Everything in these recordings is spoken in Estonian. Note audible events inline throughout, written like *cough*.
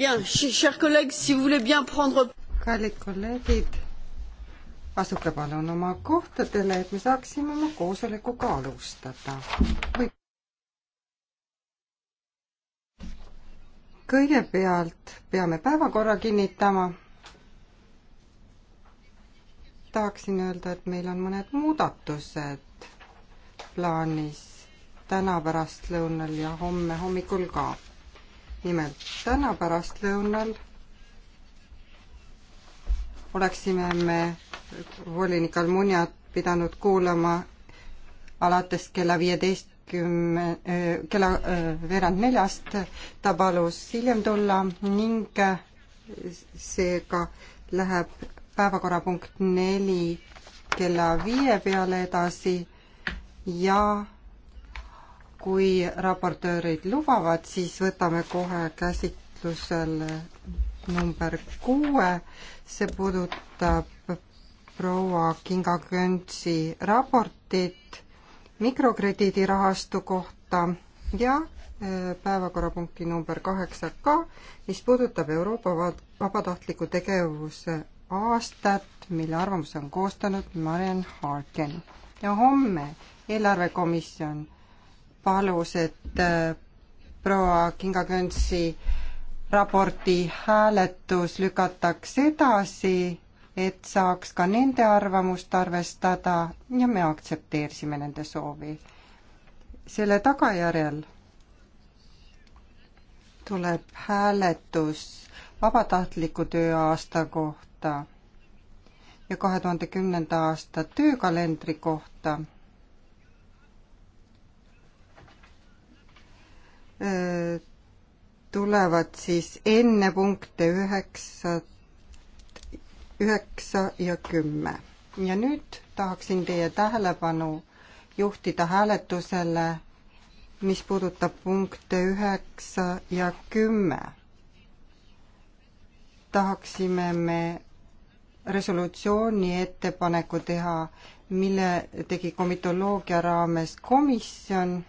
Bien, chers collègues, si vous voulez bien prendre... kallid kolleegid, asuge palun oma kohtadele, et me saaksime oma koosolekuga alustada Või.... kõigepealt peame päevakorra kinnitama. tahaksin öelda, et meil on mõned muudatused plaanis täna pärastlõunal ja homme hommikul ka nimelt täna pärastlõunal oleksime me volinik Almuniat pidanud kuulama alates kella viieteistkümne, äh, kella äh, veerand neljast. ta palus hiljem tulla ning äh, seega läheb päevakorrapunkt neli kella viie peale edasi ja kui raportöörid lubavad, siis võtame kohe käsitlusele number kuue, see puudutab proua Kinga Köntsi raportit mikrokrediidirahastu kohta ja äh, päevakorrapunkti number kaheksa ka, mis puudutab Euroopa vabatahtliku tegevuse aastat, mille arvamuse on koostanud Marian Harken. ja homme eelarvekomisjon palus, et äh, proua Kinga Könsi raporti hääletus lükataks edasi, et saaks ka nende arvamust arvestada ja me aktsepteerisime nende soovi. selle tagajärjel tuleb hääletus vabatahtliku tööaasta kohta ja kahe tuhande kümnenda aasta töökalendri kohta tulevad siis enne punkte üheksa, üheksa ja kümme. ja nüüd tahaksin teie tähelepanu juhtida hääletusele, mis puudutab punkte üheksa ja kümme. tahaksime me resolutsiooni ettepaneku teha, mille tegi komitoloogia raames komisjon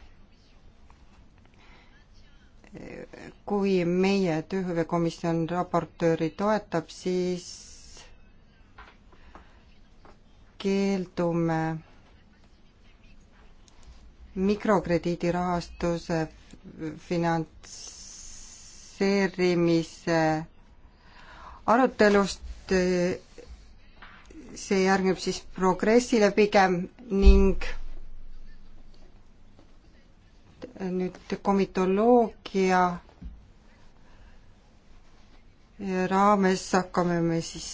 kui meie tööhõivekomisjon raportööri toetab, siis keeldume mikrokrediidirahastuse finantseerimise arutelust. see järgneb siis progressile pigem ning nüüd komitoloogia raames hakkame me siis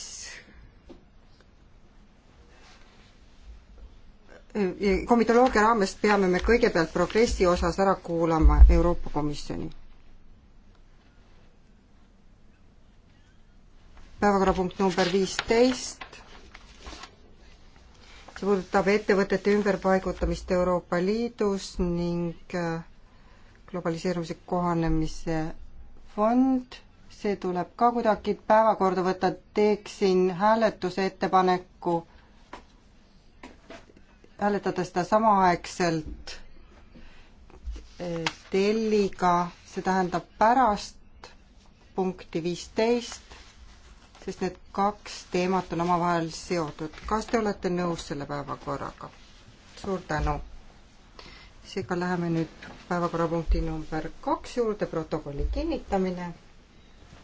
komitoloogia raames peame me kõigepealt progressi osas ära kuulama Euroopa Komisjoni. päevakorrapunkt number viisteist, see puudutab ettevõtete ümberpaigutamist Euroopa Liidus ning äh, globaliseerumise kohanemise fond, see tuleb ka kuidagi päevakorda võtta, teeksin hääletuse ettepaneku hääletada seda samaaegselt eh, telliga, see tähendab pärast punkti viisteist, sest need kaks teemat on omavahel seotud. kas te olete nõus selle päevakorraga? suur tänu seega läheme nüüd päevakorrapunkti number kaks juurde, protokolli kinnitamine.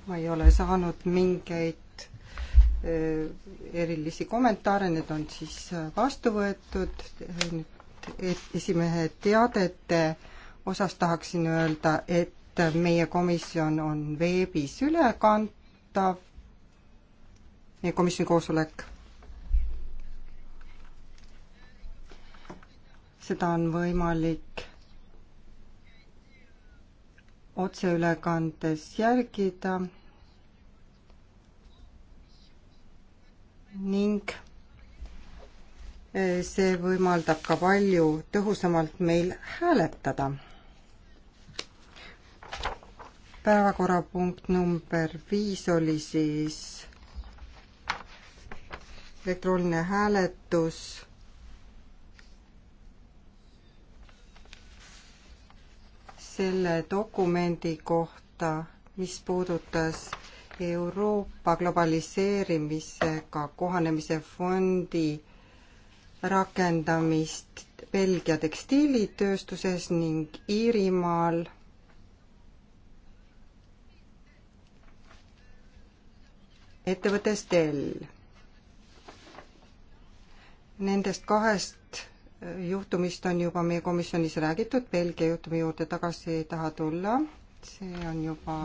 ma ei ole saanud mingeid äh, erilisi kommentaare, need on siis vastu võetud. nüüd esimehe teadete osas tahaksin öelda, et meie komisjon on veebis ülekantav, meie komisjoni koosolek seda on võimalik otseülekandes järgida ning eh, see võimaldab ka palju tõhusamalt meil hääletada. päevakorrapunkt number viis oli siis elektrooniline hääletus selle dokumendi kohta, mis puudutas Euroopa globaliseerimisega kohanemise fondi rakendamist Belgia tekstiilitööstuses ning Iirimaal. ettevõttes Dell. Nendest kahest juhtumist on juba meie komisjonis räägitud, Belgia juhtumi juurde tagasi ei taha tulla, see on juba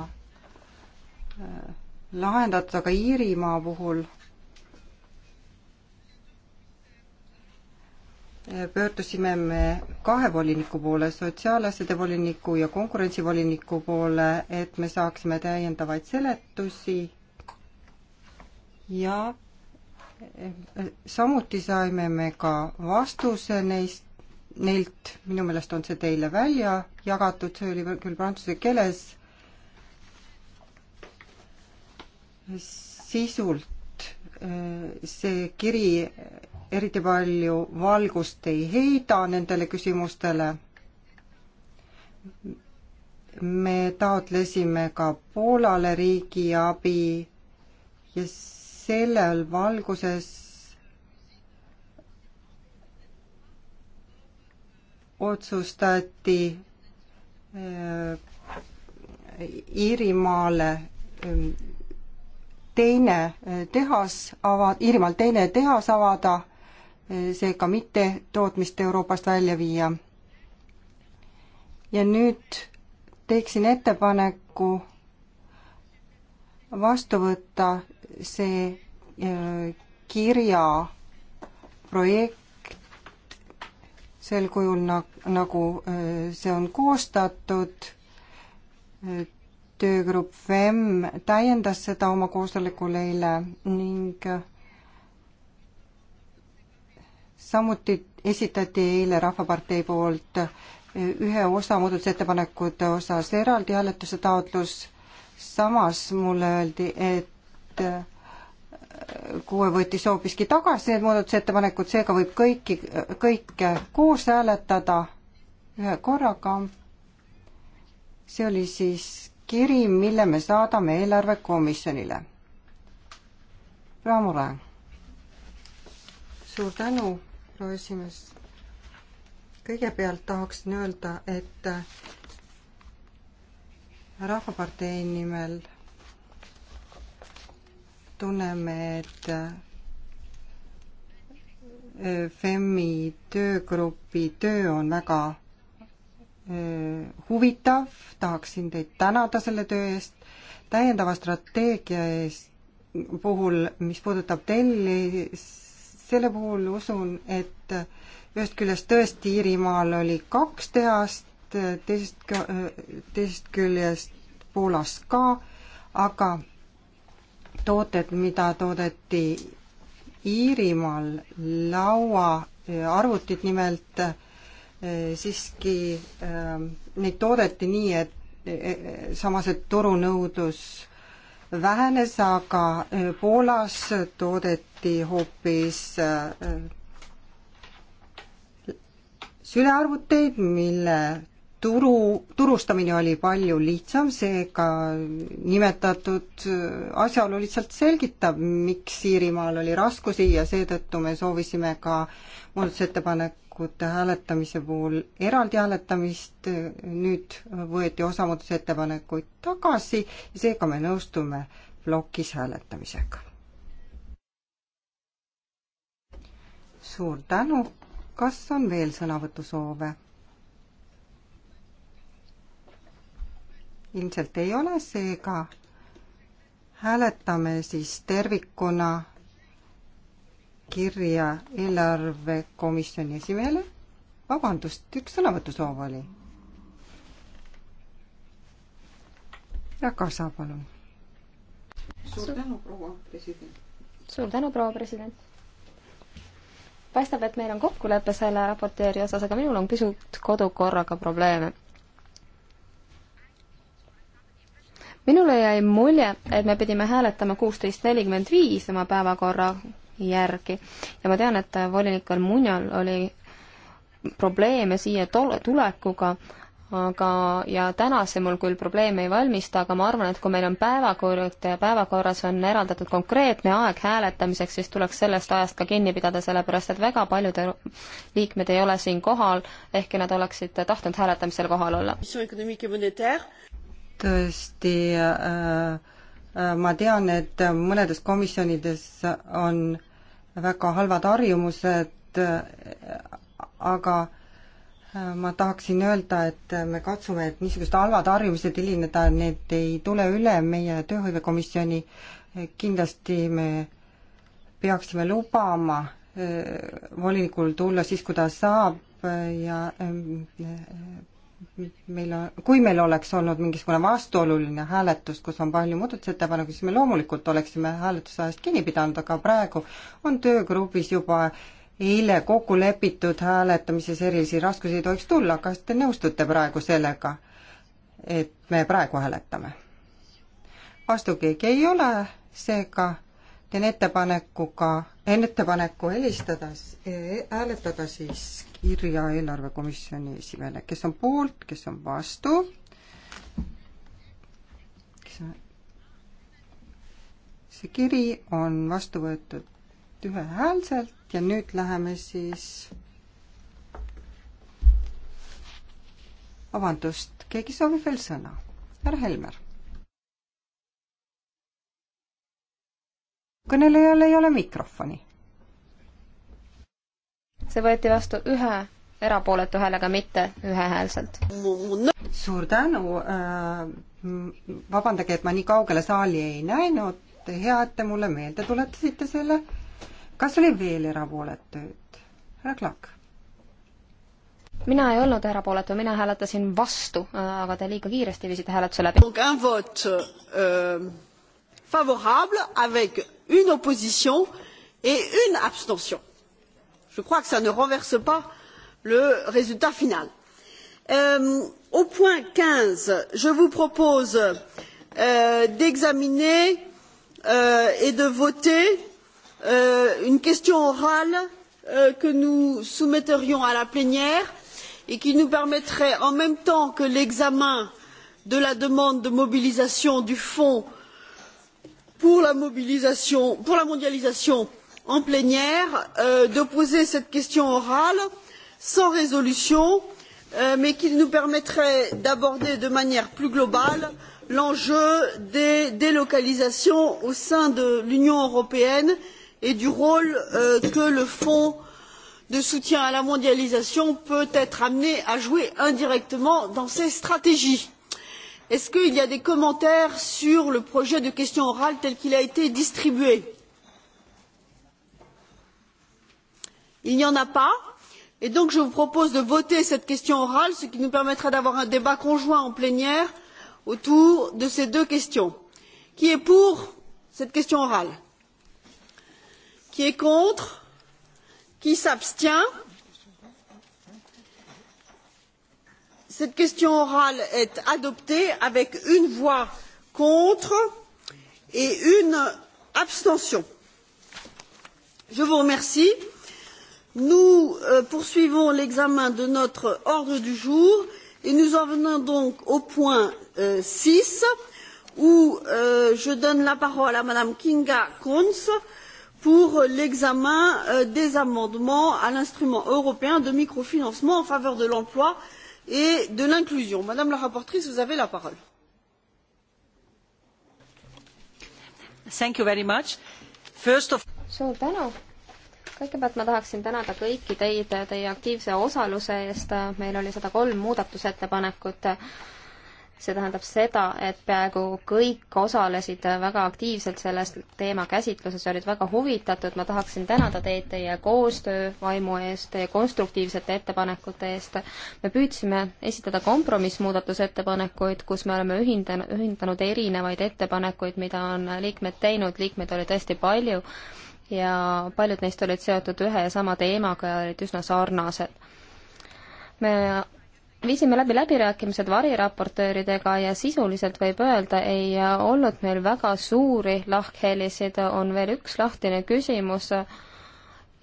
äh, lahendatud, aga Iirimaa puhul äh, pöördusime me kahe voliniku poole, sotsiaalasjade voliniku ja konkurentsivoliniku poole, et me saaksime täiendavaid seletusi ja samuti saime me ka vastuse neist, neilt, minu meelest on see teile välja jagatud, see oli küll prantsuse keeles, sisult see kiri eriti palju valgust ei heida nendele küsimustele. me taotlesime ka Poolale riigiabi ja yes sellel valguses otsustati äh, Iirimaale ähm, teine äh, tehas ava-, Iirimaal teine tehas avada, äh, seega mitte tootmist Euroopast välja viia. ja nüüd teeksin ettepaneku vastu võtta see äh, kirja projekt sel kujul, nagu äh, see on koostatud. Äh, töögrupp FEM täiendas seda oma koosolekul eile ning samuti esitati eile Rahvapartei poolt ühe osa muudatusettepanekute osas eraldi hääletuse taotlus samas mulle öeldi, et äh, kuue võttis hoopiski tagasi need muudatusettepanekud, seega võib kõiki, kõike koos hääletada ühe korraga. see oli siis kiri, mille me saadame eelarvekomisjonile. Raamule. suur tänu, proua esimees. kõigepealt tahaksin öelda, et äh, rahvapartei nimel tunneme, et e, FEM-i töögrupi töö on väga e, huvitav, tahaksin teid tänada selle töö eest, täiendava strateegia eest puhul, mis puudutab telli, selle puhul usun, et ühest küljest tõesti Iirimaal oli kaks tehast, Äh, teisest, äh, teisest küljest Poolas ka, aga tooted, mida toodeti Iirimaal, lauaarvutid äh, nimelt, siiski neid toodeti nii, et samas, et turunõudlus vähenes, aga Poolas toodeti hoopis sülearvuteid, mille turu, turustamine oli palju lihtsam, seega nimetatud asjaolu lihtsalt selgitab, miks Iirimaal oli raskusi ja seetõttu me soovisime ka muudatusettepanekute hääletamise puhul eraldi hääletamist, nüüd võeti osa muudatusettepanekuid tagasi ja seega me nõustume plokis hääletamisega. suur tänu, kas on veel sõnavõtusoove? ilmselt ei ole, seega hääletame siis tervikuna kirja eelarvekomisjoni esimehele. vabandust, üks sõnavõtusoov oli. ja Kasa, palun. suur tänu, proua president. suur tänu, proua president. paistab, et meil on kokkulepe selle raporteeri osas, aga minul on pisut kodukorraga probleeme minule jäi mulje, et me pidime hääletama kuusteist nelikümmend viis oma päevakorra järgi ja ma tean, et volinik Almunial oli probleeme siia tulekuga, aga, ja täna see mul küll probleeme ei valmista, aga ma arvan, et kui meil on päevakord ja päevakorras on eraldatud konkreetne aeg hääletamiseks, siis tuleks sellest ajast ka kinni pidada, sellepärast et väga paljud liikmed ei ole siin kohal, ehkki nad oleksid tahtnud hääletamisel kohal olla tõesti äh, äh, ma tean, et mõnedes komisjonides on väga halvad harjumused, äh, aga ma tahaksin öelda, et me katsume, et niisugused halvad harjumused hilineda, need ei tule üle meie tööhõivekomisjoni. kindlasti me peaksime lubama volinikul tulla siis, kui ta saab ja meil on, kui meil oleks olnud mingisugune vastuoluline hääletus, kus on palju muudatusettepanekuid, siis me loomulikult oleksime hääletuse ajast kinni pidanud, aga praegu on töögrupis juba eile kokku lepitud hääletamises erilisi raskusi ei tohiks tulla, kas te nõustute praegu sellega, et me praegu hääletame? vastu keegi ei ole, seega teen ettepanekuga, teen ettepaneku helistada, hääletada siis kirja eelarvekomisjoni esimehele, kes on poolt, kes on vastu, kes on see kiri on vastu võetud ühehäälselt ja nüüd läheme siis vabandust, keegi soovib veel sõna? härra Helmer. kõnelejal ei ole mikrofoni see võeti vastu ühe erapooletu häälega, mitte ühehäälselt. suur tänu, äh, vabandage, et ma nii kaugele saali ei näinud, hea, et te mulle meelde tuletasite selle. kas oli veel erapooletuid? härra Klak? mina ei olnud erapooletu, mina hääletasin vastu, äh, aga te liiga kiiresti viisite hääletuse läbi. Ähm, favorable avec une opposition et une abstention je crois que cela ne renverse pas le résultat final. Euh, au point quinze je vous propose euh, d'examiner euh, et de voter euh, une question orale euh, que nous soumettrions à la plénière et qui nous permettrait en même temps que l'examen de la demande de mobilisation du fonds pour la, pour la mondialisation en plénière euh, de poser cette question orale sans résolution euh, mais qui nous permettrait d'aborder de manière plus globale l'enjeu des délocalisations au sein de l'union européenne et du rôle euh, que le fonds de soutien à la mondialisation peut être amené à jouer indirectement dans ces stratégies. est ce qu'il y a des commentaires sur le projet de question orale tel qu'il a été distribué? il n'y en a pas et donc je vous propose de voter cette question orale ce qui nous permettra d'avoir un débat conjoint en plénière autour de ces deux questions. qui est pour cette question orale? qui est contre? qui s'abstient? cette question orale est adoptée avec une voix contre et une abstention. je vous remercie nous euh, poursuivons l'examen de notre ordre du jour et nous en venons donc au point euh, six où euh, je donne la parole à mme kinga gncz pour l'examen des amendements à l'instrument européen de microfinancement en faveur de l'emploi et de l'inclusion. madame la rapporteure vous avez la parole. suur tänu! kõigepealt ma tahaksin tänada kõiki teid teie aktiivse osaluse eest, meil oli sada kolm muudatusettepanekut. see tähendab seda, et peaaegu kõik osalesid väga aktiivselt selles teema käsitluses ja olid väga huvitatud. ma tahaksin tänada teid teie koostöövaimu eest, teie konstruktiivsete ettepanekute eest. me püüdsime esitada kompromissmuudatusettepanekuid, kus me oleme ühindanud, ühindanud erinevaid ettepanekuid, mida on liikmed teinud, liikmeid oli tõesti palju ja paljud neist olid seotud ühe ja sama teemaga ja olid üsna sarnased. me viisime läbi läbirääkimised variraportööridega ja sisuliselt võib öelda, ei olnud meil väga suuri lahkhelisid, on veel üks lahtine küsimus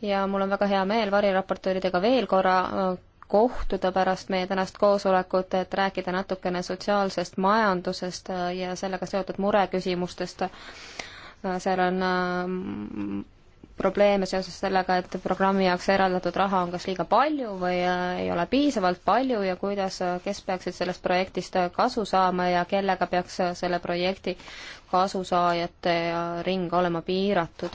ja mul on väga hea meel variraportööridega veel korra äh, kohtuda pärast meie tänast koosolekut, et rääkida natukene sotsiaalsest majandusest äh, ja sellega seotud mureküsimustest. Äh, seal on probleeme seoses sellega, et programmi jaoks eraldatud raha on kas liiga palju või äh, ei ole piisavalt palju ja kuidas, äh, kes peaksid sellest projektist äh, kasu saama ja kellega peaks selle projekti kasusaajate ring olema piiratud.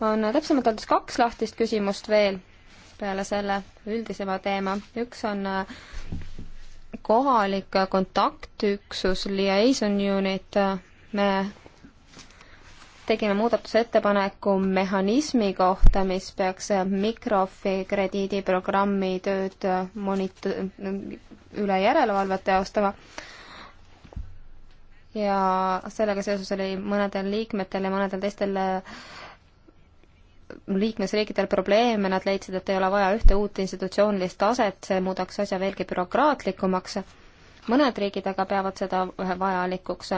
on täpsemalt öeldes kaks lahtist küsimust veel peale selle üldisema teema. üks on kohalik kontaktüksus, liaison unit, me tegime muudatusettepaneku mehhanismi kohta, mis peaks mikrokrediidiprogrammi tööd monit-, üle järelevalvet teostama. ja sellega seoses oli mõnedel liikmetel ja mõnedel teistel äh, liikmesriikidel probleeme, nad leidsid, et ei ole vaja ühte uut institutsioonilist taset, see muudaks asja veelgi bürokraatlikumaks. mõned riigid aga peavad seda vajalikuks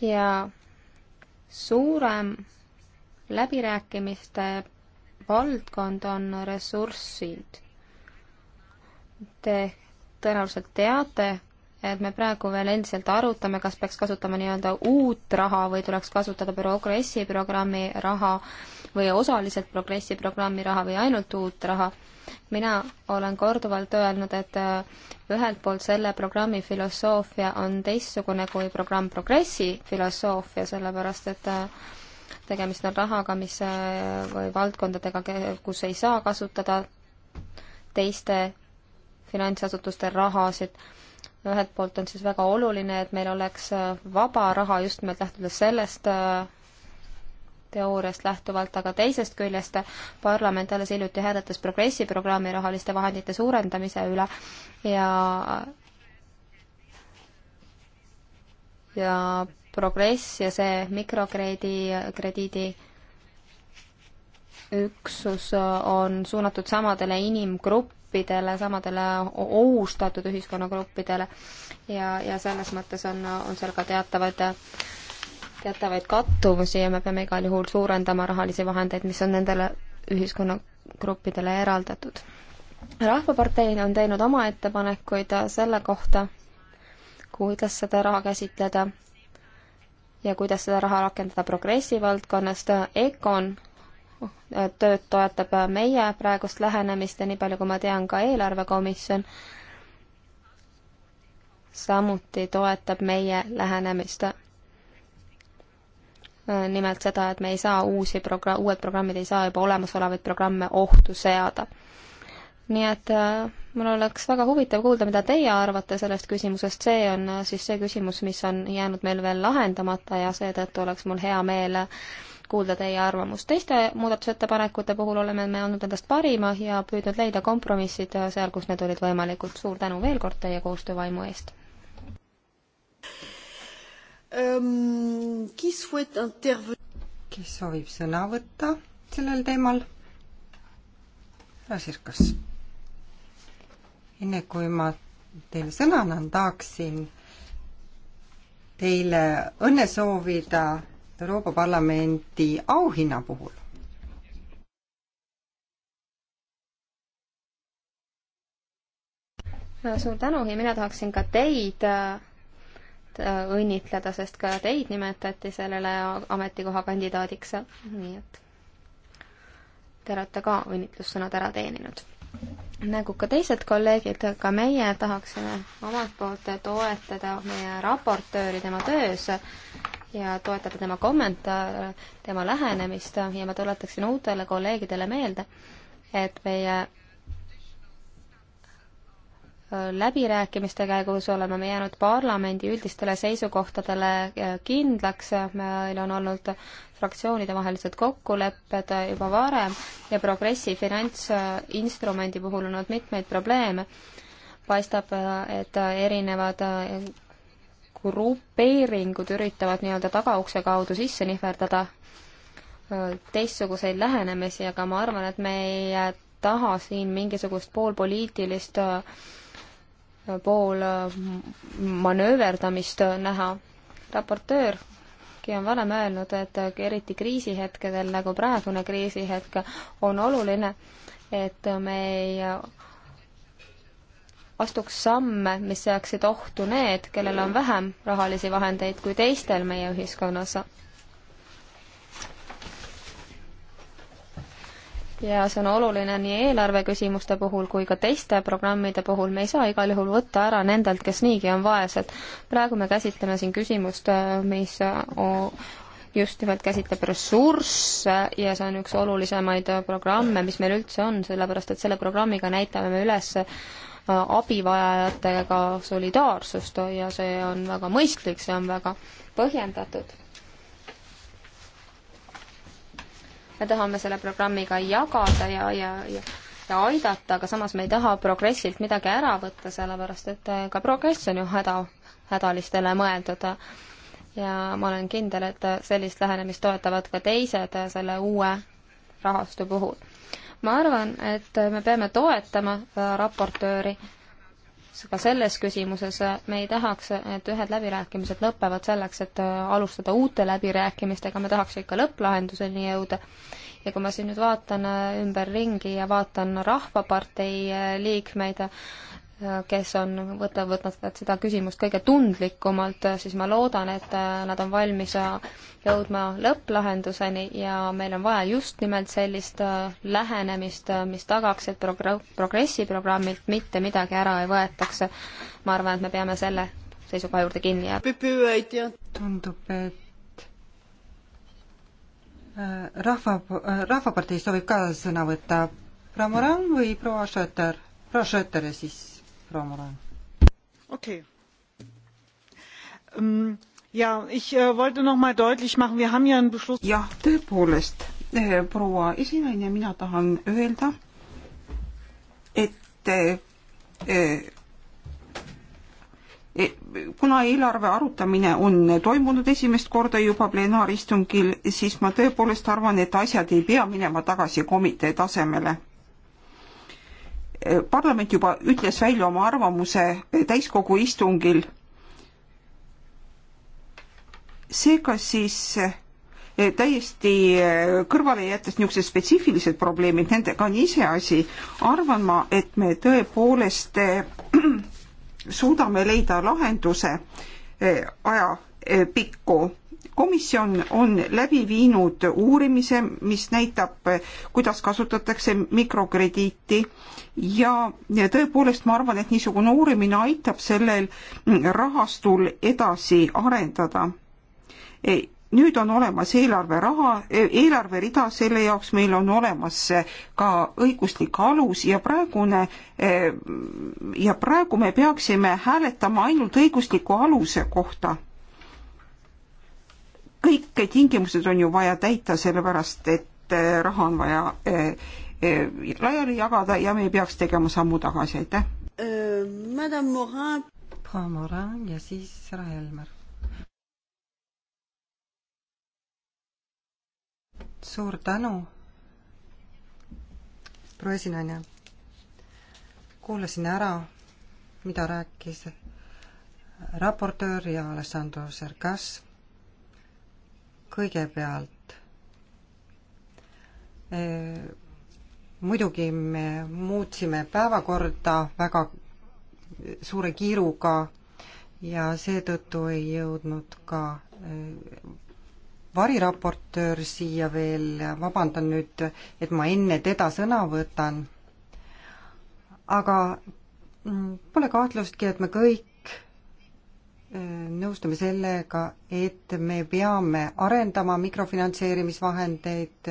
ja suurem läbirääkimiste valdkond on ressurssid. Te tõenäoliselt teate, et me praegu veel endiselt arutame, kas peaks kasutama nii-öelda uut raha või tuleks kasutada progressi programmi raha äh, või osaliselt progressi programmi raha või ainult uut raha. mina olen korduvalt öelnud, et äh, ühelt poolt selle programmi filosoofia on teistsugune kui programm progressi filosoofia, sellepärast et äh, tegemist on rahaga, mis äh, või valdkondadega, kus ei saa kasutada teiste finantsasutuste rahasid ühelt poolt on siis väga oluline, et meil oleks vaba raha just nimelt lähtudes sellest teooriast lähtuvalt, aga teisest küljest parlament alles hiljuti hääletas progressi programmi rahaliste vahendite suurendamise üle ja ja progress ja see mikrokrediidi, krediidi üksus on suunatud samadele inimgruppidele, samadele ohustatud ühiskonnagruppidele ja, ja selles mõttes on, on seal ka teatavad teatavaid kattuvusi ja me peame igal juhul suurendama rahalisi vahendeid, mis on nendele ühiskonnagruppidele eraldatud. rahvapartei on teinud oma ettepanekuid selle kohta, kuidas seda raha käsitleda ja kuidas seda raha rakendada progressi valdkonnast. EKOn tööd toetab meie praegust lähenemist ja nii palju, kui ma tean, ka eelarvekomisjon samuti toetab meie lähenemist Äh, nimelt seda, et me ei saa uusi progra-, uued programmid ei saa juba olemasolevaid programme ohtu seada. nii et äh, mul oleks väga huvitav kuulda, mida teie arvate sellest küsimusest, see on äh, siis see küsimus, mis on jäänud meil veel lahendamata ja seetõttu oleks mul hea meel kuulda teie arvamust. teiste muudatusettepanekute puhul oleme me andnud endast parima ja püüdnud leida kompromissid seal, kus need olid võimalikud. suur tänu veel kord teie koostöövaimu eest! Euh, kes soovib sõna võtta sellel teemal? härra Sirkas. enne kui ma teile sõna annan, tahaksin teile õnne soovida Euroopa Parlamendi auhinna puhul. suur tänu ja mina tahaksin ka teid äh, Äh, õnnitleda, sest ka teid nimetati sellele ametikoha kandidaadiks, nii et te olete ka õnnitlussõnad ära teeninud. nagu ka teised kolleegid, ka meie tahaksime omalt poolt toetada meie raportööri tema töös ja toetada tema kommentaare, tema lähenemist ja ma tuletaksin uutele kolleegidele meelde, et meie läbirääkimiste käigus oleme me jäänud parlamendi üldistele seisukohtadele äh, kindlaks, meil on olnud fraktsioonidevahelised kokkulepped juba varem ja progressi finantsinstrumendi puhul on olnud mitmeid probleeme. paistab, äh, et erinevad äh, grupeeringud üritavad nii-öelda tagaukse kaudu sisse nihverdada teistsuguseid lähenemisi, aga ma arvan, et me ei taha siin mingisugust poolpoliitilist äh, pool äh, manööverdamist näha. raportöörgi on varem öelnud, et eriti kriisihetkedel, nagu praegune kriisihetk, on oluline, et me ei astuks samme, mis seaksid ohtu need, kellel on vähem rahalisi vahendeid kui teistel meie ühiskonnas ja see on oluline nii eelarveküsimuste puhul kui ka teiste programmide puhul, me ei saa igal juhul võtta ära nendelt, kes niigi on vaesed. praegu me käsitleme siin küsimust, äh, mis äh, just nimelt käsitleb ressursse ja see on üks olulisemaid äh, programme, mis meil üldse on, sellepärast et selle programmiga näitame me üles abivajajatega solidaarsust ja see on väga mõistlik, see on väga põhjendatud me tahame selle programmiga jagada ja, ja, ja ja aidata, aga samas me ei taha progressilt midagi ära võtta, sellepärast et äh, ka progress on ju häda, hädalistele mõeldud. ja ma olen kindel, et sellist lähenemist toetavad ka teised selle uue rahastu puhul. ma arvan, et me peame toetama äh, raportööri ka selles küsimuses me ei tahaks, et ühed läbirääkimised lõpevad selleks, et alustada uute läbirääkimistega, me tahaks ikka lõpplahenduseni jõuda. ja kui ma siin nüüd vaatan ümberringi ja vaatan Rahvapartei liikmeid, kes on, võta, võtavad seda küsimust kõige tundlikumalt, siis ma loodan, et äh, nad on valmis äh, jõudma lõpplahenduseni ja meil on vaja just nimelt sellist äh, lähenemist, mis tagaks, et progr-, progressi programmilt mitte midagi ära ei võetaks. ma arvan, et me peame selle seisukoha juurde kinni jääma. tundub, et rahva, Rahvapartei soovib ka sõna võtta. Ramoran või proua Schröter? proua Schröter ja siis Frau Moran. Okay. Ähm, ja, ich äh, wollte noch mal deutlich machen, wir haben ja einen Beschluss. jah, tõepoolest, äh, proua esinaine, mina tahan öelda, äh, et kuna eelarve arutamine on toimunud esimest korda juba plenaaristungil, siis ma tõepoolest arvan, et asjad ei pea minema tagasi komitee tasemele parlament juba ütles välja oma arvamuse täiskogu istungil. seega siis eh, täiesti eh, kõrvale jättes niisugused spetsiifilised probleemid, nendega on iseasi, arvan ma, et me tõepoolest eh, *clears throat* suudame leida lahenduse ajapikku komisjon on läbi viinud uurimise, mis näitab, kuidas kasutatakse mikrokrediiti ja, ja tõepoolest ma arvan, et niisugune uurimine aitab sellel rahastul edasi arendada. E, nüüd on olemas eelarveraha, e, eelarverida selle jaoks, meil on olemas ka õiguslik alus ja praegune e, ja praegu me peaksime hääletama ainult õigusliku aluse kohta kõik tingimused on ju vaja täita, sellepärast et äh, raha on vaja äh, äh, laiali jagada ja me ei peaks tegema sammu tagasi, aitäh. Madame Morin. proua Morin ja siis härra Helmer. suur tänu, proua esinaine. kuulasin ära, mida rääkis raportöör ja Alessandro Sergas kõigepealt eh, muidugi me muutsime päevakorda väga suure kiiruga ja seetõttu ei jõudnud ka eh, variraportöör siia veel, vabandan nüüd, et ma enne teda sõna võtan, aga mm, pole kahtlustki, et me kõik Äh, nõustume sellega, et me peame arendama mikrofinantseerimisvahendeid.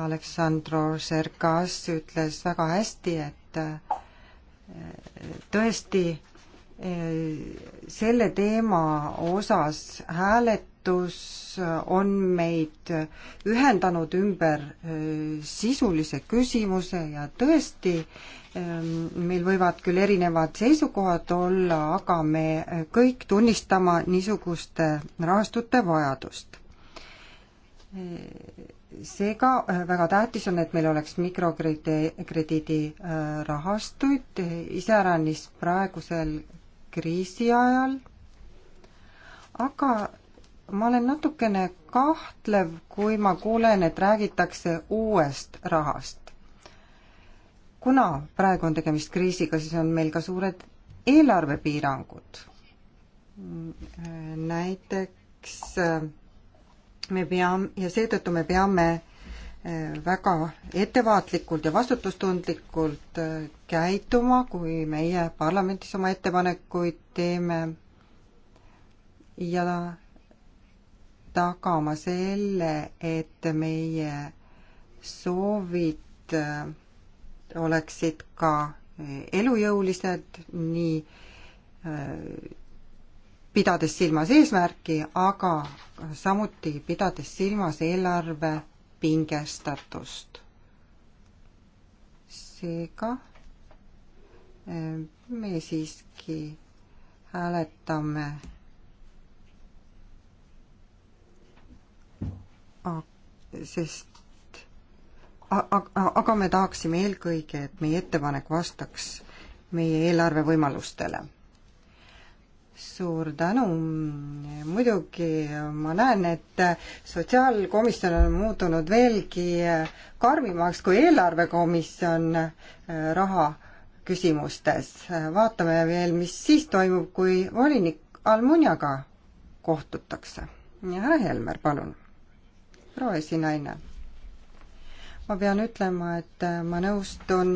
Aleksandro Sergas ütles väga hästi, et äh, tõesti äh, selle teema osas hääletus on meid ühendanud ümber sisulise küsimuse ja tõesti äh, Ehm, meil võivad küll erinevad seisukohad olla, aga me kõik tunnistama niisuguste rahastute vajadust. Ehm, seega eh, väga tähtis on, et meil oleks mikrokrediidi eh, rahastuid, iseäranis praegusel kriisi ajal, aga ma olen natukene kahtlev, kui ma kuulen, et räägitakse uuest rahast kuna praegu on tegemist kriisiga, siis on meil ka suured eelarvepiirangud. näiteks äh, me peame ja seetõttu me peame äh, väga ettevaatlikult ja vastutustundlikult äh, käituma, kui meie parlamendis oma ettepanekuid teeme ja tagama selle, et meie soovid oleksid ka elujõulised, nii äh, pidades silmas eesmärki, aga samuti pidades silmas eelarve pingestatust. seega äh, me siiski hääletame sest aga me tahaksime eelkõige, et meie ettepanek vastaks meie eelarve võimalustele suur tänu. muidugi ma näen, et sotsiaalkomisjon on muutunud veelgi karmimaks kui eelarvekomisjon äh, raha küsimustes. vaatame veel, mis siis toimub, kui volinik Almuniaga kohtutakse. härra Helmer, palun. proua esinaine ma pean ütlema, et äh, ma nõustun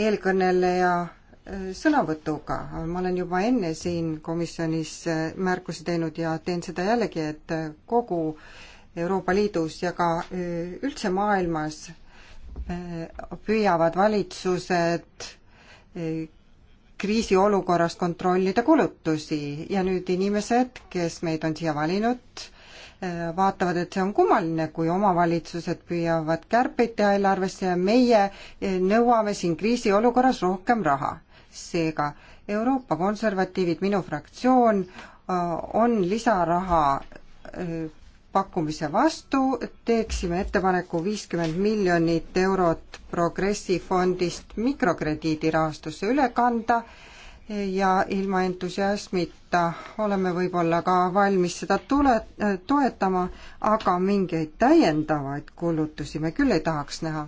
eelkõneleja äh, sõnavõtuga, ma olen juba enne siin komisjonis äh, märkusi teinud ja teen seda jällegi, et kogu Euroopa Liidus ja ka üldse maailmas püüavad valitsused kriisiolukorras kontrollida kulutusi ja nüüd inimesed, kes meid on siia valinud, vaatavad, et see on kummaline, kui omavalitsused püüavad kärpeid teha eelarvesse ja meie eh, nõuame siin kriisiolukorras rohkem raha. seega Euroopa konservatiivid, minu fraktsioon, eh, on lisaraha eh, pakkumise vastu, teeksime ettepaneku viiskümmend miljonit eurot progressi fondist mikrokrediidirahastusse üle kanda ja ilma entusiasmita oleme võib-olla ka valmis seda tule, toetama, aga mingeid täiendavaid kulutusi me küll ei tahaks näha.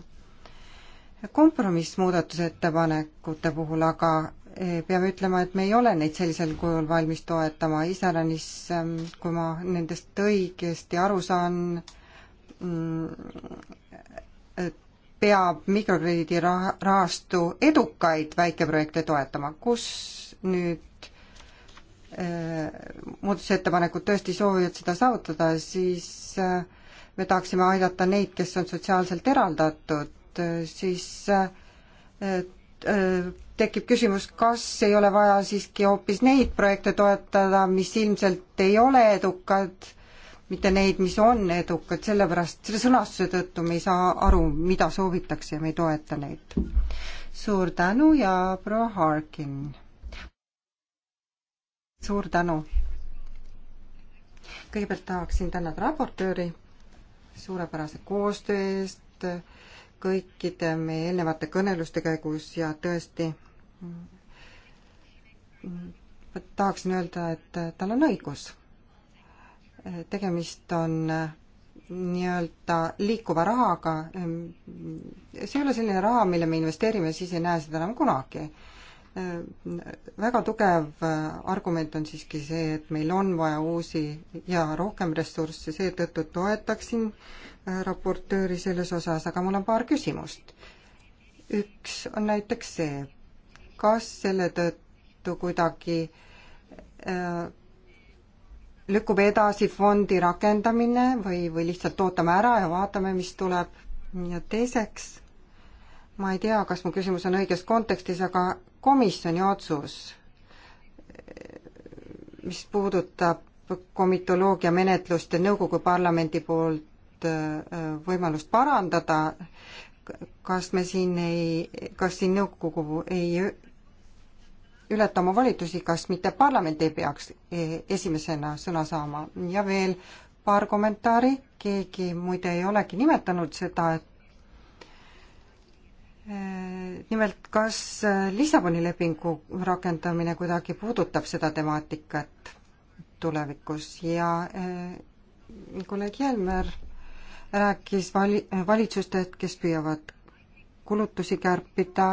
kompromissmuudatusettepanekute puhul aga eh, peame ütlema, et me ei ole neid sellisel kujul valmis toetama, iseäranis ähm, kui ma nendest õigesti aru saan, mm, et peab mikrokrediidi rahastu edukaid väikeprojekte toetama, kus nüüd äh, muudatusettepanekud tõesti soovivad seda saavutada, siis äh, me tahaksime aidata neid, kes on sotsiaalselt eraldatud äh,, siis äh, äh, tekib küsimus, kas ei ole vaja siiski hoopis neid projekte toetada, mis ilmselt ei ole edukad mitte neid, mis on edukad, sellepärast, selle sõnastuse tõttu me ei saa aru, mida soovitakse ja me ei toeta neid. suur tänu ja proua Harkin. suur tänu. kõigepealt tahaksin tänada raportööri suurepärase koostöö eest kõikide meie eelnevate kõneluste käigus ja tõesti tahaksin öelda, et tal on õigus tegemist on äh, nii-öelda liikuva rahaga, ehm, see ei ole selline raha, mille me investeerime, siis ei näe seda enam kunagi. Ehm, väga tugev äh, argument on siiski see, et meil on vaja uusi ja rohkem ressursse, seetõttu toetaksin äh, raportööri selles osas, aga mul on paar küsimust. üks on näiteks see, kas selle tõttu kuidagi äh, lükkub edasi fondi rakendamine või, või lihtsalt ootame ära ja vaatame, mis tuleb. ja teiseks, ma ei tea, kas mu küsimus on õiges kontekstis, aga komisjoni otsus, mis puudutab komitoloogia menetlust ja nõukogu parlamendi poolt äh, võimalust parandada, kas me siin ei, kas siin nõukogu ei ületa oma volitusi, kas mitte parlament ei peaks e, esimesena sõna saama ja veel paar kommentaari, keegi muide ei olegi nimetanud seda, et e, nimelt, kas Lissaboni lepingu rakendamine kuidagi puudutab seda temaatikat tulevikus ja e, kolleeg Jelmer rääkis vali-, valitsustest, kes püüavad kulutusi kärpida,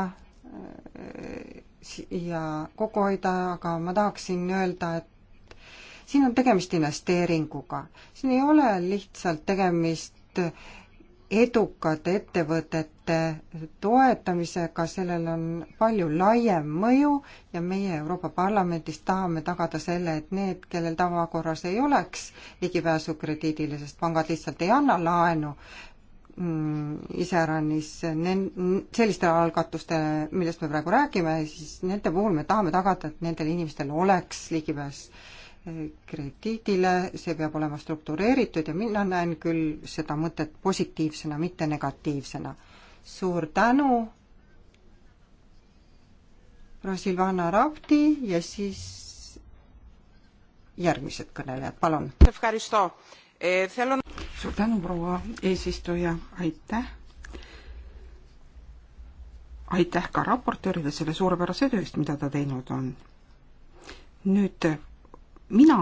ja kokku hoida, aga ma tahaksin öelda, et siin on tegemist investeeringuga. siin ei ole lihtsalt tegemist edukate ettevõtete toetamisega, sellel on palju laiem mõju ja meie Euroopa Parlamendis tahame tagada selle, et need, kellel tavakorras ei oleks ligipääsu krediidile, sest pangad lihtsalt ei anna laenu Mm, iseäranis nen-, sellistele algatustele, millest me praegu räägime, siis nende puhul me tahame tagada, et nendel inimestel oleks ligipääs eh, krediidile, see peab olema struktureeritud ja mina näen küll seda mõtet positiivsena, mitte negatiivsena. suur tänu, Rosilvana Rapti ja siis järgmised kõnelejad, palun. Θέλω... suur tänu, proua eesistuja, aitäh. aitäh ka raportöörile selle suurepärase töö eest, mida ta teinud on. nüüd mina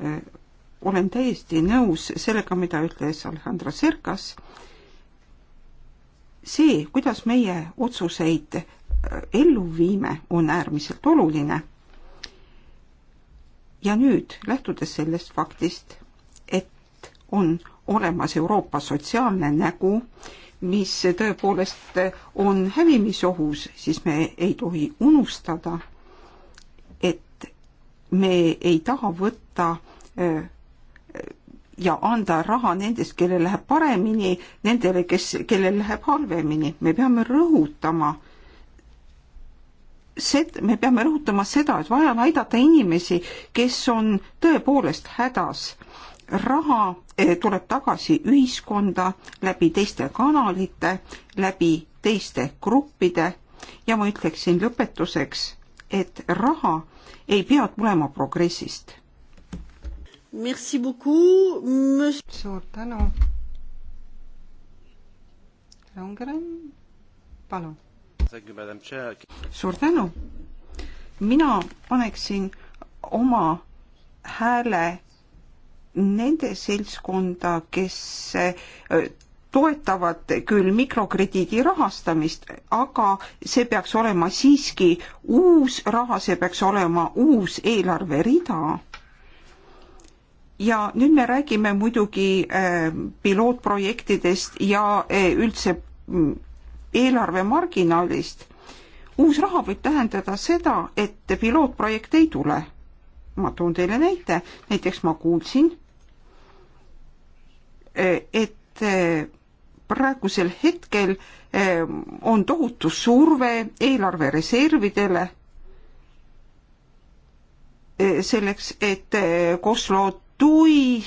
e, olen täiesti nõus sellega, mida ütles Alejandro Serkas. see, kuidas meie otsuseid e, ellu viime, on äärmiselt oluline. ja nüüd, lähtudes sellest faktist, on olemas Euroopa sotsiaalne nägu, mis tõepoolest on hävimisohus, siis me ei tohi unustada, et me ei taha võtta ja anda raha nendest, kellel läheb paremini, nendele, kes, kellel läheb halvemini. me peame rõhutama, sed-, me peame rõhutama seda, et vaja on aidata inimesi, kes on tõepoolest hädas. raha Eh, tuleb tagasi ühiskonda läbi teiste kanalite, läbi teiste gruppide ja ma ütleksin lõpetuseks, et raha ei pea tulema progressist. suur tänu. Rongeren, palun. suur tänu. mina paneksin oma hääle nende seltskonda, kes äh, toetavad küll mikrokrediidi rahastamist, aga see peaks olema siiski uus raha, see peaks olema uus eelarverida. ja nüüd me räägime muidugi äh, pilootprojektidest ja äh, üldse mm, eelarve marginaalist. uus raha võib tähendada seda, et pilootprojekte ei tule. ma toon teile näite, näiteks ma kuulsin et eh, praegusel hetkel eh, on tohutu surve eelarvereservidele eh, selleks, et Koslo tui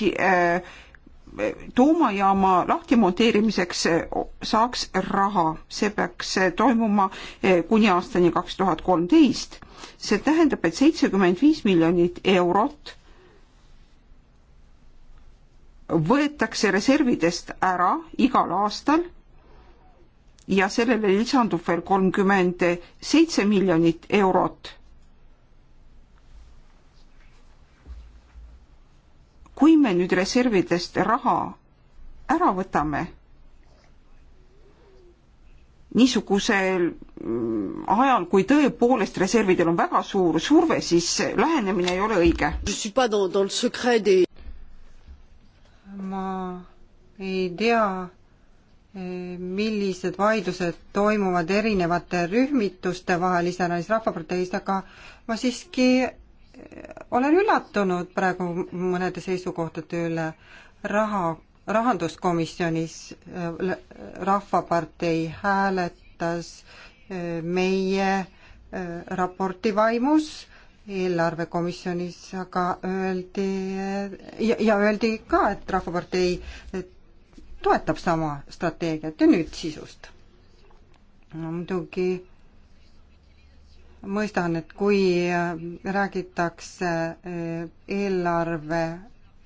tuumajaama lahtimonteerimiseks saaks raha, see peaks toimuma kuni aastani kaks tuhat kolmteist. see tähendab, et seitsekümmend viis miljonit eurot võetakse reservidest ära igal aastal ja sellele lisandub veel kolmkümmend seitse miljonit eurot. kui me nüüd reservidest raha ära võtame, niisugusel mm, ajal, kui tõepoolest reservidel on väga suur surve, siis lähenemine ei ole õige ma ei tea, eh, millised vaidlused toimuvad erinevate rühmituste vahel Iisraelis Rahvaparteis, aga ma siiski eh, olen üllatunud praegu mõnede seisukohtade üle. raha, rahanduskomisjonis eh, Rahvapartei hääletas meie raporti vaimus eelarvekomisjonis aga öeldi ja, ja öeldi ka, et Rahvapartei toetab sama strateegiat ja nüüd sisust. no muidugi mõistan, et kui räägitakse eh, eelarve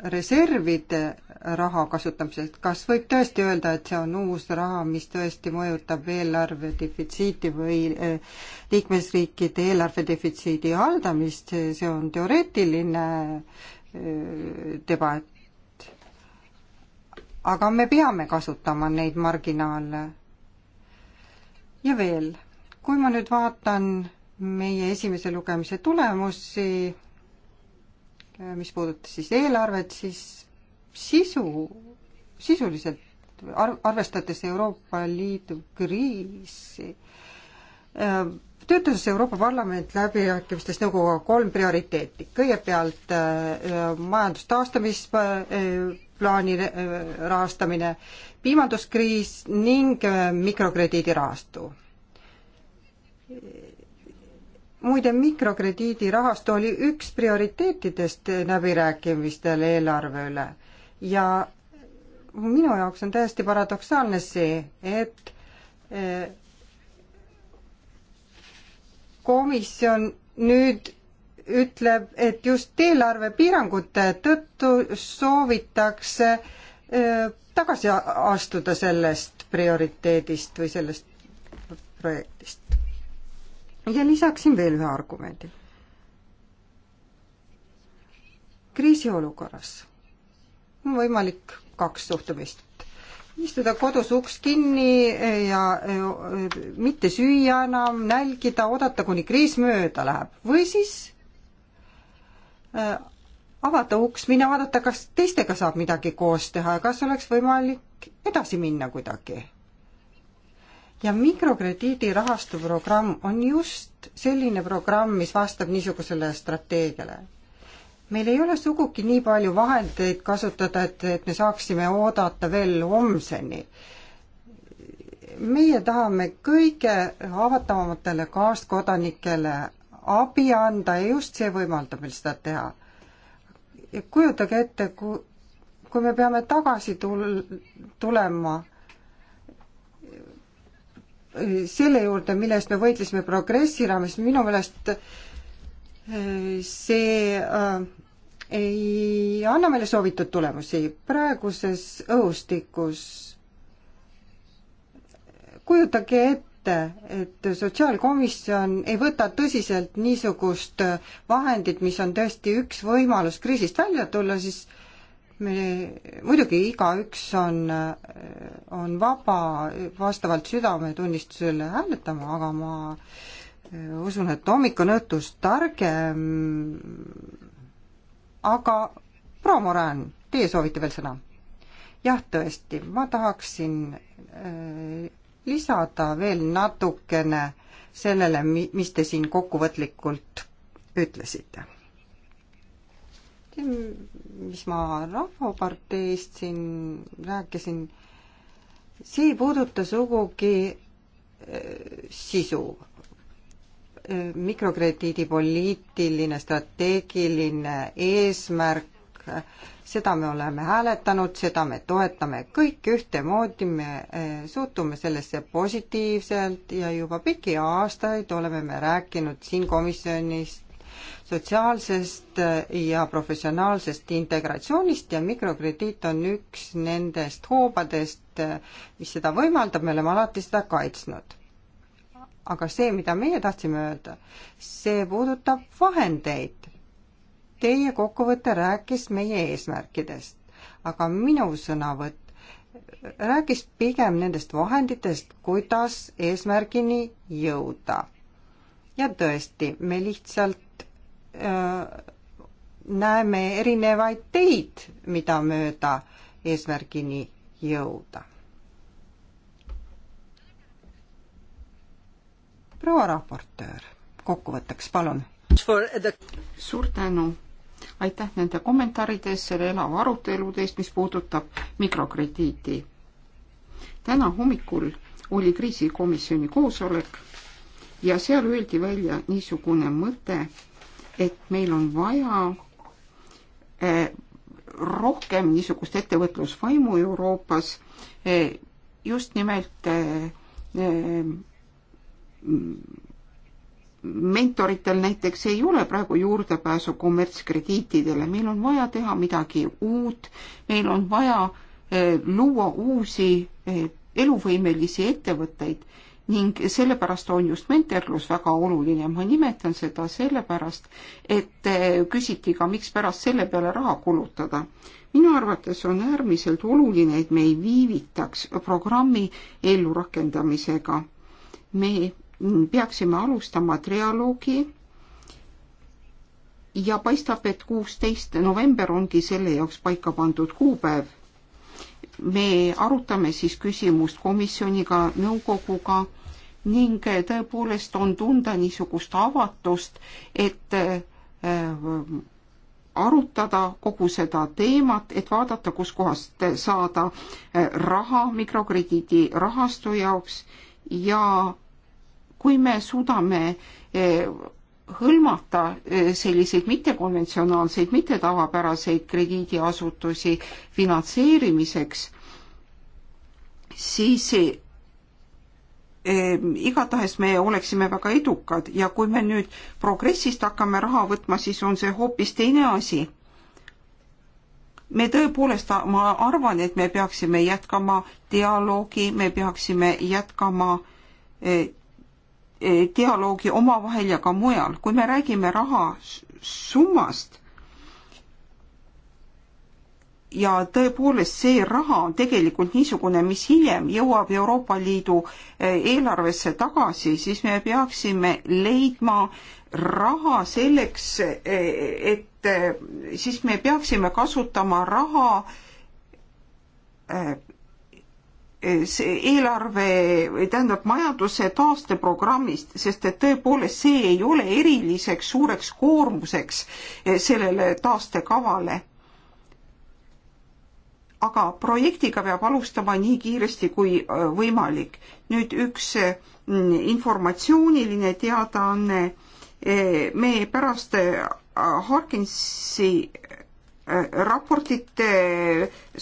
reservide raha kasutamiseks, kas võib tõesti öelda, et see on uus raha, mis tõesti mõjutab eelarve defitsiiti või eh, liikmesriikide eelarve defitsiidi haldamist, see on teoreetiline eh, debatt. aga me peame kasutama neid marginaale. ja veel, kui ma nüüd vaatan meie esimese lugemise tulemusi, mis puudutas siis eelarvet, siis sisu, sisuliselt ar-, arvestades Euroopa Liidu kriisi, äh, töötas Euroopa Parlament läbirääkimistes nõukoguga kolm prioriteeti. kõigepealt äh, majandustaastamisplaani äh, rahastamine, piimanduskriis ning mikrokrediidirahastu muide, mikrokrediidirahastu oli üks prioriteetidest läbirääkimistel eelarve üle ja minu jaoks on täiesti paradoksaalne see, et eh, komisjon nüüd ütleb, et just eelarvepiirangute tõttu soovitakse eh, tagasi astuda sellest prioriteedist või sellest projektist ja lisaksin veel ühe argumendi. kriisiolukorras on võimalik kaks suhtumist. istuda kodus uks kinni ja e, e, mitte süüa enam, nälgida, oodata, kuni kriis mööda läheb või siis e, avada uks, minna vaadata, kas teistega saab midagi koos teha ja kas oleks võimalik edasi minna kuidagi ja mikrokrediidirahastu programm on just selline programm, mis vastab niisugusele strateegiale. meil ei ole sugugi nii palju vahendeid kasutada, et, et me saaksime oodata veel homseni. meie tahame kõige haavatavamatele kaaskodanikele abi anda ja just see võimaldab meil seda teha. kujutage ette, kui, kui me peame tagasi tul-, tulema selle juurde, millest me võitlesime progressi raames, minu meelest äh, see äh, ei anna meile soovitud tulemusi. praeguses õhustikus kujutage ette, et sotsiaalkomisjon ei võta tõsiselt niisugust vahendit, mis on tõesti üks võimalus kriisist välja tulla, siis äh, me, muidugi igaüks on, on vaba vastavalt südametunnistusele hääletama, aga ma eh, usun, et hommik on õhtust targem. aga proua Moran, teie soovite veel sõna? jah, tõesti, ma tahaksin eh, lisada veel natukene sellele, mis te siin kokkuvõtlikult ütlesite see, mis ma Rahvaparteist siin rääkisin, see ei puuduta sugugi äh, sisu. Äh, mikrokrediidi poliitiline, strateegiline eesmärk, seda me oleme hääletanud, seda me toetame kõik ühtemoodi, me äh, suhtume sellesse positiivselt ja juba pikki aastaid oleme me rääkinud siin komisjonis sotsiaalsest äh, ja professionaalsest integratsioonist ja mikrokrediit on üks nendest hoobadest, äh, mis seda võimaldab, me oleme alati seda kaitsnud. aga see, mida meie tahtsime öelda, see puudutab vahendeid. Teie kokkuvõte rääkis meie eesmärkidest, aga minu sõnavõtt rääkis pigem nendest vahenditest, kuidas eesmärgini jõuda. ja tõesti, me lihtsalt Äh, näeme erinevaid teid, mida mööda eesmärgini jõuda. proua raportöör, kokkuvõtteks palun. suur tänu. aitäh nende kommentaaride eest, selle elava arutelude eest, mis puudutab mikrokrediiti. täna hommikul oli kriisikomisjoni koosolek ja seal öeldi välja niisugune mõte, et meil on vaja eh, rohkem niisugust ettevõtlusvaimu Euroopas, eh, just nimelt eh, mentoritel näiteks ei ole praegu juurdepääsu kommertskrediitidele, meil on vaja teha midagi uut, meil on vaja luua uusi eluvõimelisi ettevõtteid ning sellepärast on just menterlus väga oluline. ma nimetan seda sellepärast, et eh, küsiti ka, mikspärast selle peale raha kulutada. minu arvates on äärmiselt oluline, et me ei viivitaks programmi ellurakendamisega. me peaksime alustama trialoogi ja paistab, et kuusteist november ongi selle jaoks paika pandud kuupäev. me arutame siis küsimust komisjoniga, nõukoguga ning eh, tõepoolest on tunda niisugust avatust, et eh, eh, arutada kogu seda teemat, et vaadata, kuskohast saada raha mikrokrediidi rahastu jaoks ja kui me suudame hõlmata selliseid mittekonventsionaalseid, mittetavapäraseid krediidiasutusi finantseerimiseks, siis Ehm, igatahes me oleksime väga edukad ja kui me nüüd progressist hakkame raha võtma, siis on see hoopis teine asi. me tõepoolest, ma arvan, et me peaksime jätkama dialoogi, me peaksime jätkama eh, eh, dialoogi omavahel ja ka mujal, kui me räägime rahasummast, ja tõepoolest see raha on tegelikult niisugune, mis hiljem jõuab Euroopa Liidu eh, eelarvesse tagasi, siis me peaksime leidma raha selleks, eh, et eh, siis me peaksime kasutama raha see eelarve, tähendab majanduse taasteprogrammist, sest et tõepoolest see ei ole eriliseks suureks koormuseks sellele taastekavale aga projektiga peab alustama nii kiiresti kui äh, võimalik. nüüd üks mm, informatsiooniline teadaanne. E, me pärast äh, Harkinsi äh, raportit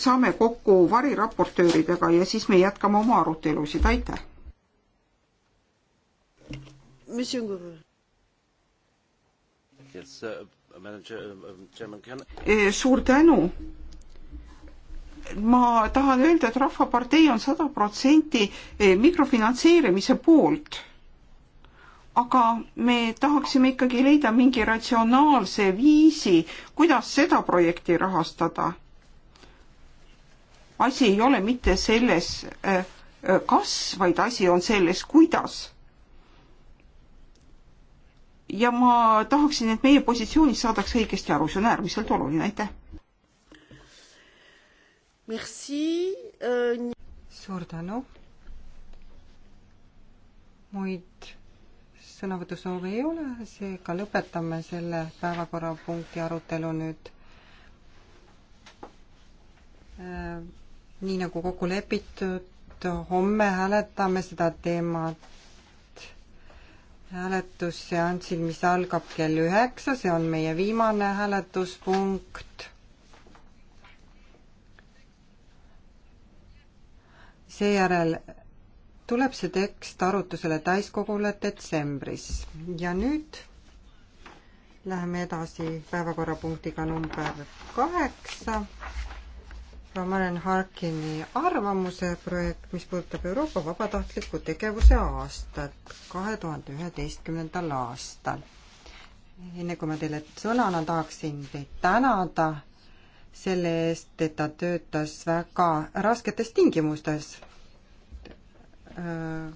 saame kokku variraportööridega ja siis me jätkame oma arutelusid, aitäh. Um, um, e, suur tänu ma tahan öelda, et Rahvapartei on sada protsenti eh, mikrofinantseerimise poolt. aga me tahaksime ikkagi leida mingi ratsionaalse viisi, kuidas seda projekti rahastada. asi ei ole mitte selles, eh, eh, kas, vaid asi on selles, kuidas ja ma tahaksin, et meie positsioonist saadakse õigesti aru, see on äärmiselt oluline, aitäh. Euh, suur tänu. muid sõnavõtusoove ei ole, seega lõpetame selle päevakorrapunkti arutelu nüüd äh, nii nagu kokku lepitud, homme hääletame seda teemat hääletusseansil, mis algab kell üheksa, see on meie viimane hääletuspunkt seejärel tuleb see tekst arutusele täiskogule detsembris ja nüüd läheme edasi päevakorrapunktiga number kaheksa. Romanen Harkini arvamuse projekt, mis puudutab Euroopa vabatahtliku tegevuse aastat kahe tuhande üheteistkümnendal aastal. enne kui ma teile sõna annan, tahaksin teid tänada selle eest, et ta töötas väga rasketes tingimustes Äh,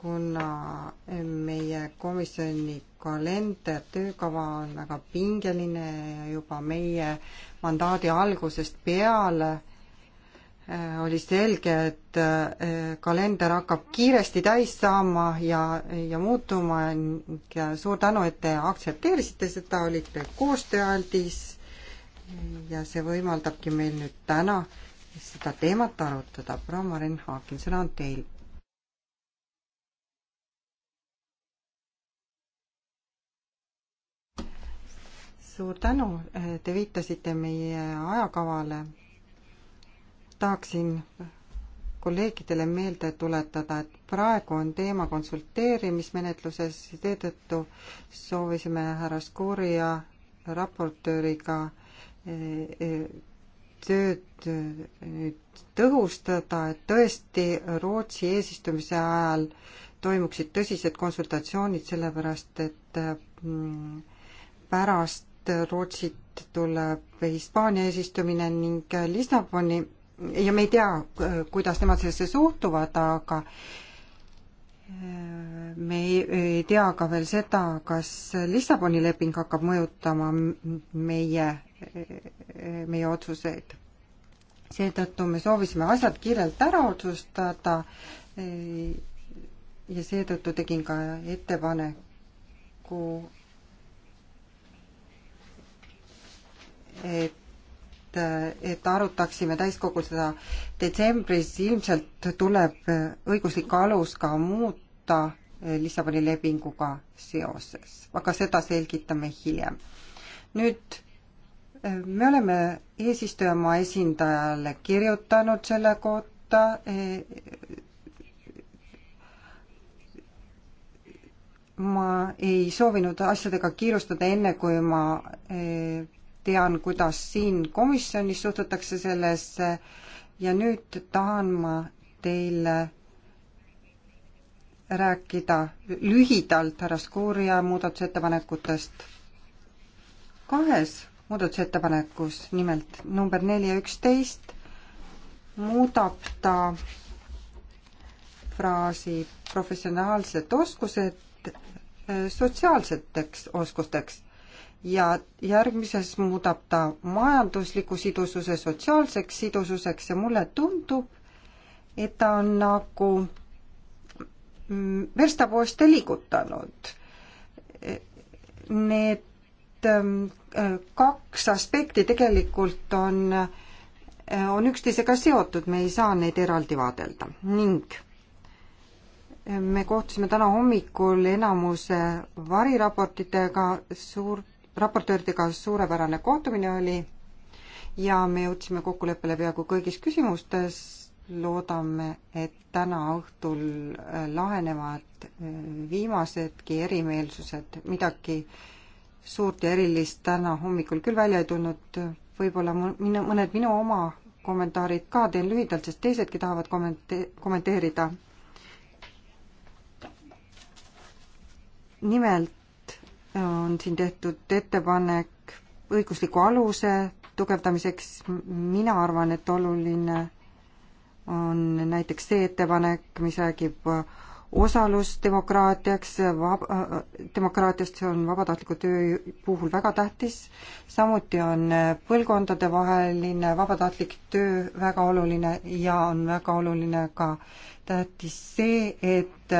kuna meie komisjoni kalender, töökava on väga pingeline ja juba meie mandaadi algusest peale äh, oli selge, et äh, kalender hakkab kiiresti täis saama ja, ja muutuma ja suur tänu, et te aktsepteerisite seda, olite koostööaldis ja see võimaldabki meil nüüd täna seda teemat arutada. proua Maren Haakin, sõna on teil suur tänu, te viitasite meie ajakavale. tahaksin kolleegidele meelde tuletada, et praegu on teema konsulteerimismenetluses, seetõttu soovisime härra Skuria raportööriga eh, eh, tööd eh, nüüd tõhustada, et tõesti Rootsi eesistumise ajal toimuksid tõsised konsultatsioonid, sellepärast et mm, pärast et Rootsit tuleb Hispaania eesistumine ning Lissaboni ja me ei tea, kuidas nemad sellesse suhtuvad, aga äh, me ei, ei tea ka veel seda, kas Lissaboni leping hakkab mõjutama meie, meie otsuseid. seetõttu me soovisime asjad kiirelt ära otsustada äh, ja seetõttu tegin ka ettepaneku et et arutaksime täiskogul seda detsembris, ilmselt tuleb õiguslik alus ka muuta Lissaboni lepinguga seoses, aga seda selgitame hiljem. nüüd me oleme eesistujamaa esindajale kirjutanud selle kohta, eh, ma ei soovinud asjadega kiirustada, enne kui ma eh, tean, kuidas siin komisjonis suhtutakse sellesse ja nüüd tahan ma teile rääkida lühidalt härra Skuuria muudatusettepanekutest. kahes muudatusettepanekus, nimelt number neli ja üksteist, muudab ta fraasi professionaalsed oskused sotsiaalseteks oskusteks ja järgmises muudab ta majandusliku sidususe sotsiaalseks sidususeks ja mulle tundub, et ta on nagu mm, verstapoest liigutanud. Need ähm, kaks aspekti tegelikult on, on üksteisega seotud, me ei saa neid eraldi vaadelda ning me kohtusime täna hommikul enamuse variraportitega, suur raportööridega suurepärane kohtumine oli ja me jõudsime kokkuleppele peaaegu kõigis küsimustes. loodame, et täna õhtul äh, lahenevad äh, viimasedki erimeelsused, midagi suurt ja erilist täna hommikul küll välja ei tulnud, võib-olla mõne, mõned minu oma kommentaarid ka teen lühidalt, sest teisedki tahavad kommente-, kommenteerida. nimelt on siin tehtud ettepanek õigusliku aluse tugevdamiseks, mina arvan, et oluline on näiteks see ettepanek, mis räägib osalusdemokraatiaks, vab-, demokraatiast, see on vabatahtliku töö puhul väga tähtis, samuti on põlvkondadevaheline vabatahtlik töö väga oluline ja on väga oluline ka tähtis see, et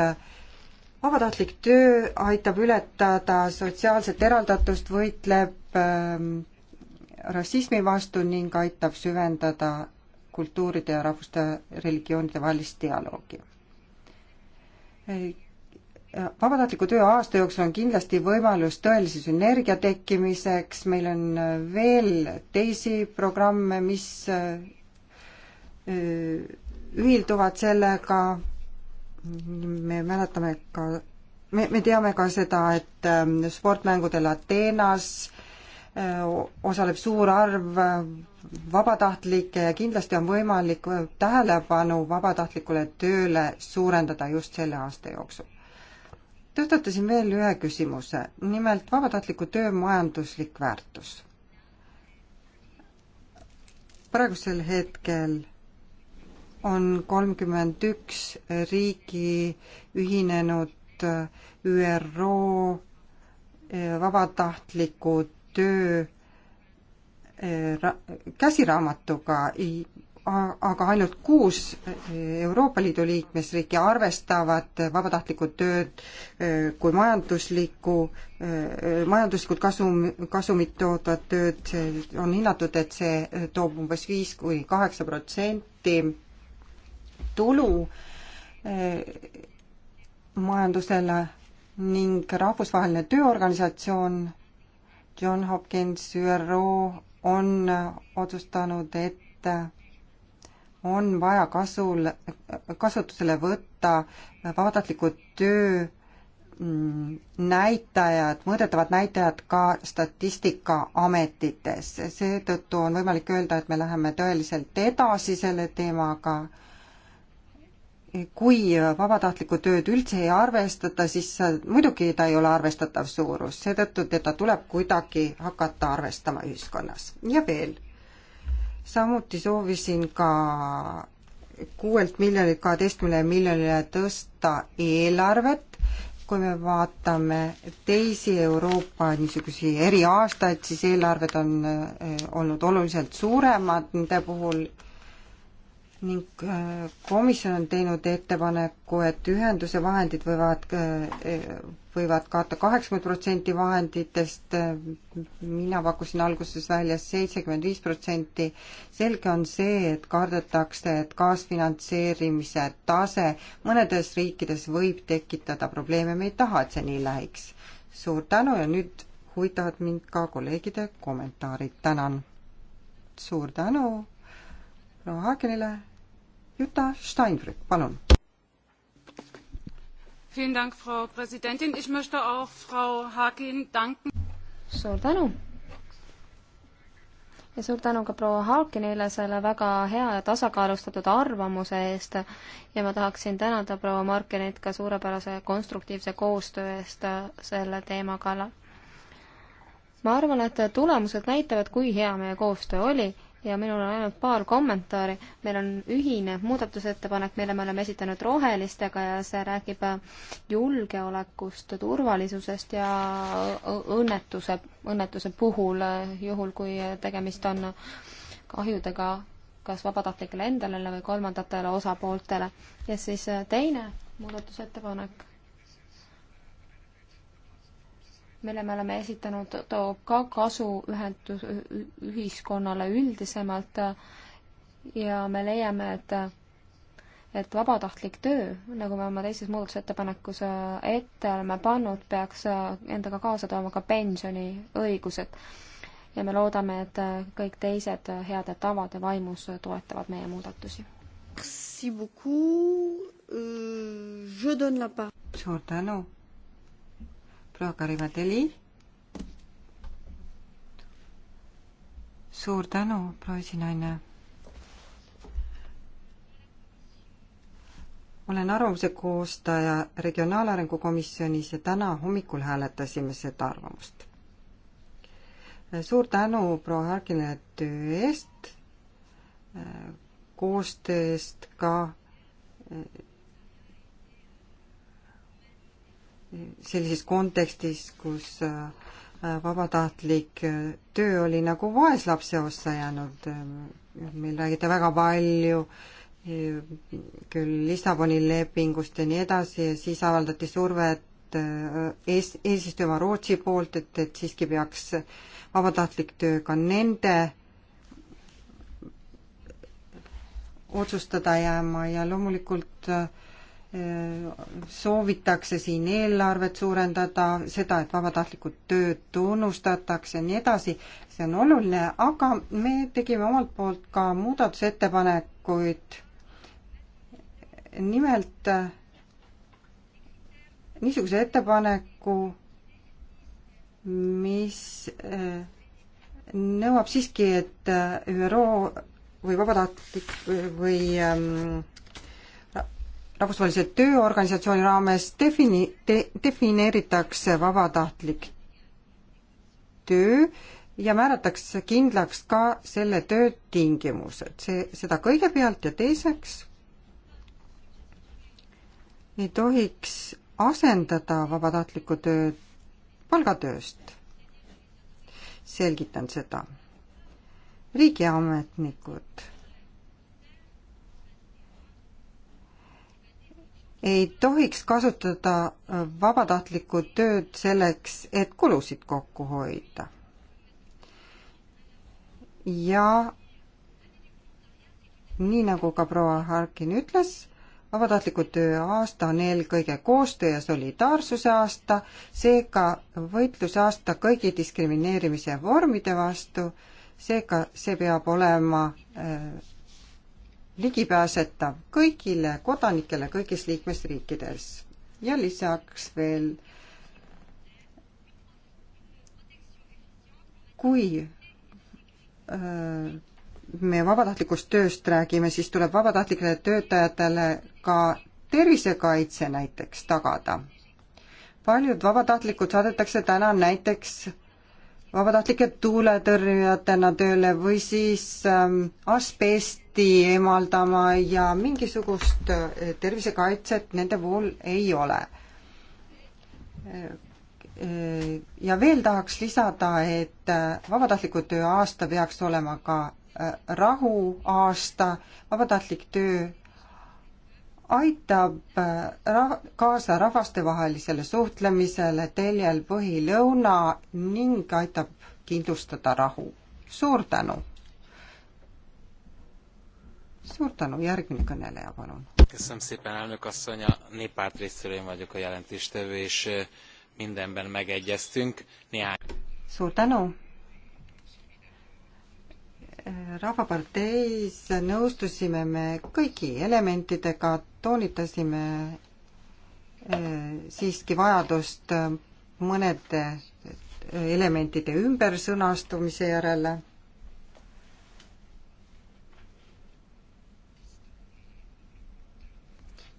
vabatahtlik töö aitab ületada sotsiaalset eraldatust, võitleb ähm, rassismi vastu ning aitab süvendada kultuuride ja rahvuste, religioonide vahelist dialoogi. vabatahtliku töö aasta jooksul on kindlasti võimalus tõelise sünergia tekkimiseks, meil on veel teisi programme, mis äh, ühilduvad sellega me mäletame ka, me, me teame ka seda, et ähm, sportmängudel Ateenas äh, osaleb suur arv äh, vabatahtlikke ja kindlasti on võimalik äh, tähelepanu vabatahtlikule tööle suurendada just selle aasta jooksul. tõstatasin veel ühe küsimuse, nimelt vabatahtliku töö majanduslik väärtus. praegusel hetkel on kolmkümmend üks riigi ühinenud ÜRO eh, vabatahtliku töö eh, käsiraamatuga, aga ainult kuus eh, Euroopa Liidu liikmesriiki arvestavad vabatahtlikku tööd kui majanduslikku, majanduslikult kasum, kasumit tootvat tööd, on hinnatud, et see toob umbes viis kuni kaheksa protsenti tulu äh, majandusele ning rahvusvaheline tööorganisatsioon John Hopkins ÜRO on otsustanud, et on vaja kasul, kasutusele võtta vabatahtlikuid töö mm, näitajad, mõõdetavad näitajad ka statistikaametites. seetõttu on võimalik öelda, et me läheme tõeliselt edasi selle teemaga kui vabatahtlikku tööd üldse ei arvestata, siis muidugi ta ei ole arvestatav suurus, seetõttu teda tuleb kuidagi hakata arvestama ühiskonnas. ja veel, samuti soovisin ka kuuelt miljonilt kaheteistkümnele miljonile tõsta eelarvet, kui me vaatame teisi Euroopa niisugusi eriaastaid, siis eelarved on eh, olnud oluliselt suuremad nende puhul ning äh, komisjon on teinud ettepaneku, et ühenduse vahendid võivad, äh, võivad kaota kaheksakümmend protsenti vahenditest, äh, mina pakkusin alguses välja seitsekümmend viis protsenti. selge on see, et kardetakse, et kaasfinantseerimise tase mõnedes riikides võib tekitada probleeme, me ei taha, et see nii läheks. suur tänu ja nüüd huvitavad mind ka kolleegide kommentaarid, tänan. suur tänu proua Haagenile Jutta Steinbrück, palun. suur tänu ja suur tänu ka proua Haakinile selle väga hea ja tasakaalustatud arvamuse eest ja ma tahaksin tänada proua Markinit ka suurepärase konstruktiivse koostöö eest selle teema kallal. ma arvan, et tulemused näitavad, kui hea meie koostöö oli ja minul on ainult paar kommentaari. meil on ühine muudatusettepanek, mille me oleme esitanud rohelistega ja see räägib julgeolekust, turvalisusest ja õnnetuse, õnnetuse puhul, juhul kui tegemist on kahjudega kas vabatahtlikele endale või kolmandatele osapooltele. ja siis teine muudatusettepanek mille me oleme esitanud, toob ka kasu ühendus, ühiskonnale üldisemalt ja me leiame, et, et vabatahtlik töö, nagu me oma teises muudatusettepanekus äh, ette oleme pannud, peaks äh, endaga kaasa tooma ka pensioniõigused. ja me loodame, et äh, kõik teised heade tavade vaimus toetavad meie muudatusi. Euh, suur tänu proua Karima Teli. suur tänu, proua esinaine. olen arvamuse koostaja Regionaalarengu Komisjonis ja täna hommikul hääletasime seda arvamust. suur tänu proua Harkinile töö eest, koostöö eest ka sellises kontekstis, kus äh, vabatahtlik äh, töö oli nagu vaeslapse ossa jäänud. meil räägiti väga palju äh, küll Lissaboni lepingust ja nii edasi ja siis avaldati survet ees, eesistuva Rootsi poolt, et, et siiski peaks vabatahtlik töö ka nende otsustada jääma ja loomulikult äh, soovitakse siin eelarvet suurendada, seda, et vabatahtlikud tööd tunnustatakse ja nii edasi, see on oluline, aga me tegime omalt poolt ka muudatusettepanekuid. nimelt niisuguse ettepaneku, mis eh, nõuab siiski, et eh, ÜRO või vabatahtlik või ähm, rahvusvahelise tööorganisatsiooni raames defini-, de-, defineeritakse vabatahtlik töö ja määratakse kindlaks ka selle töö tingimused. see, seda kõigepealt ja teiseks ei tohiks asendada vabatahtlikku tööd palgatööst. selgitan seda. riigiametnikud ei tohiks kasutada äh, vabatahtlikku tööd selleks, et kulusid kokku hoida. ja nii nagu ka proua Harkin ütles, vabatahtliku töö aasta on eelkõige koostöö ja solidaarsuse aasta, seega võitlusaasta kõigi diskrimineerimise vormide vastu, seega see peab olema äh, ligipääsetav kõigile kodanikele kõigis liikmesriikides ja lisaks veel kui äh, me vabatahtlikust tööst räägime, siis tuleb vabatahtlikele töötajatele ka tervisekaitse näiteks tagada. paljud vabatahtlikud saadetakse täna näiteks vabatahtlike tuuletõrjujatena tööle või siis ähm, asbesti eemaldama ja mingisugust äh, tervisekaitset nende puhul ei ole. Äh, äh, ja veel tahaks lisada, et vabatahtliku töö aasta peaks olema ka rahuaasta, vabatahtlik töö aitab äh, rah-, kaasa rahvastevahelisele suhtlemisele teljel põhilõuna ning aitab kindlustada rahu. suur tänu! suur tänu, järgmine kõneleja, palun! Köszönöm szépen, elnök asszony, a néppárt részéről én vagyok a jelentéstevő, és mindenben megegyeztünk. Néhány... Suur tänu! rahvaparteis nõustusime me kõigi elementidega, toonitasime eh, siiski vajadust mõnede elementide ümbersõnastumise järele.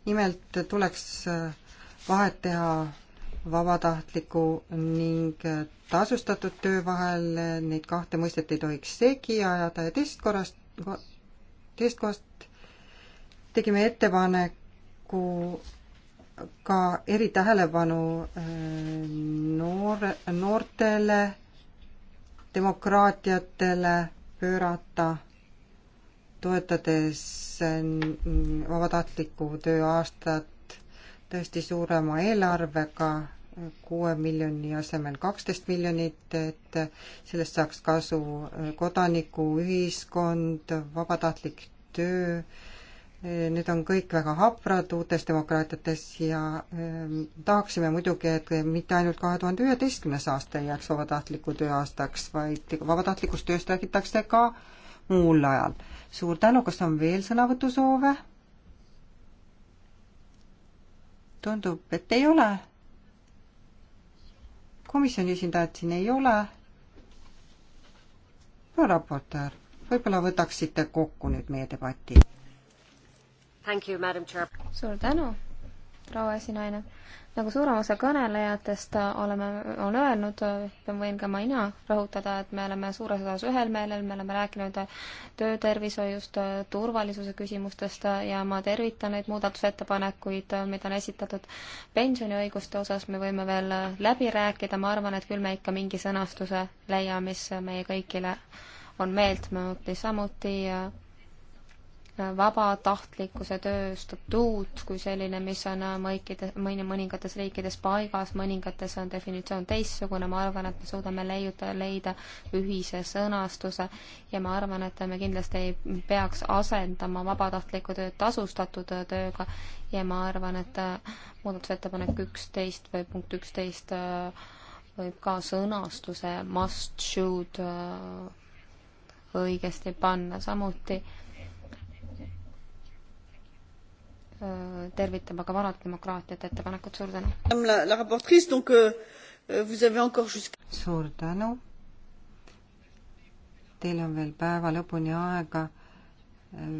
nimelt tuleks vahet teha vabatahtliku ning tasustatud töö vahel, neid kahte mõistet ei tohiks segi ajada ja teisest korrast, teisest kohast tegime ettepaneku ka eritähelepanu äh, noore, noortele, demokraatiatele pöörata, toetades äh, vabatahtliku tööaastat tõesti suurema eelarvega kuue miljoni asemel kaksteist miljonit, et sellest saaks kasu kodanikuühiskond, vabatahtlik töö, need on kõik väga haprad uutes demokraatiates ja ähm, tahaksime muidugi, et mitte ainult kahe tuhande üheteistkümnes aasta ei jääks vabatahtliku töö aastaks, vaid vabatahtlikust tööst räägitakse ka muul ajal. suur tänu, kas on veel sõnavõtusoove? tundub, et ei ole komisjoni esindajat siin ei ole. no raportöör, võib-olla võtaksite kokku nüüd meie debati. suur tänu, proua esinaine nagu suurem osa kõnelejatest äh, oleme, on öelnud, äh, võin ka mina rõhutada, et me oleme suures osas ühel meelel, me oleme rääkinud äh, töötervishoiust, turvalisuse küsimustest ja ma tervitan neid muudatusettepanekuid, mida on esitatud pensioniõiguste osas, me võime veel läbi rääkida, ma arvan, et küll me ikka mingi sõnastuse leiame, mis meie kõigile on meeltmööda, samuti vabatahtlikkuse töö statuut kui selline, mis on äh, mõikide, mõni, mõningates riikides paigas, mõningates on definitsioon teistsugune, ma arvan, et me suudame leiuda, leida ühise sõnastuse ja ma arvan, et me kindlasti ei peaks asendama vabatahtlikku tööd tasustatud tööga ja ma arvan, et äh, muudatusettepanek üksteist või punkt üksteist äh, võib ka sõnastuse must should õigesti panna, samuti Äh, tervitama ka vanat demokraatiat ettepanekut, suur tänu! Euh, euh, suur tänu! Teil on veel päeva lõpuni aega äh,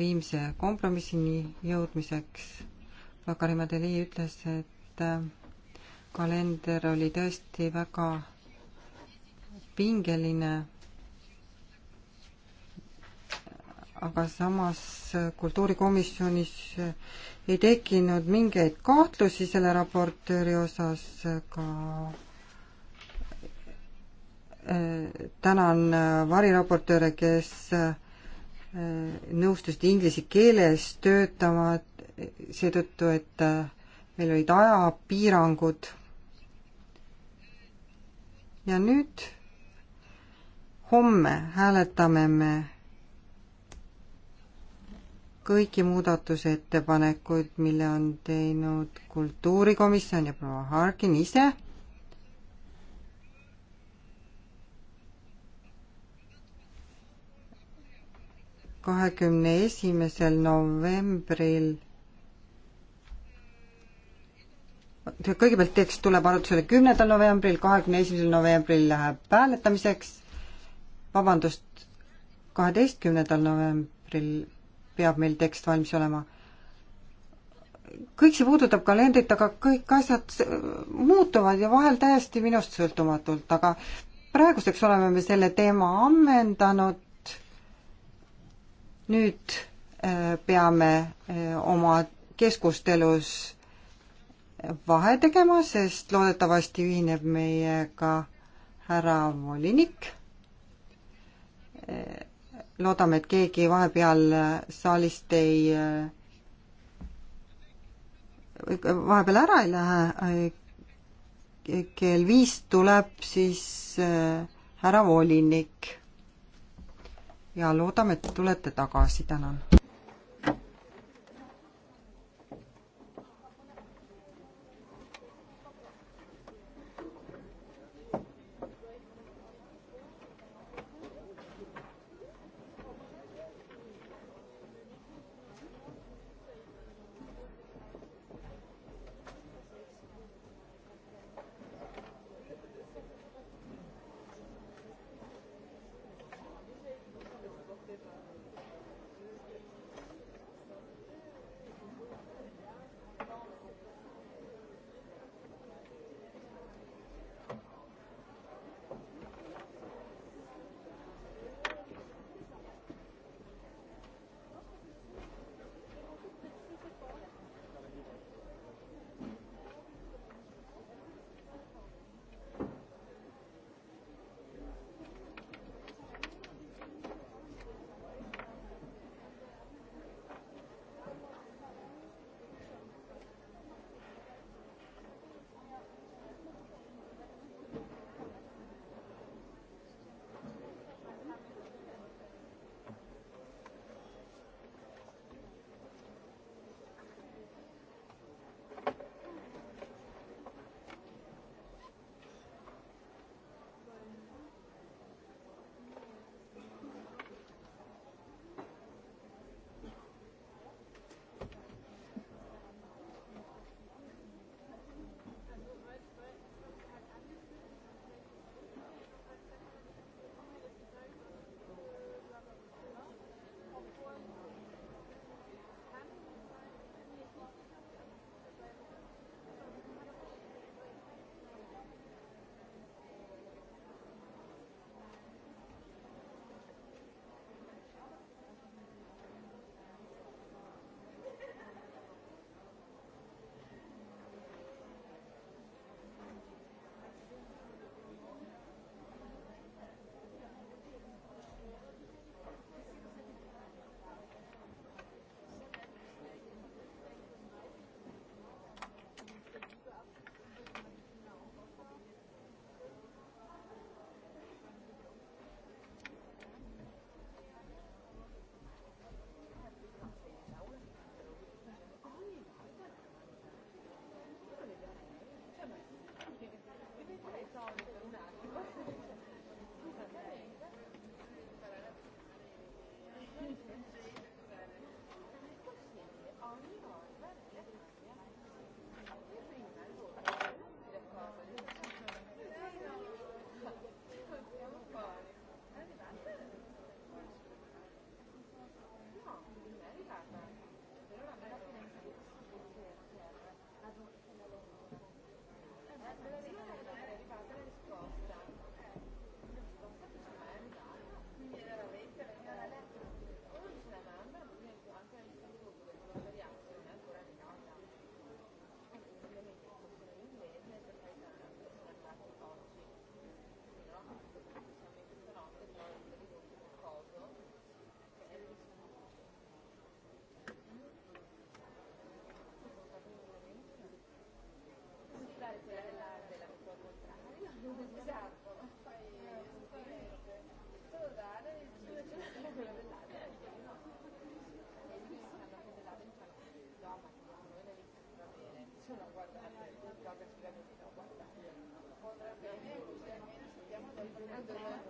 viimse kompromissini jõudmiseks. Vakarima Deli ütles, et äh, kalender oli tõesti väga pingeline aga samas kultuurikomisjonis ei tekkinud mingeid kahtlusi selle raportööri osas, ka äh, tänan variraportööre, kes äh, nõustusid inglise keeles töötama seetõttu, et äh, meil olid ajapiirangud. ja nüüd homme hääletame me kõiki muudatusettepanekuid, mille on teinud kultuurikomisjon ja proua Harkin ise. kahekümne esimesel novembril kõigepealt tekst tuleb arutlusele kümnendal novembril, kahekümne esimesel novembril läheb hääletamiseks, vabandust, kaheteistkümnendal novembril peab meil tekst valmis olema. kõik see puudutab kalendrit, aga kõik asjad muutuvad ja vahel täiesti minust sõltumatult, aga praeguseks oleme me selle teema ammendanud. nüüd äh, peame äh, oma keskustelus vahe tegema, sest loodetavasti ühineb meiega härra volinik äh, loodame, et keegi vahepeal saalist ei, vahepeal ära ei lähe. kell viis tuleb siis äh, härra volinik. ja loodame, et tulete tagasi, tänan. de même.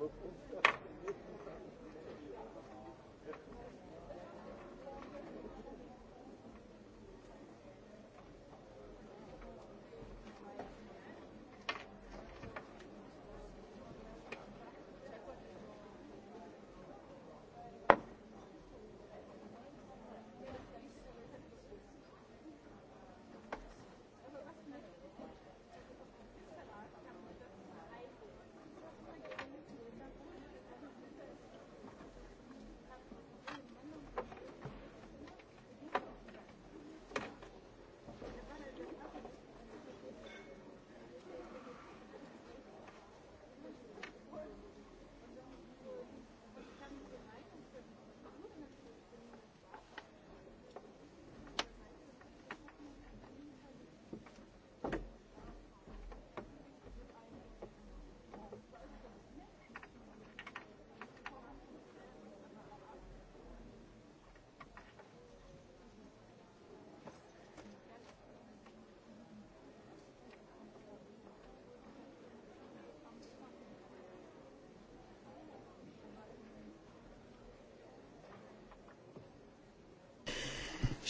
lõppu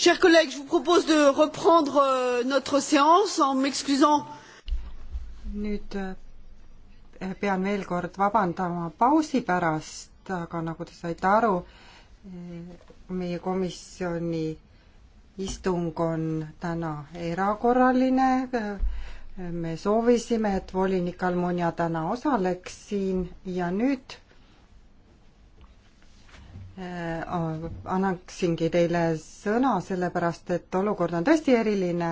chers collègues je vous propose de reprendre euh, notre séance en m'excusant nüüd äh, pean veel kord vabandama pausi pärast aga nagu te saite aru äh, meie komisjoni istung on täna erakorraline äh, me soovisime et volinik Almunia täna osaleks siin ja nüüd Äh, annaksingi teile sõna, sellepärast et olukord on tõesti eriline,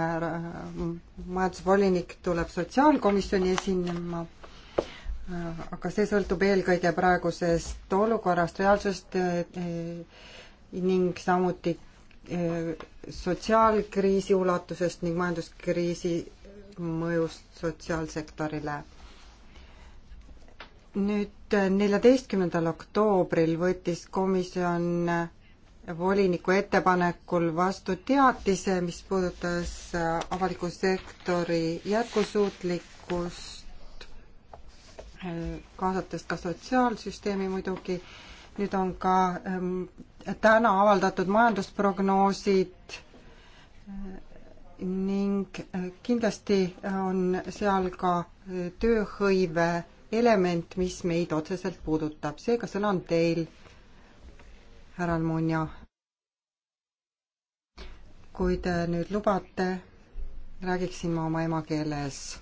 majandusvolinik tuleb sotsiaalkomisjoni esinema, äh, aga see sõltub eelkõige praegusest olukorrast, reaalsusest ning samuti äh, sotsiaalkriisi ulatusest ning majanduskriisi mõjust sotsiaalsektorile nüüd äh, neljateistkümnendal oktoobril võttis komisjon äh, voliniku ettepanekul vastu teatise, mis puudutas äh, avaliku sektori jätkusuutlikkust, kaasates ka sotsiaalsüsteemi muidugi, nüüd on ka ähm, täna avaldatud majandusprognoosid ning kindlasti on seal ka tööhõive element, mis meid otseselt puudutab, seega sõna on teil, härra Almunia. kui te nüüd lubate, räägiksin ma oma emakeeles.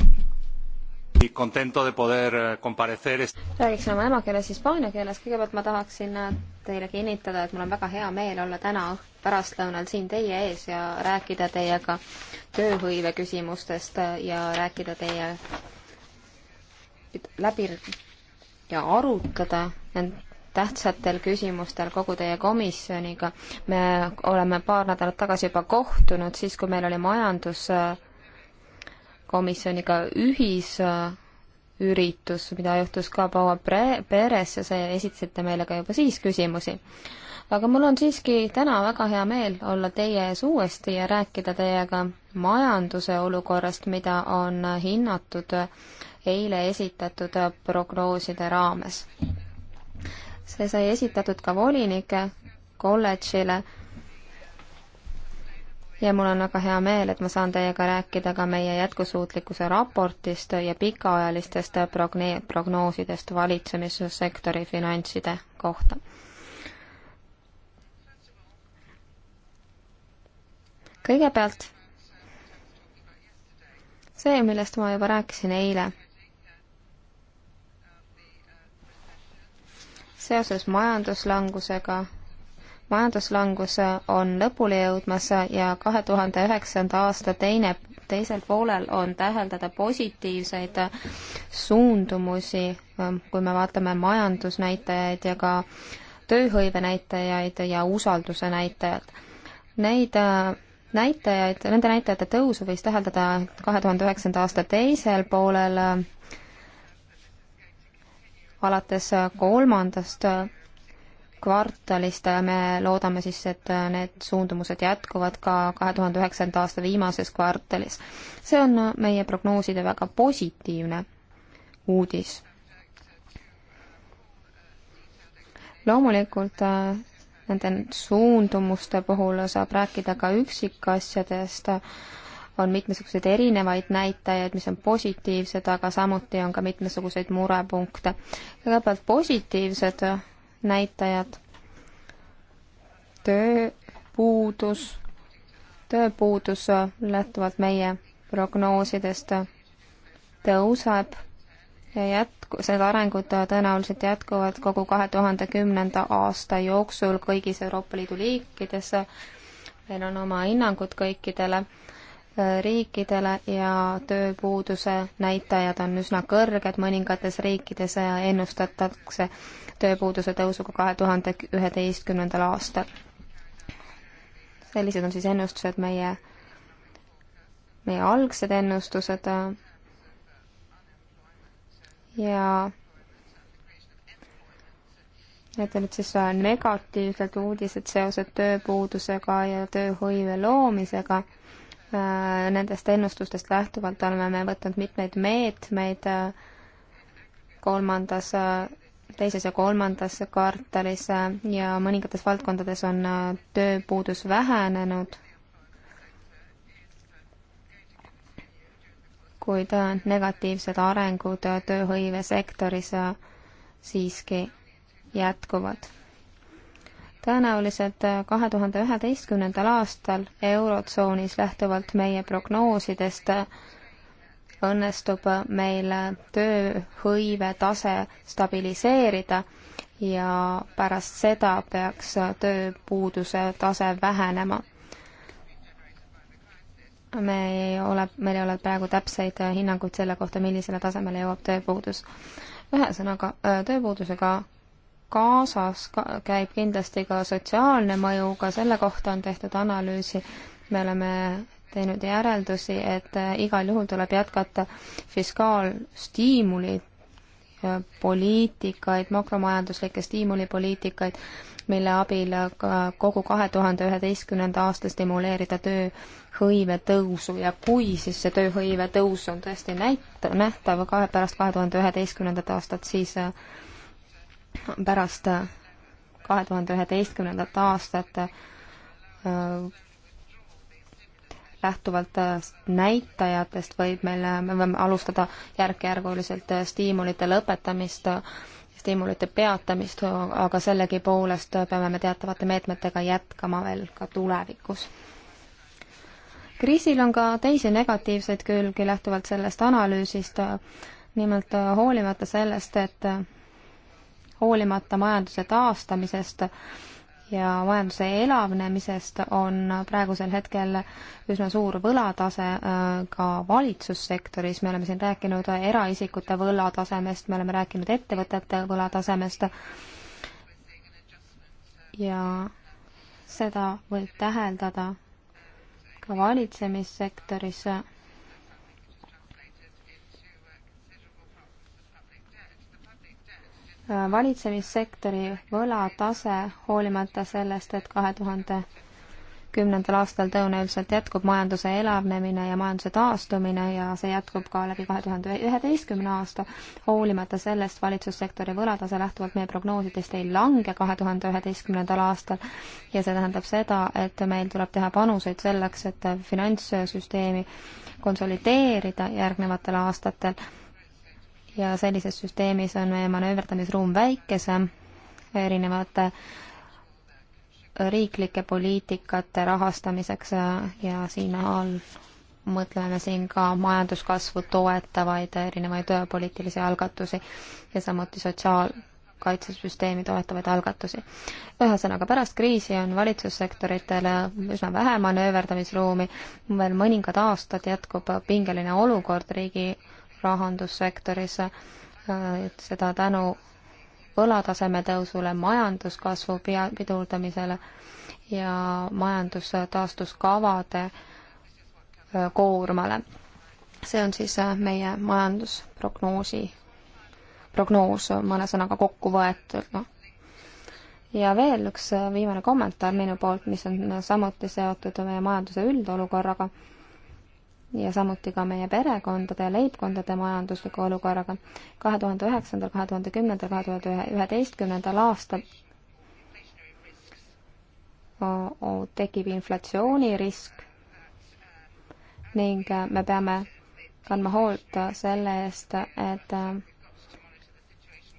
Eh, räägiksin oma emakeeles hispaania keeles, kõigepealt ma tahaksin äh, teile kinnitada, et mul on väga hea meel olla täna pärastlõunal siin teie ees ja rääkida teiega tööhõive küsimustest äh, ja rääkida teie läbi ja arutada end tähtsatel küsimustel kogu teie komisjoniga. me oleme paar nädalat tagasi juba kohtunud, siis kui meil oli majanduskomisjoniga ühisüritus, mida juhtus ka Paua peres ja see, esitasite meile ka juba siis küsimusi. aga mul on siiski täna väga hea meel olla teie ees uuesti ja rääkida teiega majanduse olukorrast, mida on hinnatud eile esitatud prognooside raames. see sai esitatud ka volinike kolledžile ja mul on väga hea meel, et ma saan teiega rääkida ka meie jätkusuutlikkuse raportist ja pikaajalistest progne-, prognoosidest valitsemissektori finantside kohta. kõigepealt see, millest ma juba rääkisin eile seoses majanduslangusega. majanduslangus on lõpule jõudmas ja kahe tuhande üheksanda aasta teine, teisel poolel on täheldada positiivseid suundumusi, kui me vaatame majandusnäitajaid ja ka tööhõive näitajaid ja usalduse näitajad. Neid äh, näitajaid, nende näitajate tõusu võis täheldada kahe tuhande üheksanda aasta teisel poolel alates äh, kolmandast äh, kvartalist me loodame siis, et äh, need suundumused jätkuvad ka kahe tuhande üheksanda aasta viimases kvartalis. see on meie prognooside väga positiivne uudis. loomulikult nende suundumuste puhul saab rääkida ka üksikasjadest, on mitmesuguseid erinevaid näitajaid, mis on positiivsed, aga samuti on ka mitmesuguseid murepunkte. kõigepealt positiivsed näitajad, tööpuudus, tööpuudus lähtuvalt meie prognoosidest tõuseb ja jätku-, need arengud tõenäoliselt jätkuvad kogu kahe tuhande kümnenda aasta jooksul kõigis Euroopa Liidu liikides. meil on oma hinnangud kõikidele riikidele ja tööpuuduse näitajad on üsna kõrged, mõningates riikides ennustatakse tööpuuduse tõusu ka kahe tuhande üheteistkümnendal aastal. sellised on siis ennustused meie, meie algsed ennustused ja Need olid siis negatiivsed uudised seoses tööpuudusega ja tööhõive loomisega Äh, nendest ennustustest lähtuvalt oleme me võtnud mitmeid meetmeid äh, kolmandas, äh, teises ja kolmandas kvartalis ja mõningates valdkondades on tööpuudus vähenenud, kuid negatiivsed arengud tööhõivesektoris siiski jätkuvad tõenäoliselt kahe tuhande üheteistkümnendal aastal Eurotsoonis lähtuvalt meie prognoosidest õnnestub meil tööhõive tase stabiliseerida ja pärast seda peaks tööpuuduse tase vähenema. me ei ole, meil ei ole praegu täpseid hinnanguid selle kohta, millisele tasemele jõuab tööpuudus. ühesõnaga, tööpuudusega kaasas käib kindlasti ka sotsiaalne mõju, ka selle kohta on tehtud analüüsi. me oleme teinud järeldusi, et äh, igal juhul tuleb jätkata fiskaalstiimuli äh, poliitikaid, makromajanduslikke stiimulipoliitikaid, mille abil äh, ka kogu kahe tuhande üheteistkümnenda aasta stimuleerida tööhõive tõusu ja kui siis see tööhõive tõus on tõesti näit-, nähtav kahe, pärast kahe tuhande üheteistkümnendat aastat, siis pärast äh, kahe tuhande üheteistkümnendat aastat äh, lähtuvalt äh, näitajatest võib meil, me võime alustada järk-järguliselt stiimulite lõpetamist, stiimulite peatamist, aga sellegipoolest peame me teatavate meetmetega jätkama veel ka tulevikus. kriisil on ka teisi negatiivseid külgi lähtuvalt sellest analüüsist, nimelt hoolimata sellest, et hoolimata majanduse taastamisest ja majanduse elavnemisest on praegusel hetkel üsna suur võlatase äh, ka valitsussektoris, me oleme siin rääkinud eraisikute võlatasemest, me oleme rääkinud ettevõtete võlatasemest ja seda võib täheldada ka valitsemissektoris Äh, valitsemissektori võlatase, hoolimata sellest, et kahe tuhande kümnendal aastal tõenäoliselt jätkub majanduse elavnemine ja majanduse taastumine ja see jätkub ka läbi kahe tuhande üheteistkümne aasta. hoolimata sellest valitsussektori võlatase lähtuvalt meie prognoosidest ei lange kahe tuhande üheteistkümnendal aastal ja see tähendab seda, et meil tuleb teha panuseid selleks, et finantssüsteemi konsolideerida järgnevatel aastatel ja sellises süsteemis on meie manööverdamisruum väikesem erinevate riiklike poliitikate rahastamiseks ja siin all mõtleme siin ka majanduskasvu toetavaid erinevaid poliitilisi algatusi ja samuti sotsiaalkaitsesüsteemi toetavaid algatusi. ühesõnaga, pärast kriisi on valitsussektoritele üsna vähe manööverdamisruumi, veel mõningad aastad jätkub pingeline olukord riigi rahandussektoris, äh, et seda tänu võlataseme tõusule, majanduskasvu pea-, pidurdamisele ja majandustaastuskavade äh, koormale. see on siis äh, meie majandusprognoosi, prognoos mõne sõnaga kokku võetud, noh. ja veel üks viimane kommentaar minu poolt, mis on samuti seotud meie majanduse üldolukorraga ja samuti ka meie perekondade ja leibkondade majandusliku olukorraga. kahe tuhande üheksandal, kahe tuhande kümnendal, kahe tuhande üheteistkümnendal aastal tekib inflatsioonirisk ning me peame kandma hoolt selle eest, et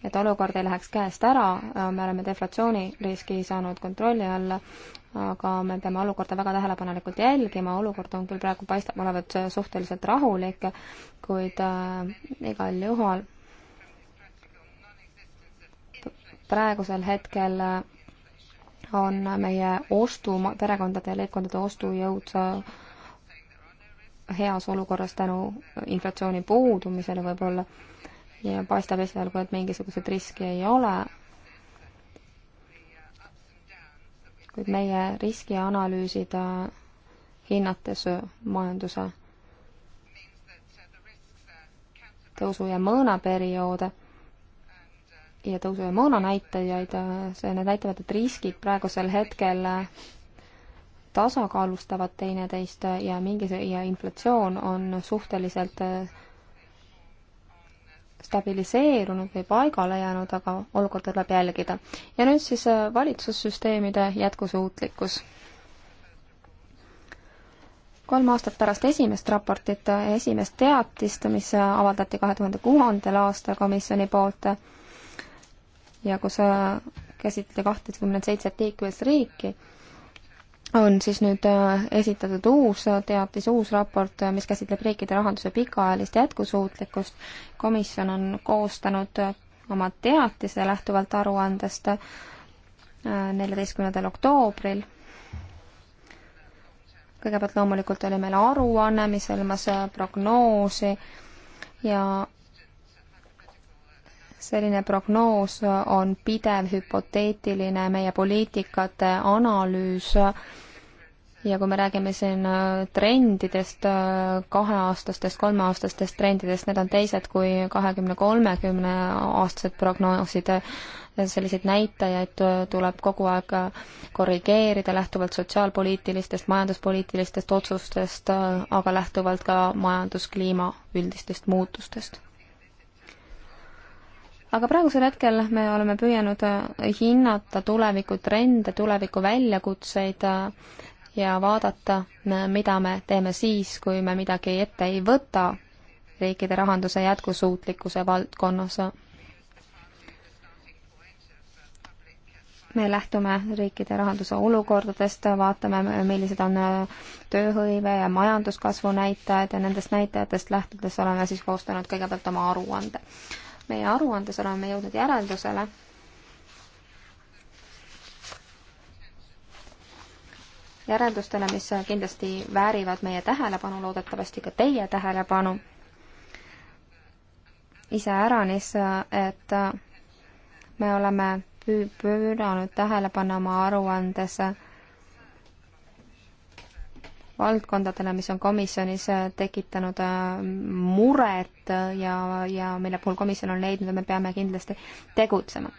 et olukord ei läheks käest ära, me oleme deflatsiooniriski saanud kontrolli alla aga me peame olukorda väga tähelepanelikult jälgima, olukord on küll praegu, paistab olevat suhteliselt rahulik, kuid äh, igal juhul praegusel hetkel äh, on meie ostu, perekondade ja leibkondade ostujõud äh, heas olukorras tänu inflatsiooni puudumisele võib-olla ja paistab esialgu, et mingisuguseid riski ei ole kuid meie riskianalüüsid hinnates majanduse tõusu- ja mõõnaperioode ja tõusu- ja mõõnanäitajaid, see, need näitavad, et riskid praegusel hetkel tasakaalustavad teineteist ja mingi, ja inflatsioon on suhteliselt stabiliseerunud või paigale jäänud, aga olukorda tuleb jälgida. ja nüüd siis äh, valitsussüsteemide jätkusuutlikkus. kolm aastat pärast esimest raportit, esimest teatist, mis äh, avaldati kahe tuhande kuuendal aastal komisjoni poolt ja kus äh, käsitleti kahtekümmet seitset liikmesriiki on siis nüüd äh, esitatud uus teatis, uus raport, äh, mis käsitleb riikide rahanduse pikaajalist jätkusuutlikkust. komisjon on koostanud äh, oma teatise lähtuvalt aruandest neljateistkümnendal oktoobril. kõigepealt loomulikult oli meil aruanne, mis hõlmas prognoosi ja selline prognoos on pidev hüpoteetiline meie poliitikate analüüs ja kui me räägime siin äh, trendidest, äh, kaheaastastest, kolmeaastastest trendidest, need on teised kui kahekümne, kolmekümne aastased prognoosid, selliseid näitajaid äh, tuleb kogu aeg korrigeerida lähtuvalt sotsiaalpoliitilistest, majanduspoliitilistest otsustest, aga lähtuvalt ka majanduskliima üldistest muutustest aga praegusel hetkel me oleme püüanud äh, hinnata tulevikutrende, tuleviku väljakutseid äh, ja vaadata, äh, mida me teeme siis, kui me midagi ette ei võta riikide rahanduse jätkusuutlikkuse valdkonnas. me lähtume riikide rahanduse olukordadest, vaatame, millised on tööhõive ja majanduskasvu näitajad ja nendest näitajatest lähtudes oleme siis koostanud kõigepealt oma aruande meie aruandes oleme jõudnud järeldusele, järeldustele, mis kindlasti väärivad meie tähelepanu, loodetavasti ka teie tähelepanu. iseäranis, et me oleme püü-, pööranud tähelepanu oma aruandes valdkondadele, mis on komisjonis äh, tekitanud äh, muret äh, ja, ja mille puhul komisjon on leidnud, et me peame kindlasti tegutsema.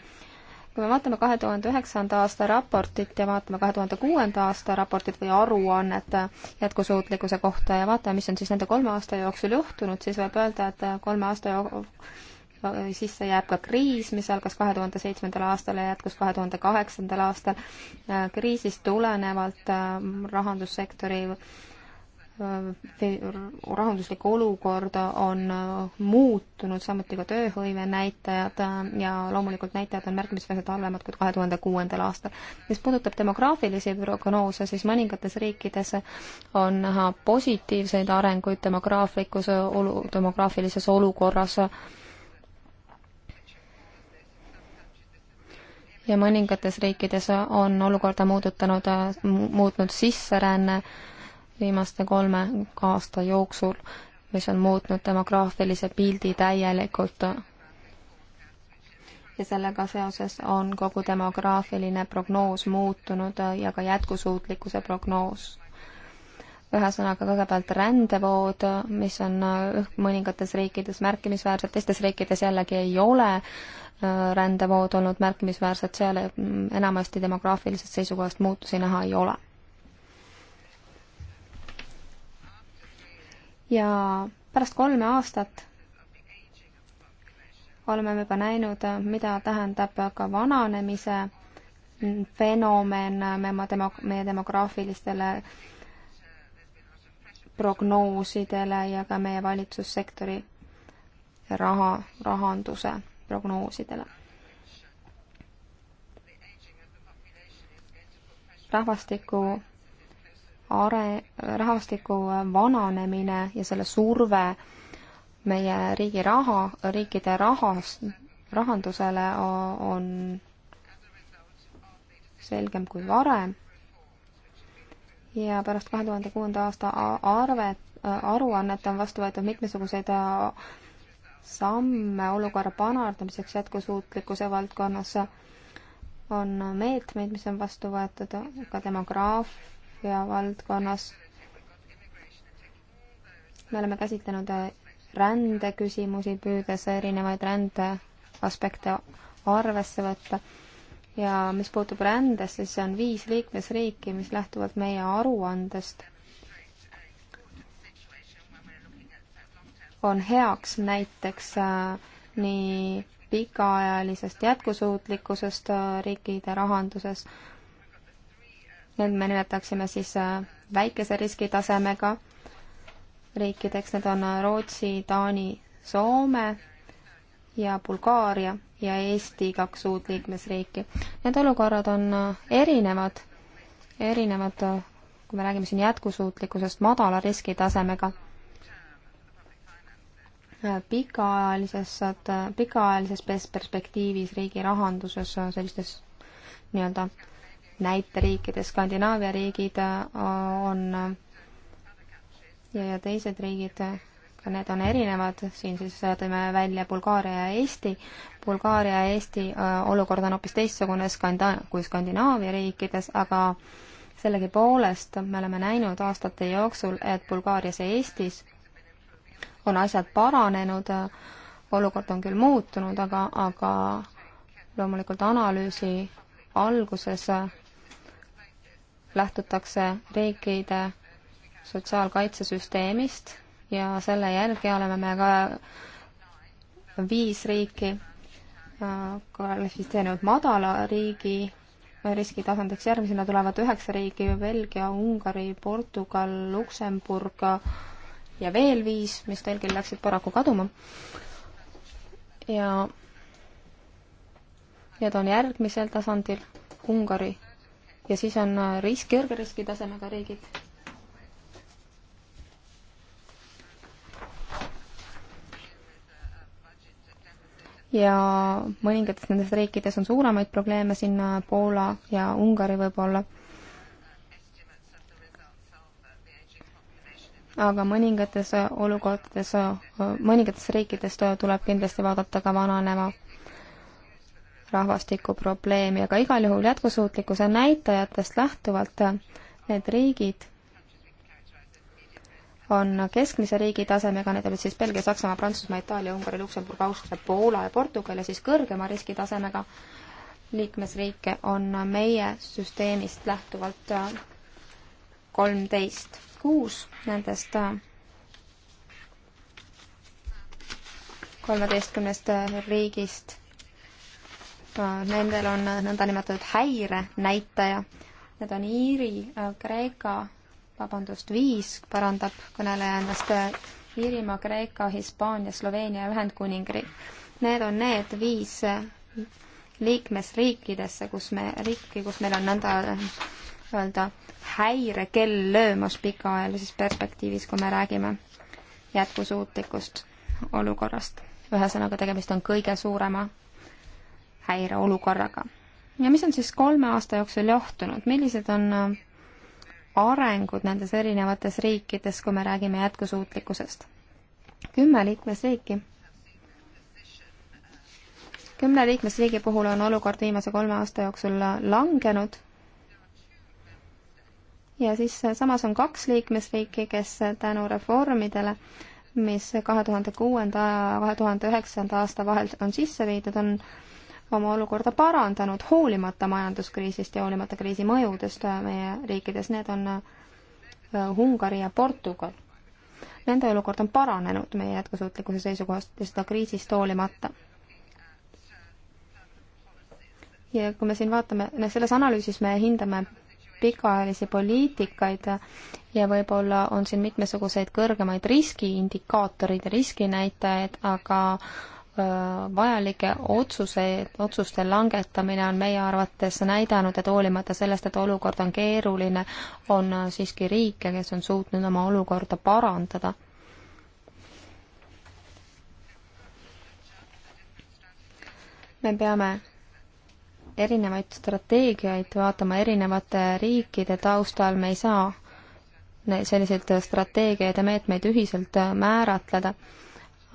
kui me vaatame kahe tuhande üheksanda aasta raportit ja vaatame kahe tuhande kuuenda aasta raportit või aruannet jätkusuutlikkuse kohta ja vaatame, mis on siis nende kolme aasta jooksul juhtunud, siis võib öelda, et kolme aasta jooksul sisse jääb ka kriis, mis algas kahe tuhande seitsmendal aastal ja jätkus kahe tuhande kaheksandal aastal. kriisist tulenevalt äh, rahandussektori äh, rahanduslik olukord on äh, muutunud, samuti ka tööhõive näitajad ja loomulikult näitajad on märkimisväärselt halvemad kui kahe tuhande kuuendal aastal. mis puudutab demograafilisi prognoose, siis mõningates riikides on näha positiivseid arenguid demograaflikus olu, demograafilises olukorras ja mõningates riikides on olukorda muudutanud, muutnud sisseränne viimaste kolme aasta jooksul, mis on muutnud demograafilise pildi täielikult. ja sellega seoses on kogu demograafiline prognoos muutunud ja ka jätkusuutlikkuse prognoos ühesõnaga kõigepealt rändevood, mis on äh, mõningates riikides märkimisväärsed, teistes riikides jällegi ei ole äh, rändevood olnud märkimisväärsed, seal mm, enamasti demograafilisest seisukohast muutusi näha ei ole. ja pärast kolme aastat oleme me juba näinud, äh, mida tähendab ka vananemise fenomen me oma demo-, meie demograafilistele äh, prognoosidele ja ka meie valitsussektori raha, rahanduse prognoosidele. rahvastiku are-, rahvastiku vananemine ja selle surve meie riigi raha, riikide rahas, rahandusele on selgem kui varem ja pärast kahe tuhande kuuenda aasta arvet, äh, aruannet on vastu võetud mitmesuguseid äh, samme olukorra panardamiseks jätkusuutlikkuse valdkonnas, on meetmeid, mis on vastu võetud ka demograafia valdkonnas. me oleme käsitlenud äh, rändeküsimusi, püüdes erinevaid rände aspekte arvesse võtta ja mis puutub rändesse, siis see on viis liikmesriiki, mis lähtuvalt meie aruandest on heaks näiteks äh, nii pikaajalisest jätkusuutlikkusest äh, riikide rahanduses, need me nimetaksime siis äh, väikese riskitasemega riikideks, need on Rootsi, Taani, Soome ja Bulgaaria ja Eesti kaks uut liikmesriiki. Need olukorrad on äh, erinevad, erinevad, äh, kui me räägime siin jätkusuutlikkusest madala riskitasemega, pikaajalises, äh, pikaajalises perspektiivis riigi rahanduses sellistes nii-öelda näiteriikides, Skandinaavia riigid on ja, ja teised riigid need on erinevad, siin siis äh, tõime välja Bulgaaria ja Eesti. Bulgaaria ja Eesti äh, olukord on hoopis teistsugune skanda-, kui Skandinaavia riikides, aga sellegipoolest me oleme näinud aastate jooksul, et Bulgaarias ja Eestis on asjad paranenud, äh, olukord on küll muutunud, aga, aga loomulikult analüüsi alguses lähtutakse riikide sotsiaalkaitsesüsteemist ja selle järgi oleme me ka viis riiki äh, kvalifitseerinud madala riigi riskitasandiks, järgmisena tulevad üheksa riiki, Belgia, Ungari, Portugal, Luksemburg äh, ja veel viis, mis tõlgil läksid paraku kaduma. ja need on järgmisel tasandil Ungari ja siis on äh, risk, kõrge riskitasemega riigid ja mõningates nendes riikides on suuremaid probleeme, sinna Poola ja Ungari võib-olla. aga mõningates olukordades, mõningates riikides tuleb kindlasti vaadata ka vananeva rahvastiku probleemi, aga igal juhul jätkusuutlikkuse näitajatest lähtuvalt need riigid on keskmise riigi tasemega, need olid siis Belgia, Saksamaa, Prantsusmaa, Itaalia, Ungari, Luksemburg, Austria, Poola ja Portugal ja siis kõrgema riskitasemega liikmesriike on meie süsteemist lähtuvalt äh, kolmteist. kuus nendest äh, kolmeteistkümnest äh, riigist, nendel on nõndanimetatud häirenäitaja, need on Iiri, Kreeka, vabandust, viis parandab kõneleja ennast Iirimaa, Kreeka, Hispaania, Sloveenia, Ühendkuningriik. Need on need viis liikmesriikidesse, kus me, riiki, kus meil on nõnda öelda häirekell löömas pikaajalises perspektiivis, kui me räägime jätkusuutlikust olukorrast. ühesõnaga, tegemist on kõige suurema häireolukorraga. ja mis on siis kolme aasta jooksul johtunud, millised on arengud nendes erinevates riikides, kui me räägime jätkusuutlikkusest. kümme liikmesriiki. kümne liikmesriigi puhul on olukord viimase kolme aasta jooksul langenud ja siis samas on kaks liikmesriiki, kes tänu reformidele, mis kahe tuhande kuuenda ja kahe tuhande üheksanda aasta vahel on sisse viidud, on oma olukorda parandanud, hoolimata majanduskriisist ja hoolimata kriisi mõjudest äh, meie riikides, need on äh, Ungari ja Portugal. Nende olukord on paranenud meie jätkusuutlikkuse seisukohast ja seda kriisist hoolimata. ja kui me siin vaatame, noh, selles analüüsis me hindame pikaajalisi poliitikaid ja võib-olla on siin mitmesuguseid kõrgemaid riskiindikaatoreid ja riskinäitajaid, aga Äh, vajalike otsuse, otsuste langetamine on meie arvates näidanud, et hoolimata sellest, et olukord on keeruline, on äh, siiski riike, kes on suutnud oma olukorda parandada. me peame erinevaid strateegiaid vaatama erinevate riikide taustal, me ei saa selliseid strateegiaid ja meetmeid ühiselt äh, määratleda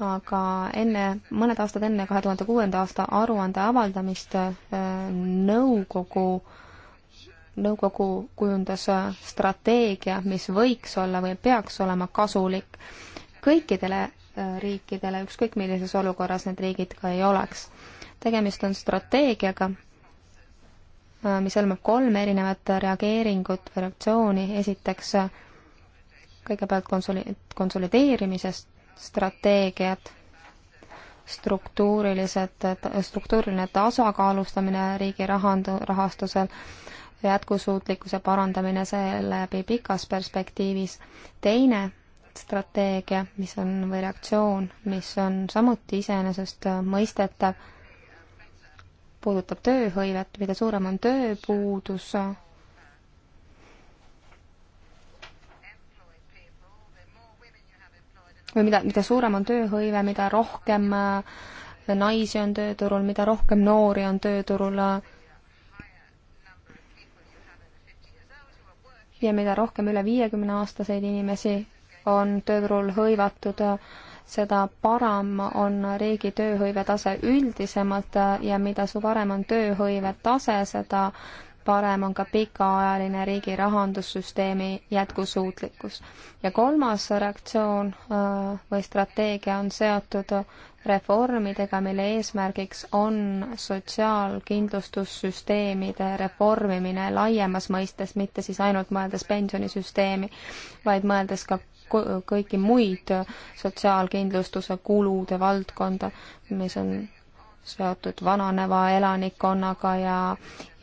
aga enne, mõned aastad enne kahe tuhande kuuenda aasta aruande avaldamist äh, nõukogu, nõukogu kujundas äh, strateegia, mis võiks olla või peaks olema kasulik kõikidele äh, riikidele, ükskõik millises olukorras need riigid ka ei oleks. tegemist on strateegiaga, mis hõlmab kolme erinevat reageeringut või reaktsiooni, esiteks kõigepealt konsoli-, konsolideerimisest, strateegiad, struktuurilised, struktuuriline tasakaalustamine riigi rahandu-, rahastusel, jätkusuutlikkuse parandamine seeläbi pikas perspektiivis. teine strateegia, mis on, või reaktsioon, mis on samuti iseenesestmõistetav, puudutab tööhõivet, mida suurem on tööpuudus, või mida, mida suurem on tööhõive, mida rohkem äh, naisi on tööturul, mida rohkem noori on tööturul äh, ja mida rohkem üle viiekümne aastaseid inimesi on tööturul hõivatud, äh, seda parem on riigi tööhõivetase üldisemalt ja mida parem on tööhõivetase, seda parem on ka pikaajaline riigi rahandussüsteemi jätkusuutlikkus. ja kolmas reaktsioon äh, või strateegia on seotud reformidega, mille eesmärgiks on sotsiaalkindlustussüsteemide reformimine laiemas mõistes, mitte siis ainult mõeldes pensionisüsteemi, vaid mõeldes ka kõiki muid sotsiaalkindlustuse kulude valdkonda, mis on seotud vananeva elanikkonnaga ja,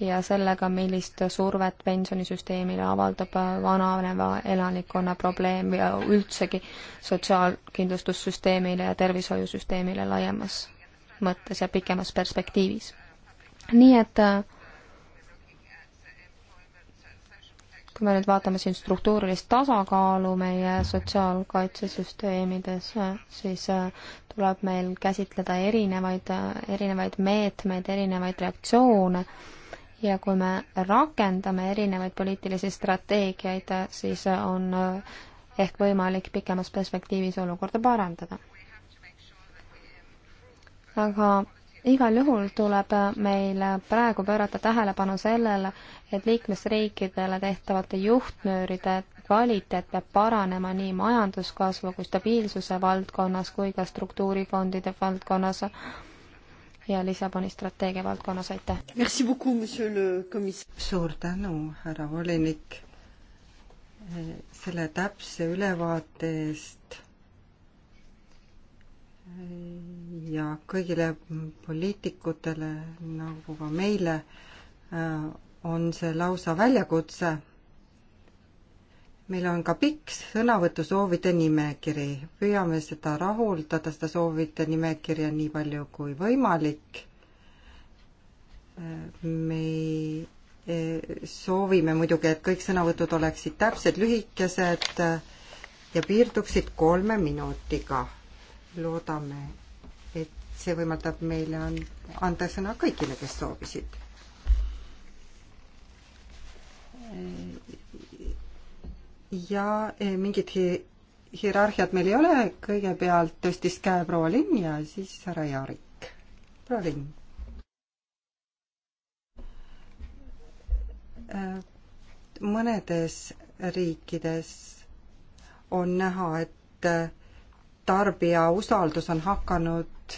ja sellega, millist survet pensionisüsteemile avaldab äh, vananeva elanikkonna probleem ja üldsegi sotsiaalkindlustussüsteemile ja tervishoiusüsteemile laiemas mõttes ja pikemas perspektiivis. nii et äh, kui me nüüd vaatame siin struktuurilist tasakaalu meie sotsiaalkaitsesüsteemides, siis äh, tuleb meil käsitleda erinevaid, erinevaid meetmeid, erinevaid reaktsioone ja kui me rakendame erinevaid poliitilisi strateegiaid, siis on äh, ehk võimalik pikemas perspektiivis olukorda parandada. aga igal juhul tuleb meil praegu pöörata tähelepanu sellele, et liikmesriikidele tehtavate juhtnööride kvaliteet peab paranema nii majanduskasvu kui stabiilsuse valdkonnas kui ka struktuurifondide valdkonnas ja Lissaboni strateegia valdkonnas, aitäh! suur tänu, härra volinik, selle täpse ülevaate eest ja kõigile poliitikutele nagu ka meile äh, on see lausa väljakutse. meil on ka pikk sõnavõtusoovide nimekiri, püüame seda rahuldada, seda soovide nimekirja nii palju kui võimalik. Äh, me äh, soovime muidugi, et kõik sõnavõtud oleksid täpsed, lühikesed ja piirduksid kolme minutiga loodame, et see võimaldab meile an-, anda sõna kõigile, kes soovisid. ja eh, mingit hi-, hierarhiat meil ei ole, kõigepealt tõstis käe proua Linn ja siis härra Jaarik. proua Linn. Eh, mõnedes riikides on näha, et eh, tarbija usaldus on hakanud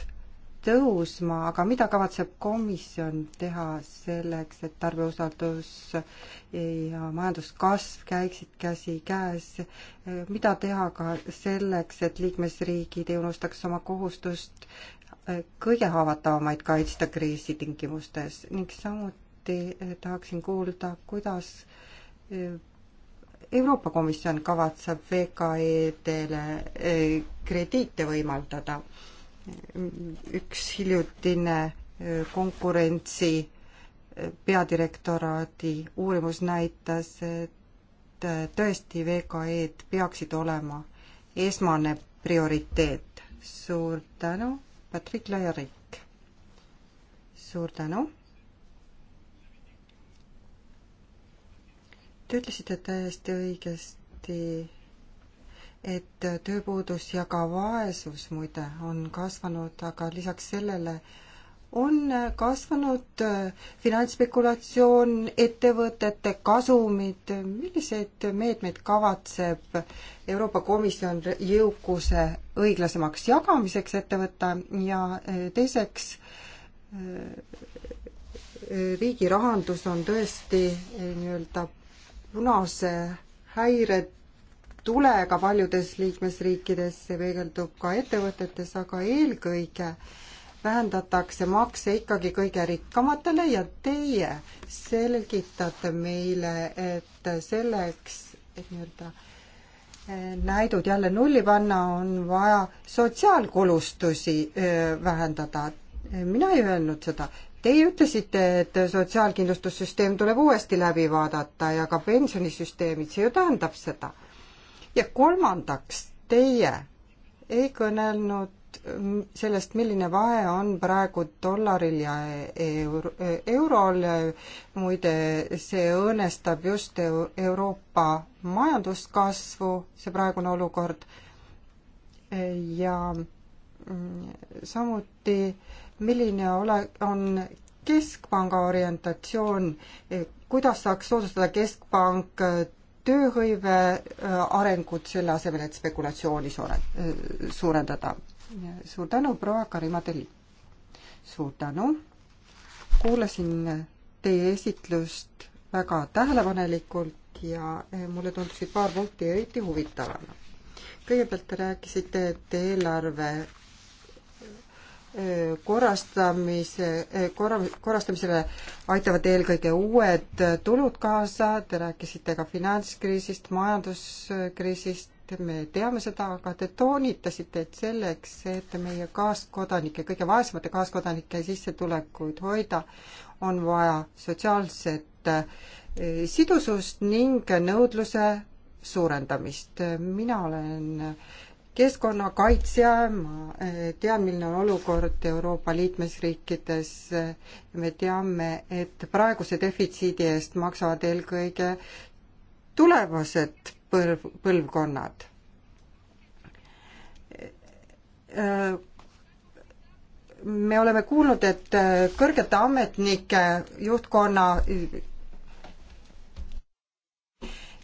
tõusma, aga mida kavatseb komisjon teha selleks, et tarbija usaldus ja majanduskasv käiksid käsikäes, mida teha ka selleks, et liikmesriigid ei unustaks oma kohustust kõige haavatavamaid kaitsta kriisi tingimustes ning samuti tahaksin kuulda, kuidas Euroopa Komisjon kavatseb VKE-dele eh, krediite võimaldada. üks hiljutine eh, konkurentsi eh, peadirektoraadi uurimus näitas, et tõesti VKE-d peaksid olema esmane prioriteet. suur tänu, Patrick Lajarik. suur tänu Te ütlesite täiesti õigesti, et tööpuudus ja ka vaesus muide on kasvanud, aga lisaks sellele on kasvanud äh, finantsspekulatsioon, ettevõtete kasumid, milliseid meetmeid kavatseb Euroopa Komisjon jõukuse õiglasemaks jagamiseks ette võtta ja äh, teiseks, äh, riigi rahandus on tõesti nii-öelda punase häire tulega paljudes liikmesriikides, see peegeldub ka ettevõtetes, aga eelkõige vähendatakse makse ikkagi kõige rikkamatele ja teie selgitate meile, et selleks, et nii-öelda eh, näidud jälle nulli panna, on vaja sotsiaalkulustusi eh, vähendada. mina ei öelnud seda, Teie ütlesite, et sotsiaalkindlustussüsteem tuleb uuesti läbi vaadata ja ka pensionisüsteemid, see ju tähendab seda. ja kolmandaks, teie ei kõnelnud sellest, milline vahe on praegu dollaril ja euro, eurol, muide see õõnestab just Euroopa majanduskasvu, see praegune olukord, ja samuti äh, milline ole, on keskpanga orientatsioon, kuidas saaks soodustada keskpank tööhõive äh, arengut selle asemel, et spekulatsiooni suure, äh, suurendada? suur tänu, proua Karima Teli! suur tänu! kuulasin teie esitlust väga tähelepanelikult ja äh, mulle tundusid paar punkti eriti huvitavana. kõigepealt te rääkisite, et eelarve korrastamise, korra, korrastamisele aitavad eelkõige uued tulud kaasa, te rääkisite ka finantskriisist, majanduskriisist, me teame seda, aga te toonitasite, et selleks, et meie kaaskodanike, kõige vaesemate kaaskodanike sissetulekuid hoida, on vaja sotsiaalset sidusust ning nõudluse suurendamist. mina olen keskkonnakaitsja, ma eh, tean, milline on olukord Euroopa liikmesriikides, me teame, et praeguse defitsiidi eest maksavad eelkõige tulevased põlv, põlvkonnad. me oleme kuulnud, et eh, kõrgete ametnike juhtkonna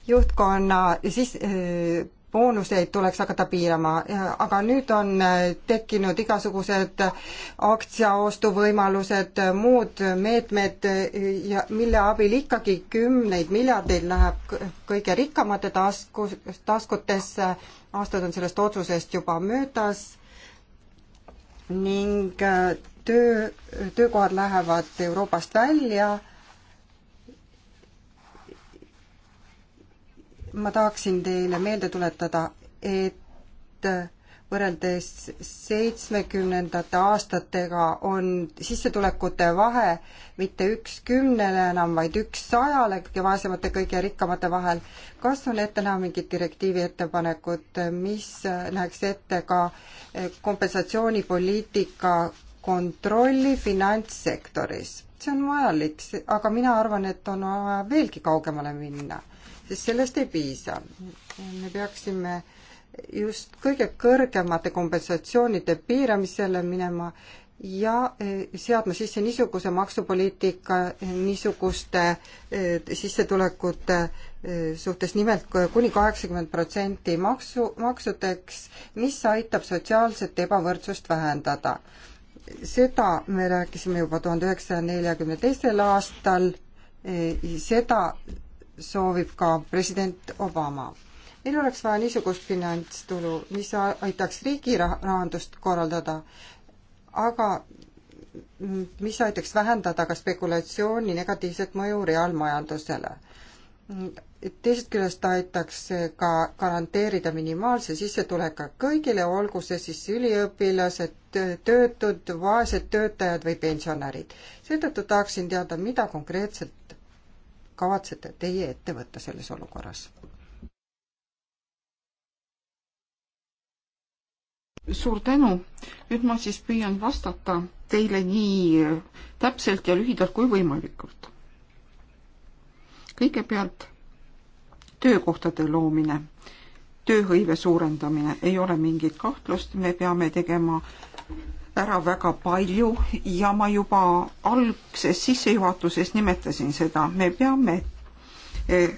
juhtkonna siis eh, boonuseid tuleks hakata piirama, aga nüüd on äh, tekkinud igasugused aktsiaostuvõimalused, muud meetmed äh, ja mille abil ikkagi kümneid miljardeid läheb kõige rikkamate tasku, taskutesse, aastad on sellest otsusest juba möödas ning äh, töö, töökohad lähevad Euroopast välja ma tahaksin teile meelde tuletada, et võrreldes seitsmekümnendate aastatega on sissetulekute vahe mitte üks kümnele enam, vaid üks sajale kõige vaesemate, kõige rikkamate vahel. kas on ette näha mingit direktiivi ettepanekut, mis näeks ette ka kompensatsioonipoliitika kontrolli finantssektoris? see on vajalik, aga mina arvan, et on vaja veelgi kaugemale minna siis sellest ei piisa. me peaksime just kõige kõrgemate kompensatsioonide piiramisele minema ja eh, seadma sisse niisuguse maksupoliitika niisuguste eh, sissetulekute eh, suhtes nimelt kuni kaheksakümmend protsenti maksu, maksudeks, mis aitab sotsiaalset ebavõrdsust vähendada. seda me rääkisime juba tuhande üheksasaja neljakümne teisel aastal, seda soovib ka president Obama. meil oleks vaja niisugust finantstulu, mis aitaks riigi rahandust korraldada, aga mis aitaks vähendada ka spekulatsiooni negatiivset mõju reaalmajandusele. teisest küljest aitaks ka garanteerida minimaalse sissetuleku kõigile, olgu see siis üliõpilased, töötud, vaesed töötajad või pensionärid. seetõttu tahaksin teada, mida konkreetselt kavatsete teie ette võtta selles olukorras? suur tänu. nüüd ma siis püüan vastata teile nii täpselt ja lühidalt kui võimalikult. kõigepealt töökohtade loomine, tööhõive suurendamine, ei ole mingit kahtlust, me peame tegema ära väga palju ja ma juba algses sissejuhatuses nimetasin seda, me peame eh,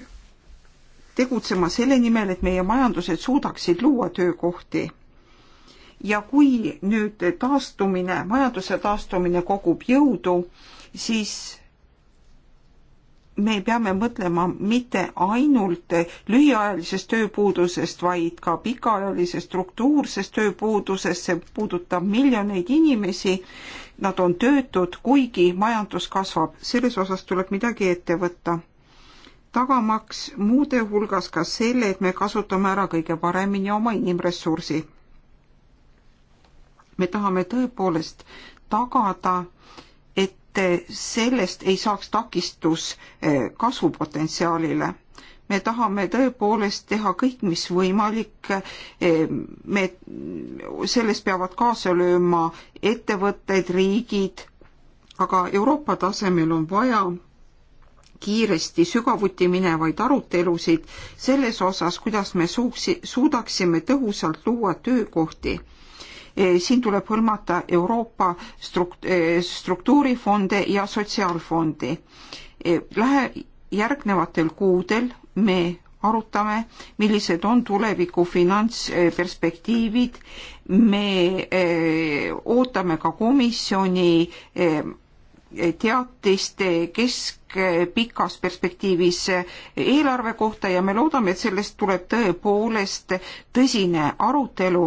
tegutsema selle nimel, et meie majandused suudaksid luua töökohti. ja kui nüüd taastumine, majanduse taastumine kogub jõudu, siis me peame mõtlema mitte ainult lühiajalisest tööpuudusest, vaid ka pikaajalisest struktuursest tööpuudusest, see puudutab miljoneid inimesi. Nad on töötud, kuigi majandus kasvab, selles osas tuleb midagi ette võtta. tagamaks muude hulgas ka selle, et me kasutame ära kõige paremini oma inimressursi. me tahame tõepoolest tagada äh, Eh, sellest ei saaks takistus eh, kasvupotentsiaalile. me tahame tõepoolest teha kõik, mis võimalik. Eh, me, selles peavad kaasa lööma ettevõtted, riigid, aga Euroopa tasemel on vaja kiiresti sügavuti minevaid arutelusid selles osas, kuidas me suuksi, suudaksime tõhusalt luua töökohti E, siin tuleb hõlmata Euroopa e, struktuurifonde ja sotsiaalfondi. E, lähe järgnevatel kuudel me arutame, millised on tuleviku finantsperspektiivid. me ootame ka komisjoni teatist keskpikas perspektiivis eelarve kohta ja me loodame, et sellest tuleb tõepoolest tõsine arutelu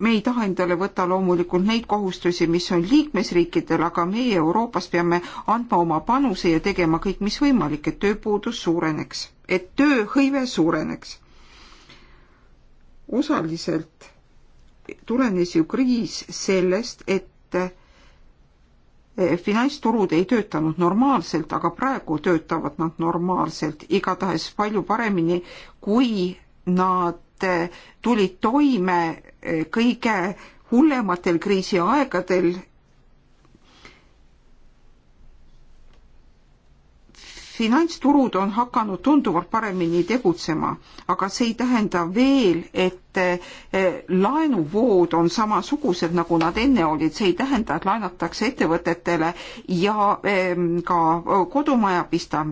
me ei taha endale võtta loomulikult neid kohustusi, mis on liikmesriikidel, aga meie Euroopas peame andma oma panuse ja tegema kõik, mis võimalik, et tööpuudus suureneks, et tööhõive suureneks. osaliselt tulenes ju kriis sellest, et eh, finantsturud ei töötanud normaalselt, aga praegu töötavad nad normaalselt, igatahes palju paremini, kui nad Eh, tulid toime eh, kõige hullematel kriisiaegadel. finantsturud on hakanud tunduvalt paremini tegutsema, aga see ei tähenda veel, et eh, laenuvood on samasugused, nagu nad enne olid, see ei tähenda, et laenatakse ettevõtetele ja ka kodumajapista,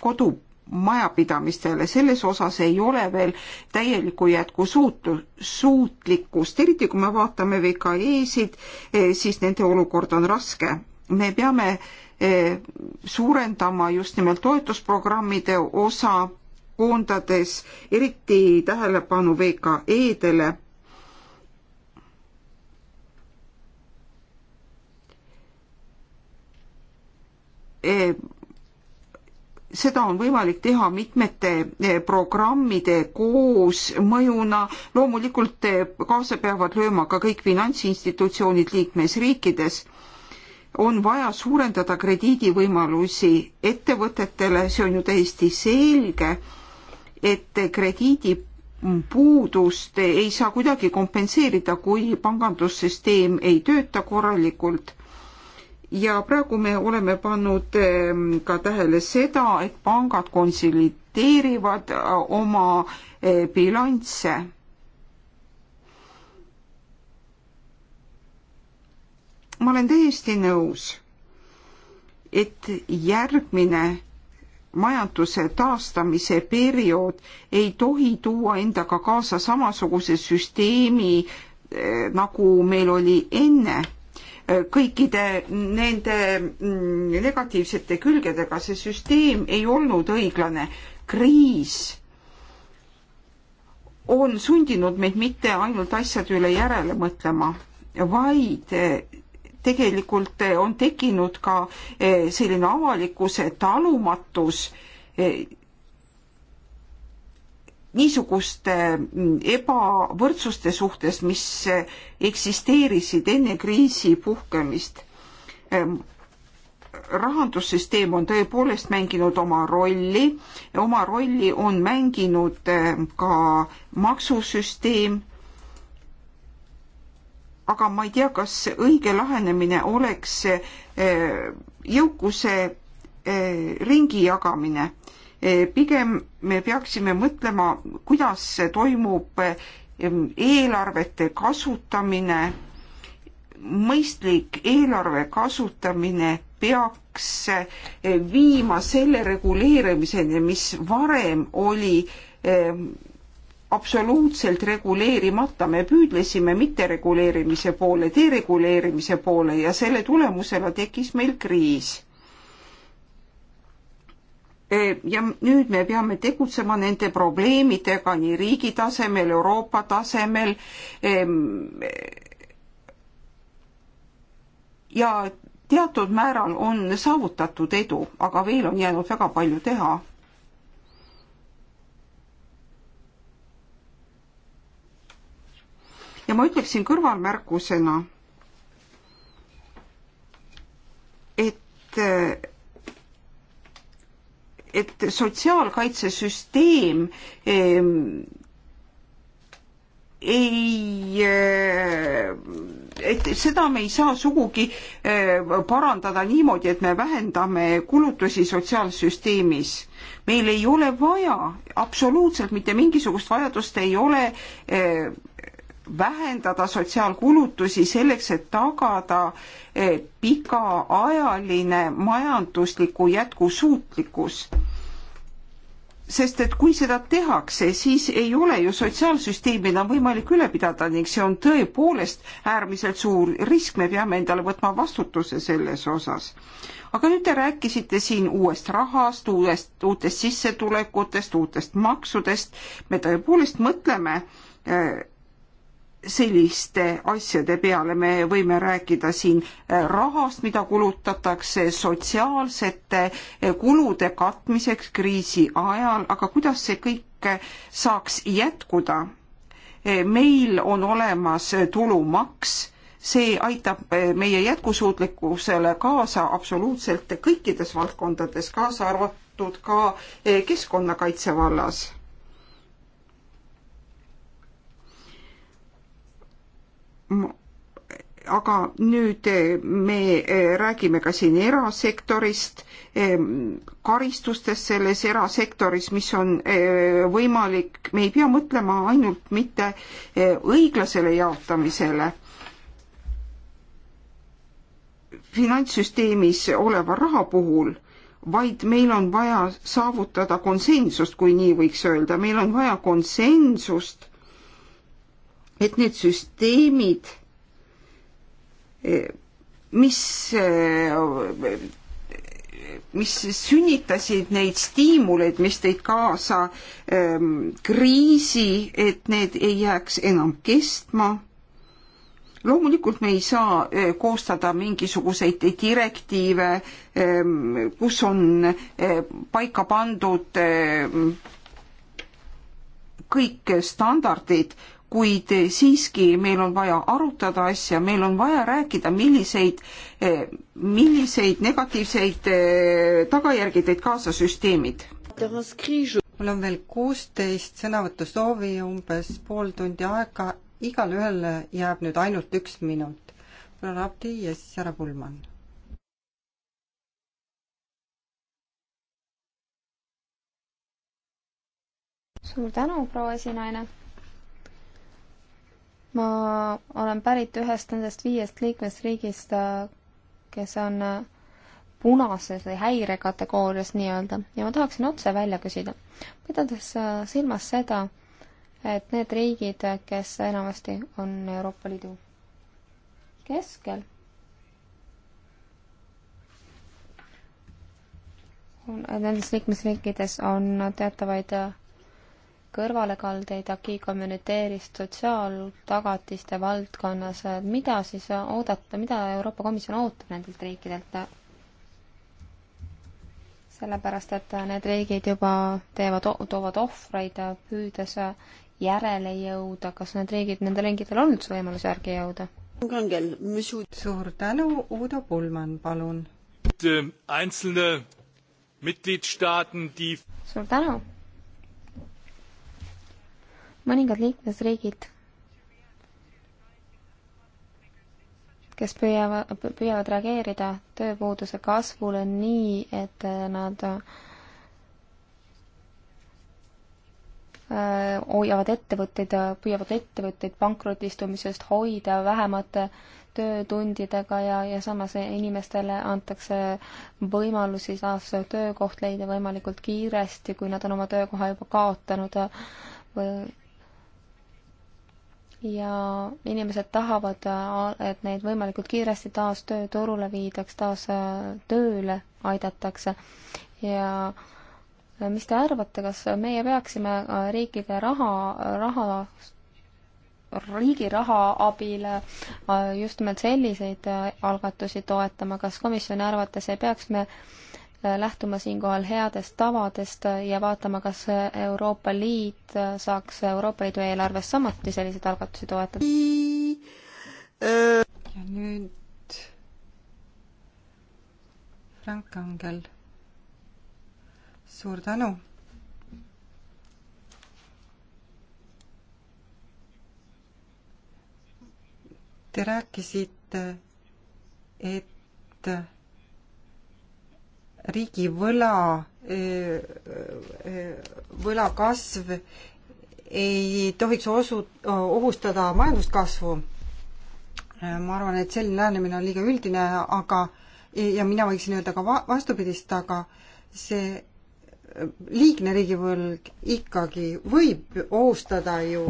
kodu majapidamistele, selles osas ei ole veel täielikku jätkusuutu, suutlikkust, eriti kui me vaatame VKE-sid, eh, siis nende olukord on raske. me peame eh, suurendama just nimelt toetusprogrammide osa, koondades eriti tähelepanu VKE-dele e eh, seda on võimalik teha mitmete eh, programmide koosmõjuna. loomulikult eh, kaasa peavad lööma ka kõik finantsinstitutsioonid liikmesriikides. on vaja suurendada krediidivõimalusi ettevõtetele, see on ju täiesti selge, et krediidi puudust ei saa kuidagi kompenseerida, kui pangandussüsteem ei tööta korralikult ja praegu me oleme pannud ehm, ka tähele seda, et pangad konsolideerivad äh, oma äh, bilansse. ma olen täiesti nõus, et järgmine majanduse taastamise periood ei tohi tuua endaga kaasa samasuguse süsteemi äh, nagu meil oli enne kõikide nende negatiivsete külgedega, see süsteem ei olnud õiglane. kriis on sundinud meid mitte ainult asjade üle järele mõtlema, vaid eh, tegelikult eh, on tekkinud ka eh, selline avalikkuse talumatus niisuguste mm, ebavõrdsuste suhtes, mis eksisteerisid enne kriisi puhkemist. Ehm, rahandussüsteem on tõepoolest mänginud oma rolli, oma rolli on mänginud ehm, ka maksusüsteem. aga ma ei tea, kas õige lähenemine oleks ehm, jõukuse ringi jagamine Eh, pigem me peaksime mõtlema, kuidas toimub eh, eelarvete kasutamine, mõistlik eelarve kasutamine peaks eh, viima selle reguleerimiseni, mis varem oli absoluutselt reguleerimata, me püüdlesime mittereguleerimise poole, dereguleerimise poole ja selle tulemusena tekkis meil kriis. Eh, ja nüüd me peame tegutsema nende probleemidega nii riigi tasemel, Euroopa tasemel. Ehm, ja teatud määral on saavutatud edu, aga veel on jäänud väga palju teha ja ma ütleksin kõrvalmärkusena, et eh, et sotsiaalkaitsesüsteem ehm, ei, eh, et seda me ei saa sugugi eh, parandada niimoodi, et me vähendame kulutusi sotsiaalsüsteemis. meil ei ole vaja, absoluutselt mitte mingisugust vajadust ei ole eh, vähendada sotsiaalkulutusi selleks, et tagada eh, pikaajaline majandusliku jätkusuutlikkus. sest et kui seda tehakse, siis ei ole ju sotsiaalsüsteemil on võimalik üle pidada ning see on tõepoolest äärmiselt suur risk, me peame endale võtma vastutuse selles osas. aga nüüd te rääkisite siin uuest rahast, uuest, uutest sissetulekutest, uutest maksudest, me tõepoolest mõtleme äh, selliste asjade peale, me võime rääkida siin eh, rahast, mida kulutatakse sotsiaalsete eh, kulude katmiseks kriisi ajal, aga kuidas see kõik eh, saaks jätkuda? meil on olemas tulumaks, see aitab meie jätkusuutlikkusele kaasa absoluutselt kõikides valdkondades, kaasa arvatud ka keskkonnakaitse vallas aga nüüd eh, me eh, räägime ka siin erasektorist, eh, karistustest selles erasektoris, mis on võimalik, me ei pea mõtlema ainult mitte õiglasele jaotamisele finantssüsteemis oleva raha puhul, vaid meil on vaja saavutada konsensust, kui nii võiks öelda, meil on vaja konsensust et need süsteemid, mis, mis sünnitasid neid stiimuleid, mis tõid kaasa ehm, kriisi, et need ei jääks enam kestma loomulikult me ei saa eh, koostada mingisuguseid direktiive, ehm, kus on eh, paika pandud ehm, kõik standardid, kuid siiski meil on vaja arutada asja, meil on vaja rääkida, milliseid, milliseid negatiivseid eh, tagajärgi tõid kaasa süsteemid. mul on veel kuusteist sõnavõtusoovi, umbes pool tundi aega, igalühel jääb nüüd ainult üks minut. mul on Abdi ja siis härra Pullmann. suur tänu, proua esinaine ma olen pärit ühest nendest viiest liikmesriigist, kes on punases või häirekategoorias nii-öelda ja ma tahaksin otse välja küsida, pidades silmas seda, et need riigid, kes enamasti on Euroopa Liidu keskel, nendes liikmesriikides on teatavaid kõrvalekaldeid Aki kommuniteerist sotsiaaltagatiste valdkonnas, mida siis oodata, mida Euroopa Komisjon ootab nendelt riikidelt? sellepärast, et need riigid juba teevad, toovad ohvreid, püüdes järele jõuda, kas need riigid, nendel riikidel on üldse võimalus järgi jõuda? suur tänu, Uudo Pulman, palun. suur tänu mõningad liikmesriigid, kes püüavad, püüavad reageerida tööpuuduse kasvule nii, et nad äh, hoiavad ettevõtteid, püüavad ettevõtteid pankrotistumisest hoida vähemate töötundidega ja, ja samas inimestele antakse võimalusi taas töökoht leida võimalikult kiiresti, kui nad on oma töökoha juba kaotanud äh, või ja inimesed tahavad, et neid võimalikult kiiresti taas tööturule viidaks, taas äh, tööle aidatakse ja äh, mis te arvate, kas meie peaksime äh, riikide raha, raha riigi raha abil just nimelt selliseid algatusi toetama, kas komisjoni arvates ei peaks me lähtuma siinkohal headest tavadest ja vaatama, kas Euroopa Liit saaks Euroopa Liidu eelarves samuti selliseid algatusi toetada. ja nüüd Frank Angel. suur tänu. Te rääkisite, et riigi võla, võla kasv ei tohiks osu-, ohustada majanduskasvu. ma arvan, et selline lähenemine on liiga üldine, aga ja mina võiksin öelda ka va-, vastupidist, aga see liigne riigivõlg ikkagi võib ohustada ju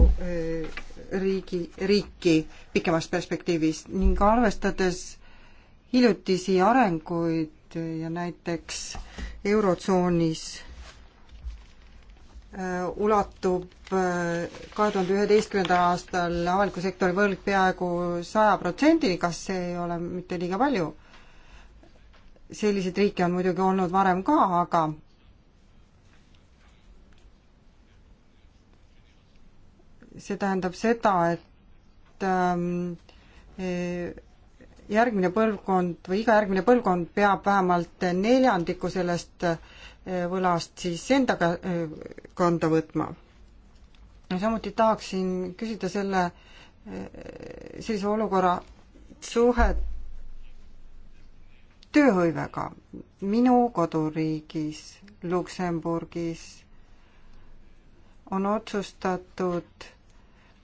riigi, riiki pikemas perspektiivis ning arvestades hiljutisi arenguid ja näiteks Eurotsoonis äh, ulatub äh, kahe tuhande üheteistkümnendal aastal avaliku sektori võlg peaaegu saja protsendini, kas see ei ole mitte liiga palju? selliseid riike on muidugi olnud varem ka, aga see tähendab seda, et ähm, järgmine põlvkond või iga järgmine põlvkond peab vähemalt neljandiku sellest eh, võlast siis endaga eh, kanda võtma. samuti tahaksin küsida selle, eh, sellise olukorra suhet tööhõivega minu koduriigis Luksemburgis on otsustatud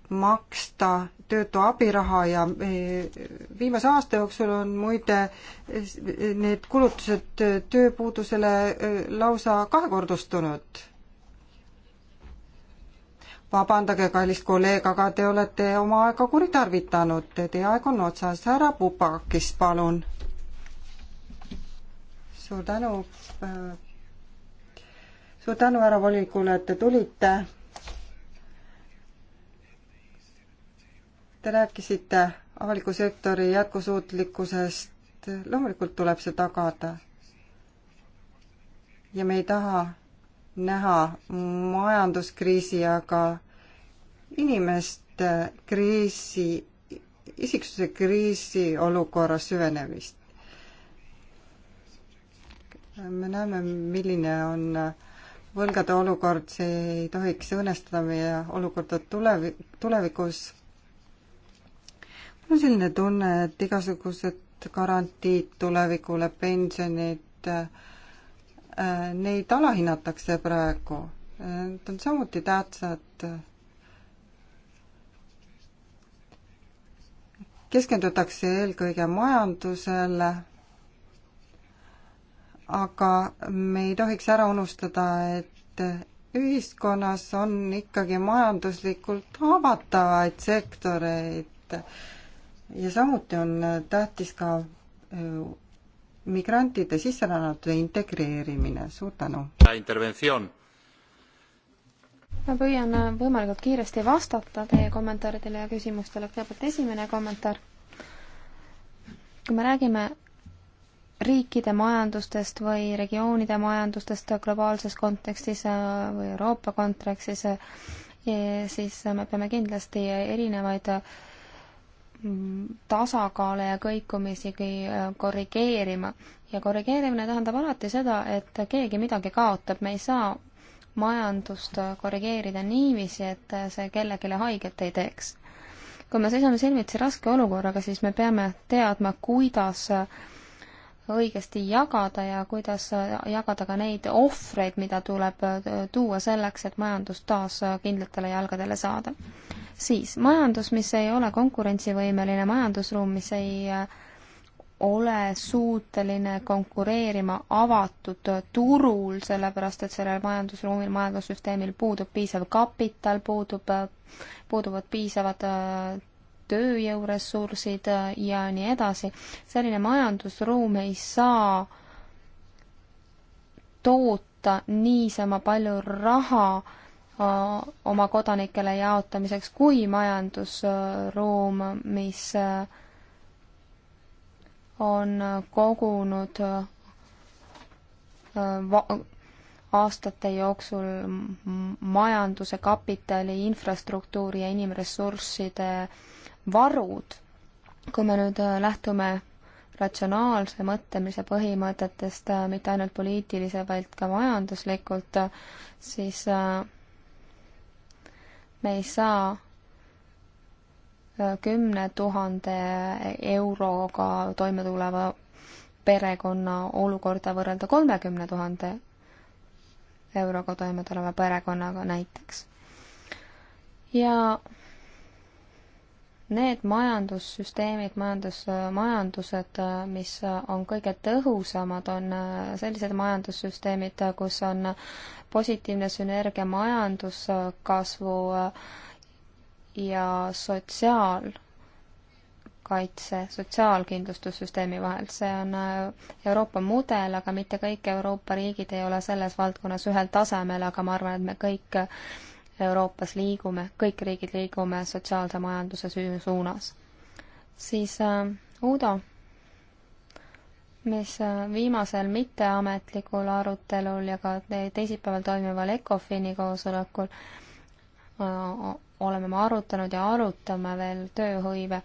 maksta töötu abiraha ja e, viimase aasta jooksul on muide need kulutused tööpuudusele e, lausa kahekordustunud. vabandage, kallis kolleeg, aga te olete oma aega kuritarvitanud, teie aeg on otsas, härra Pupakis, palun. suur tänu, e, suur tänu, härra volinikule, et te tulite Te rääkisite avaliku sektori jätkusuutlikkusest, loomulikult tuleb see tagada. ja me ei taha näha majanduskriisi, aga inimeste kriisi, isiksuse kriisi olukorra süvenemist. me näeme, milline on võlgade olukord, see ei tohiks õõnestada meie olukorda tulevi-, tulevikus mul on selline tunne, et igasugused garantiid tulevikule, pensionid, äh, neid alahinnatakse praegu. Need on samuti tähtsad. keskendutakse eelkõige majandusele, aga me ei tohiks ära unustada, et ühiskonnas on ikkagi majanduslikult haavatavaid sektoreid, ja samuti on äh, tähtis ka äh, migrantide sisserännatute integreerimine, suur tänu! ma püüan äh, võimalikult kiiresti vastata teie kommentaaridele ja küsimustele, kõigepealt esimene kommentaar. kui me räägime riikide majandustest või regioonide majandustest globaalses kontekstis või Euroopa kontekstis, siis me peame kindlasti erinevaid tasakaale ja kõikumisigi korrigeerima. ja korrigeerimine tähendab alati seda, et keegi midagi kaotab, me ei saa majandust korrigeerida niiviisi, et see kellelegi haiget ei teeks. kui me seisame silmitsi raske olukorraga, siis me peame teadma, kuidas õigesti jagada ja kuidas jagada ka neid ohvreid, mida tuleb tuua selleks, et majandus taas kindlatele jalgadele saada siis majandus, mis ei ole konkurentsivõimeline, majandusruum, mis ei äh, ole suuteline konkureerima avatud turul, sellepärast et sellel majandusruumil, majandussüsteemil puudub piisav kapital, puudub, äh, puuduvad piisavad äh, tööjõuressursid ja nii edasi. selline majandusruum ei saa toota niisama palju raha, oma kodanikele jaotamiseks kui majandusruum, mis äh, on kogunud äh, aastate jooksul majanduse, kapitali, infrastruktuuri ja inimressursside varud. kui me nüüd äh, lähtume ratsionaalse mõtlemise põhimõtetest mitte ainult poliitilise, vaid ka majanduslikult, siis äh, me ei saa äh, kümne tuhande euroga toime tuleva perekonna olukorda võrrelda kolmekümne tuhande euroga toime tuleva perekonnaga näiteks. ja need majandussüsteemid, majandus, majandused, mis on kõige tõhusamad, on äh, sellised majandussüsteemid, kus on positiivne sünergia majanduskasvu äh, ja sotsiaalkaitse, sotsiaalkindlustussüsteemi vahel. see on äh, Euroopa mudel, aga mitte kõik Euroopa riigid ei ole selles valdkonnas ühel tasemel, aga ma arvan, et me kõik Euroopas liigume, kõik riigid liigume sotsiaalse majanduse süü suunas. siis äh, Udo, mis äh, viimasel mitteametlikul arutelul ja ka te teisipäeval toimival ECOFIN-i koosolekul äh, oleme me arutanud ja arutame veel tööhõive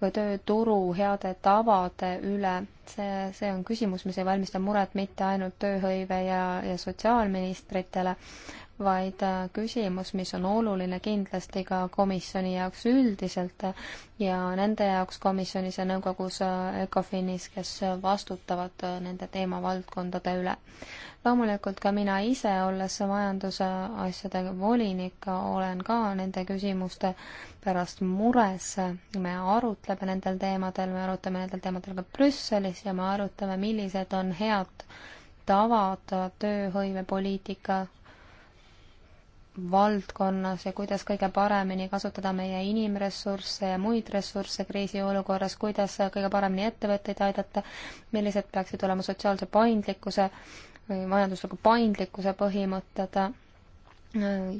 või tööturu heade tavade üle. see, see on küsimus, mis ei valmista muret mitte ainult tööhõive ja, ja sotsiaalministritele, vaid äh, küsimus, mis on oluline kindlasti ka komisjoni jaoks üldiselt ja nende jaoks komisjonis ja nõukogus äh, ECOFINis, kes vastutavad äh, nende teemavaldkondade üle. loomulikult ka mina ise, olles majandusasjade volinik, olen ka nende küsimuste pärast mures. me arutleme nendel teemadel, me arutame nendel teemadel ka Brüsselis ja me arutame, millised on head tavad tööhõivepoliitika valdkonnas ja kuidas kõige paremini kasutada meie inimressursse ja muid ressursse kriisiolukorras, kuidas kõige paremini ettevõtteid aidata, millised peaksid olema sotsiaalse paindlikkuse või majandusliku paindlikkuse põhimõtted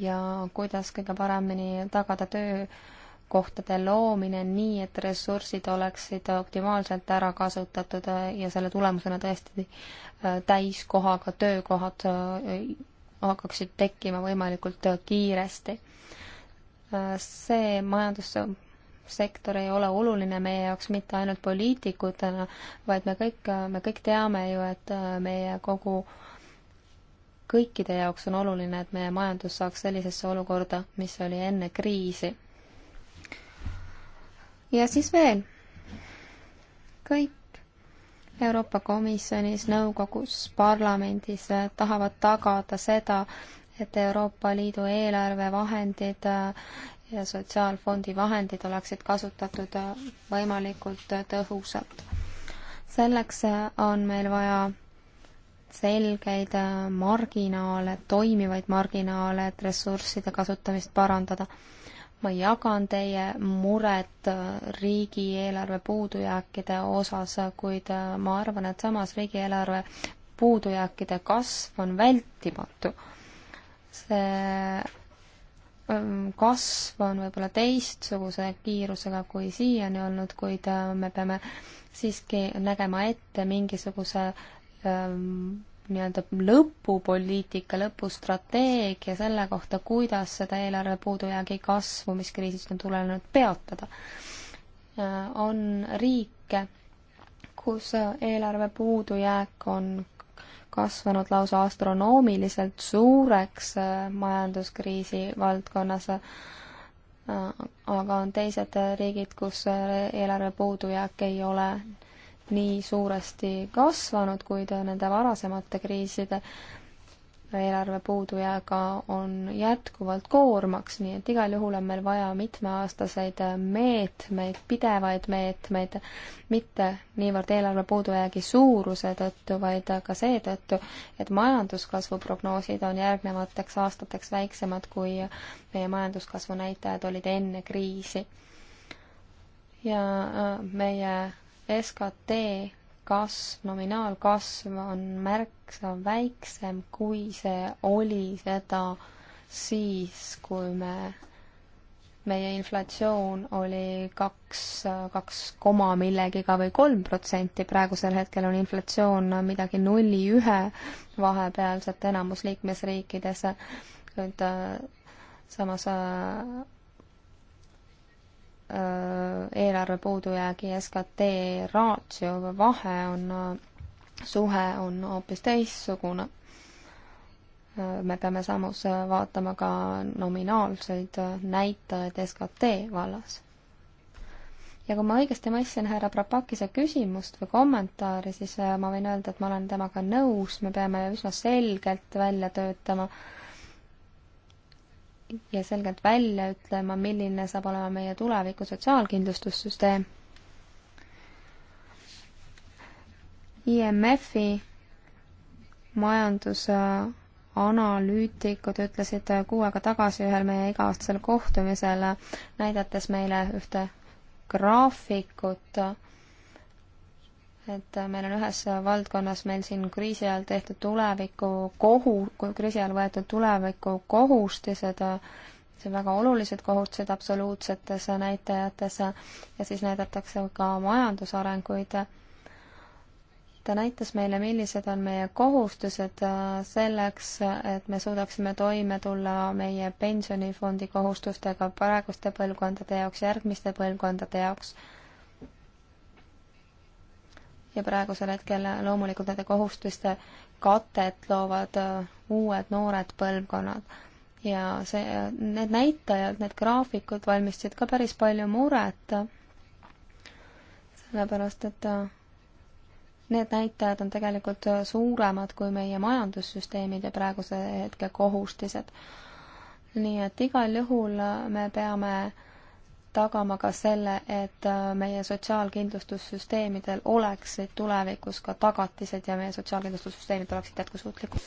ja kuidas kõige paremini tagada töökohtade loomine nii, et ressursid oleksid optimaalselt ära kasutatud ja selle tulemusena tõesti täiskohaga töökohad hakkaksid tekkima võimalikult kiiresti. see majandussektor ei ole oluline meie jaoks mitte ainult poliitikutena, vaid me kõik, me kõik teame ju, et meie kogu kõikide jaoks on oluline, et meie majandus saaks sellisesse olukorda, mis oli enne kriisi. ja siis veel. kõik Euroopa Komisjonis, nõukogus, parlamendis tahavad tagada seda, et Euroopa Liidu eelarvevahendid ja Sotsiaalfondi vahendid oleksid kasutatud võimalikult tõhusalt. selleks on meil vaja selgeid marginaale, toimivaid marginaale, et ressursside kasutamist parandada ma jagan teie muret äh, riigieelarve puudujääkide osas, kuid äh, ma arvan, et samas riigieelarve puudujääkide kasv on vältimatu. see ähm, kasv on võib-olla teistsuguse kiirusega kui siiani olnud, kuid äh, me peame siiski nägema ette mingisuguse ähm, nii-öelda lõpupoliitika, lõpustrateegia selle kohta, kuidas seda eelarve puudujäägi kasvu, mis kriisist on tulenenud, peatada. Äh, on riike, kus eelarve puudujääk on kasvanud lausa astronoomiliselt suureks äh, majanduskriisi valdkonnas, äh, aga on teised riigid, kus eelarve puudujääk ei ole nii suuresti kasvanud, kuid nende varasemate kriiside eelarve puudujääk on jätkuvalt koormaks, nii et igal juhul on meil vaja mitmeaastaseid meetmeid, pidevaid meetmeid, mitte niivõrd eelarve puudujäägi suuruse tõttu, vaid ka seetõttu, et majanduskasvu prognoosid on järgnevateks aastateks väiksemad, kui meie majanduskasvu näitajad olid enne kriisi. ja äh, meie SKT kasv, nominaalkasv on märksa väiksem, kui see oli seda siis, kui me, meie inflatsioon oli kaks, kaks koma millegiga või kolm protsenti, praegusel hetkel on inflatsioon midagi nulli ühe vahepealselt enamus liikmesriikides, et äh, samas äh, Äh, eelarve puudujäägi SKT raatsio vahe on, äh, suhe on hoopis teistsugune. Äh, me peame samas vaatama ka nominaalseid näitajaid SKT vallas. ja kui ma õigesti mõistsin härra Propakise küsimust või kommentaari, siis ma võin öelda, et ma olen temaga nõus, me peame üsna selgelt välja töötama äh, ja selgelt välja ütlema, milline saab olema meie tuleviku sotsiaalkindlustussüsteem. IMF-i majandusanalüütikud ütlesid kuu aega tagasi ühel meie iga-aastasel kohtumisel, näidates meile ühte graafikut, et meil on ühes valdkonnas meil siin kriisi ajal tehtud tuleviku kohu, kriisi ajal võetud tuleviku kohustised, see väga olulised kohustused absoluutsetes näitajates ja siis näidatakse ka majandusarenguid. ta näitas meile, millised on meie kohustused selleks, et me suudaksime toime tulla meie pensionifondi kohustustega praeguste põlvkondade jaoks, järgmiste põlvkondade jaoks ja praegusel hetkel loomulikult nende kohustuste katet loovad äh, uued noored põlvkonnad. ja see, need näitajad, need graafikud valmistasid ka päris palju muret, sellepärast et äh, need näitajad on tegelikult äh, suuremad kui meie majandussüsteemide praeguse hetke kohustised. nii et igal juhul me peame tagama ka selle, et äh, meie sotsiaalkindlustussüsteemidel oleksid tulevikus ka tagatised ja meie sotsiaalkindlustussüsteemid oleksid jätkusuutlikud.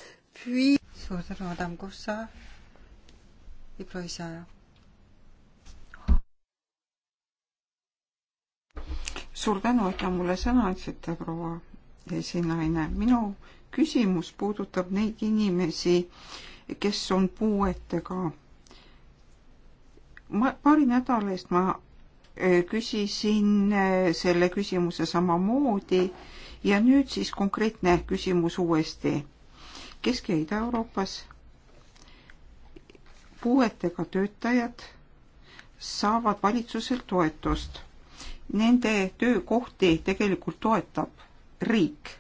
suur tänu, Adam Kussa ja Proisa. suur tänu, et te mulle sõna andsite, proua esinaine. minu küsimus puudutab neid inimesi, kes on puuetega ma paari nädala eest ma eh, küsisin eh, selle küsimuse samamoodi ja nüüd siis konkreetne küsimus uuesti. Kesk- ja Ida-Euroopas puuetega töötajad saavad valitsuselt toetust. Nende töökohti tegelikult toetab riik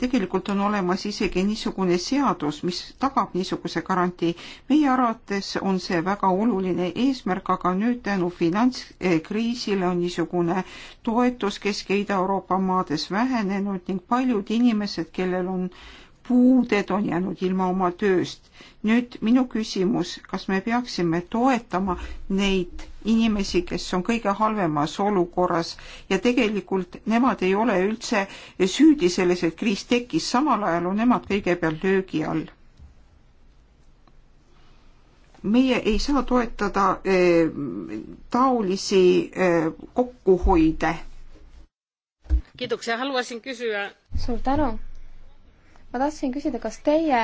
tegelikult on olemas isegi niisugune seadus, mis tagab niisuguse garantii. meie arvates on see väga oluline eesmärk, aga nüüd tänu finantskriisile on niisugune toetus Kesk- ja Ida-Euroopa maades vähenenud ning paljud inimesed, kellel on puuded on jäänud ilma oma tööst. nüüd minu küsimus, kas me peaksime toetama neid inimesi, kes on kõige halvemas olukorras ja tegelikult nemad ei ole üldse süüdi selles, et kriis tekkis, samal ajal on nemad kõigepealt löögi all. meie ei saa toetada eh, taolisi eh, kokkuhoide. kiitoksia, haluaisin küsida. suur tänu ma tahtsin küsida, kas teie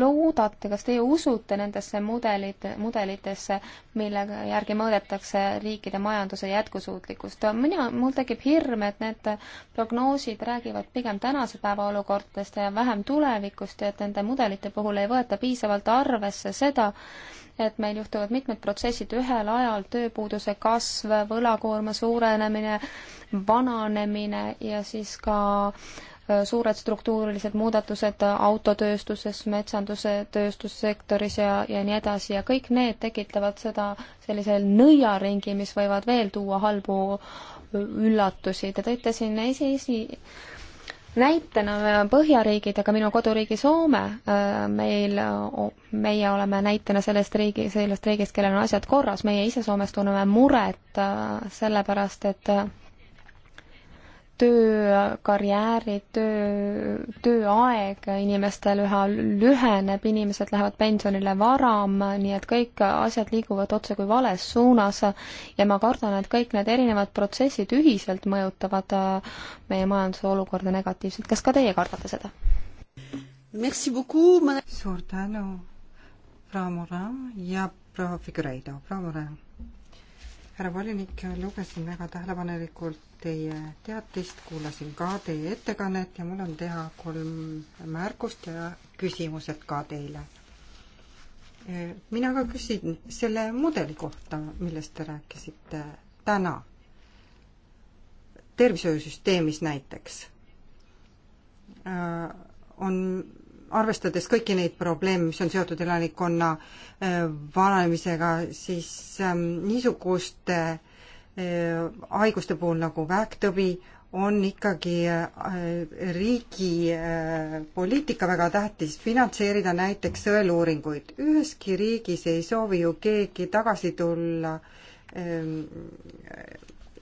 loodate, kas teie usute nendesse mudelid, mudelitesse, mille järgi mõõdetakse riikide majanduse jätkusuutlikkust? mina, mul tekib hirm, et need prognoosid räägivad pigem tänase päeva olukordadest ja vähem tulevikust ja et nende mudelite puhul ei võeta piisavalt arvesse seda, et meil juhtuvad mitmed protsessid ühel ajal, tööpuuduse kasv, võlakoorma suurenemine, vananemine ja siis ka äh, Äh, suured struktuurilised muudatused äh, autotööstuses, metsanduse tööstussektoris ja, ja nii edasi ja kõik need tekitavad seda sellise nõiaringi, mis võivad veel tuua halbu äh, üllatusi. Te tõite siin esi, esi näitena Põhjariigid, aga minu koduriigi Soome, meil, meie oleme näitena sellest riigi, sellest riigist, kellel on asjad korras, meie ise Soomes tunneme muret sellepärast, et töö, karjäärid, töö, tööaeg inimestel üha lüheneb, inimesed lähevad pensionile varam, nii et kõik asjad liiguvad otsekui vales suunas ja ma kardan, et kõik need erinevad protsessid ühiselt mõjutavad äh, meie majanduse olukorda negatiivselt. kas ka teie kardate seda? suur tänu, Raamo Raam ja proua Figureido, proua Raam härra volinik, lugesin väga tähelepanelikult teie teatist, kuulasin ka teie ettekannet ja mul on teha kolm märkust ja küsimused ka teile. E, mina ka küsin selle mudeli kohta, millest te rääkisite täna. tervishoiusüsteemis näiteks e, on arvestades kõiki neid probleeme, mis on seotud elanikkonna äh, vananemisega, siis ähm, niisuguste äh, haiguste puhul nagu vähktõbi on ikkagi äh, riigi poliitika väga tähtis, finantseerida näiteks sõeluuringuid. üheski riigis ei soovi ju keegi tagasi tulla ähm,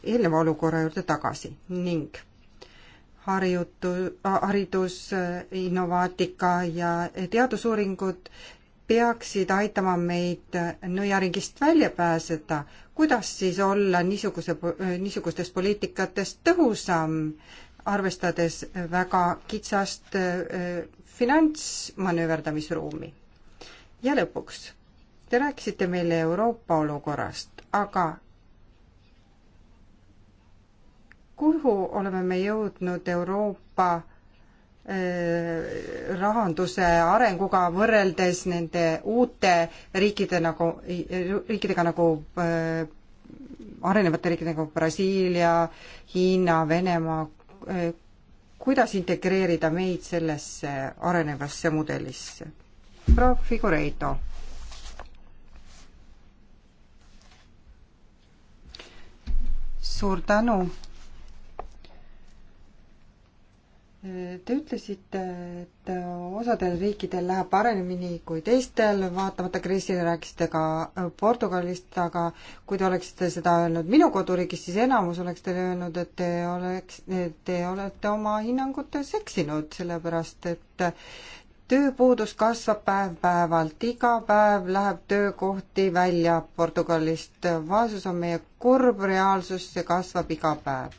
eelneva olukorra juurde tagasi ning harjutu-, haridus, innovaatika ja teadusuuringud peaksid aitama meid nõiaringist välja pääseda, kuidas siis olla niisuguse, niisugustes poliitikates tõhusam, arvestades väga kitsast äh, finantsmanööverdamisruumi? ja lõpuks, te rääkisite meile Euroopa olukorrast, aga kuhu oleme me jõudnud Euroopa eh, rahanduse arenguga võrreldes nende uute riikide nagu, riikidega nagu eh, arenevate riikidega nagu Brasiilia, Hiina, Venemaa, eh, kuidas integreerida meid sellesse arenevasse mudelisse? proua Figureido. suur tänu Te ütlesite, et osadel riikidel läheb paremini kui teistel, vaatamata kriisile rääkisite ka Portugalist, aga kui te oleksite seda öelnud minu koduriigis, siis enamus oleks teile öelnud, et te oleks, te olete oma hinnangutes eksinud, sellepärast et tööpuudus kasvab päev-päevalt, iga päev läheb töökohti välja Portugalist, vaesus on meie kurb reaalsus, see kasvab iga päev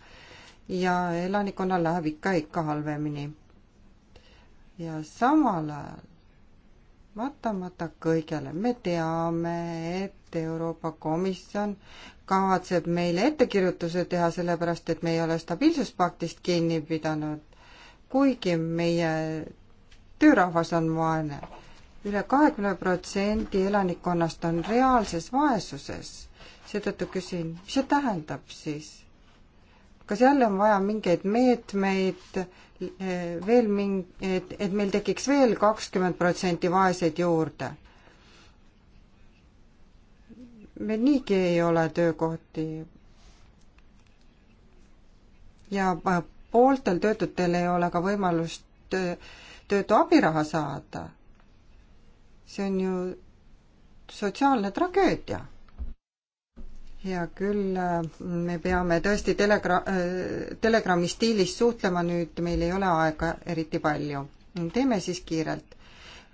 ja elanikkonnal läheb ikka, ikka halvemini. ja samal ajal vaatamata kõigele, me teame, et Euroopa Komisjon kavatseb meile ettekirjutuse teha, sellepärast et me ei ole stabiilsuspaktist kinni pidanud, kuigi meie töörahvas on vaene üle. üle kahekümne protsendi elanikkonnast on reaalses vaesuses. seetõttu küsin, mis see tähendab siis? kas jälle on vaja mingeid meetmeid veel ming-, et, et meil tekiks veel kakskümmend protsenti vaeseid juurde? meil niigi ei ole töökohti. ja äh, pooltel töötutel ei ole ka võimalust töötu abiraha saada. see on ju sotsiaalne tragöödia hea küll, me peame tõesti telegra-, Telegrami stiilis suhtlema nüüd, meil ei ole aega eriti palju. teeme siis kiirelt.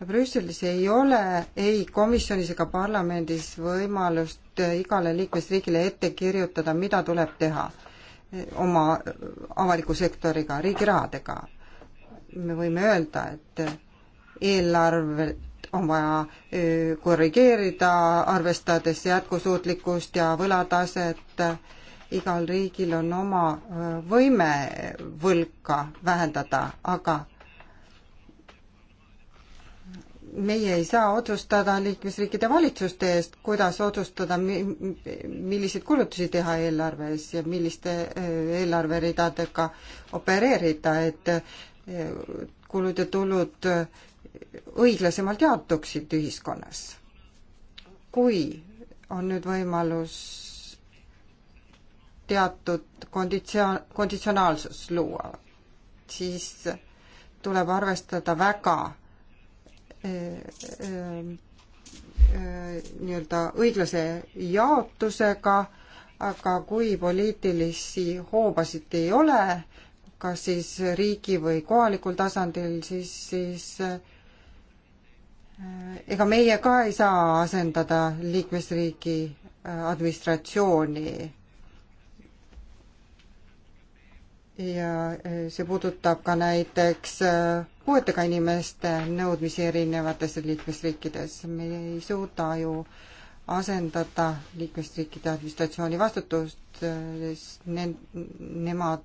Brüsselis ei ole ei komisjonis ega parlamendis võimalust igale liikmesriigile ette kirjutada, mida tuleb teha oma avaliku sektoriga, riigi rahadega. me võime öelda, et eelarve on vaja korrigeerida, arvestades jätkusuutlikkust ja võlataset. igal riigil on oma võime võlka vähendada, aga meie ei saa otsustada liikmesriikide valitsuste eest, kuidas otsustada, milliseid kulutusi teha eelarves ja milliste eelarveridadega opereerida, et kulud ja tulud õiglasemalt jaotuksid ühiskonnas. kui on nüüd võimalus teatud konditsio-, konditsionaalsus luua, siis tuleb arvestada väga eh, eh, eh, nii-öelda õiglase jaotusega, aga kui poliitilisi hoobasid ei ole, kas siis riigi või kohalikul tasandil, siis, siis ega meie ka ei saa asendada liikmesriigi äh, administratsiooni. ja äh, see puudutab ka näiteks äh, puuetega inimeste nõudmisi erinevates liikmesriikides. me ei suuda ju asendada liikmesriikide administratsiooni vastutust, sest ne-, nemad,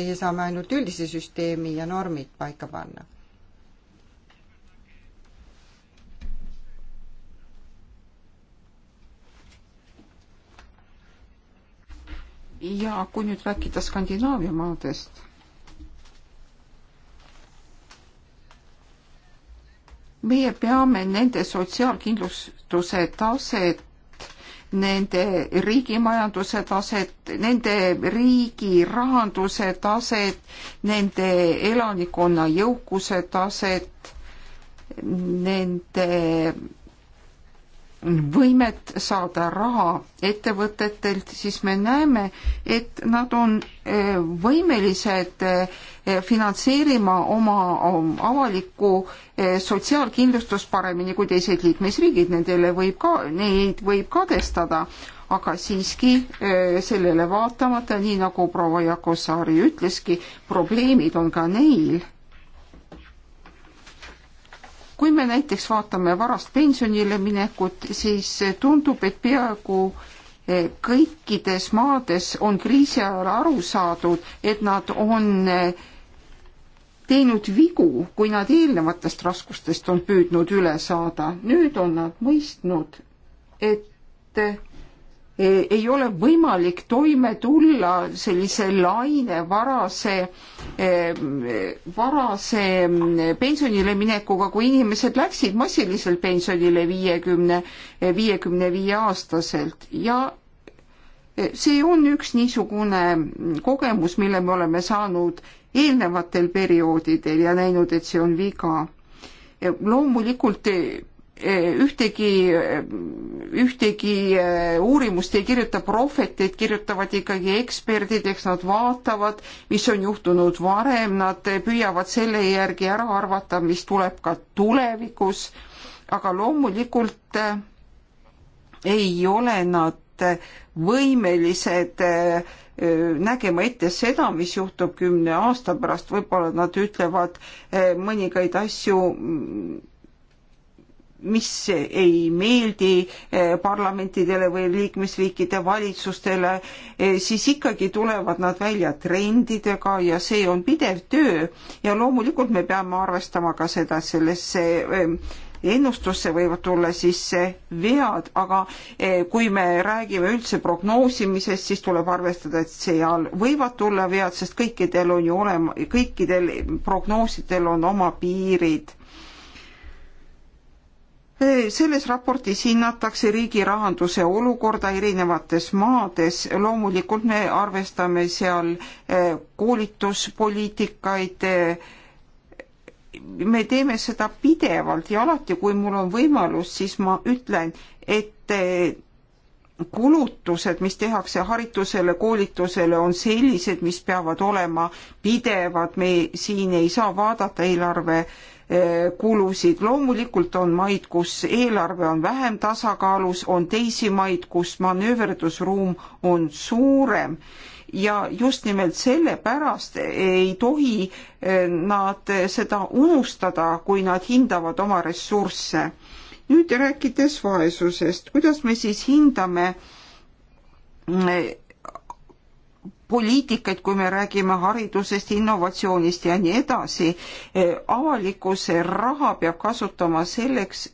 meie saame ainult üldise süsteemi ja normid paika panna ja kui nüüd rääkida Skandinaavia maadest, meie peame nende sotsiaalkindlustuse taset nende riigimajanduse taset, nende riigi rahanduse taset, nende elanikkonna jõukuse taset, nende võimet saada raha ettevõtetelt, siis me näeme, et nad on eh, võimelised eh, finantseerima oma avalikku eh, sotsiaalkindlustust paremini kui teised liikmesriigid, nendele võib ka, neid võib kadestada, aga siiski sellele vaatamata, nii nagu proua Jakosaari ütleski, probleemid on ka neil kui me näiteks vaatame varast pensionile minekut, siis tundub, et peaaegu eh, kõikides maades on kriisi ajal aru saadud, et nad on eh, teinud vigu, kui nad eelnevatest raskustest on püüdnud üle saada. nüüd on nad mõistnud, et eh, ei ole võimalik toime tulla sellise laine varase, varase pensionile minekuga, kui inimesed läksid massiliselt pensionile viiekümne, viiekümne viie aastaselt ja see on üks niisugune kogemus, mille me oleme saanud eelnevatel perioodidel ja näinud, et see on viga. loomulikult ühtegi, ühtegi äh, uurimust ei kirjuta prohveteid, kirjutavad ikkagi eksperdid, eks nad vaatavad, mis on juhtunud varem, nad püüavad selle järgi ära arvata, mis tuleb ka tulevikus, aga loomulikult äh, ei ole nad võimelised äh, nägema ette seda, mis juhtub kümne aasta pärast, võib-olla nad ütlevad mõningaid asju mm, mis ei meeldi eh, parlamentidele või liikmesriikide valitsustele, eh, siis ikkagi tulevad nad välja trendidega ja see on pidev töö ja loomulikult me peame arvestama ka seda, sellesse eh, ennustusse võivad tulla sisse vead, aga kui me räägime üldse prognoosimisest, siis tuleb arvestada, et seal võivad tulla vead, sest kõikidel on ju olema, kõikidel prognoosidel on oma piirid selles raportis hinnatakse riigi rahanduse olukorda erinevates maades, loomulikult me arvestame seal e, koolituspoliitikaid, e, me teeme seda pidevalt ja alati, kui mul on võimalus, siis ma ütlen, et e, kulutused, mis tehakse haritusele, koolitusele, on sellised, mis peavad olema pidevad, me siin ei saa vaadata eelarve äh, kulusid. loomulikult on maid, kus eelarve on vähem tasakaalus, on teisi maid, kus manööverdusruum on suurem ja just nimelt sellepärast ei tohi eh, nad seda unustada, kui nad hindavad oma ressursse. nüüd rääkides vaesusest, kuidas me siis hindame eh, poliitikaid, kui me räägime haridusest, innovatsioonist ja nii edasi. E, avalikkuse raha peab kasutama selleks,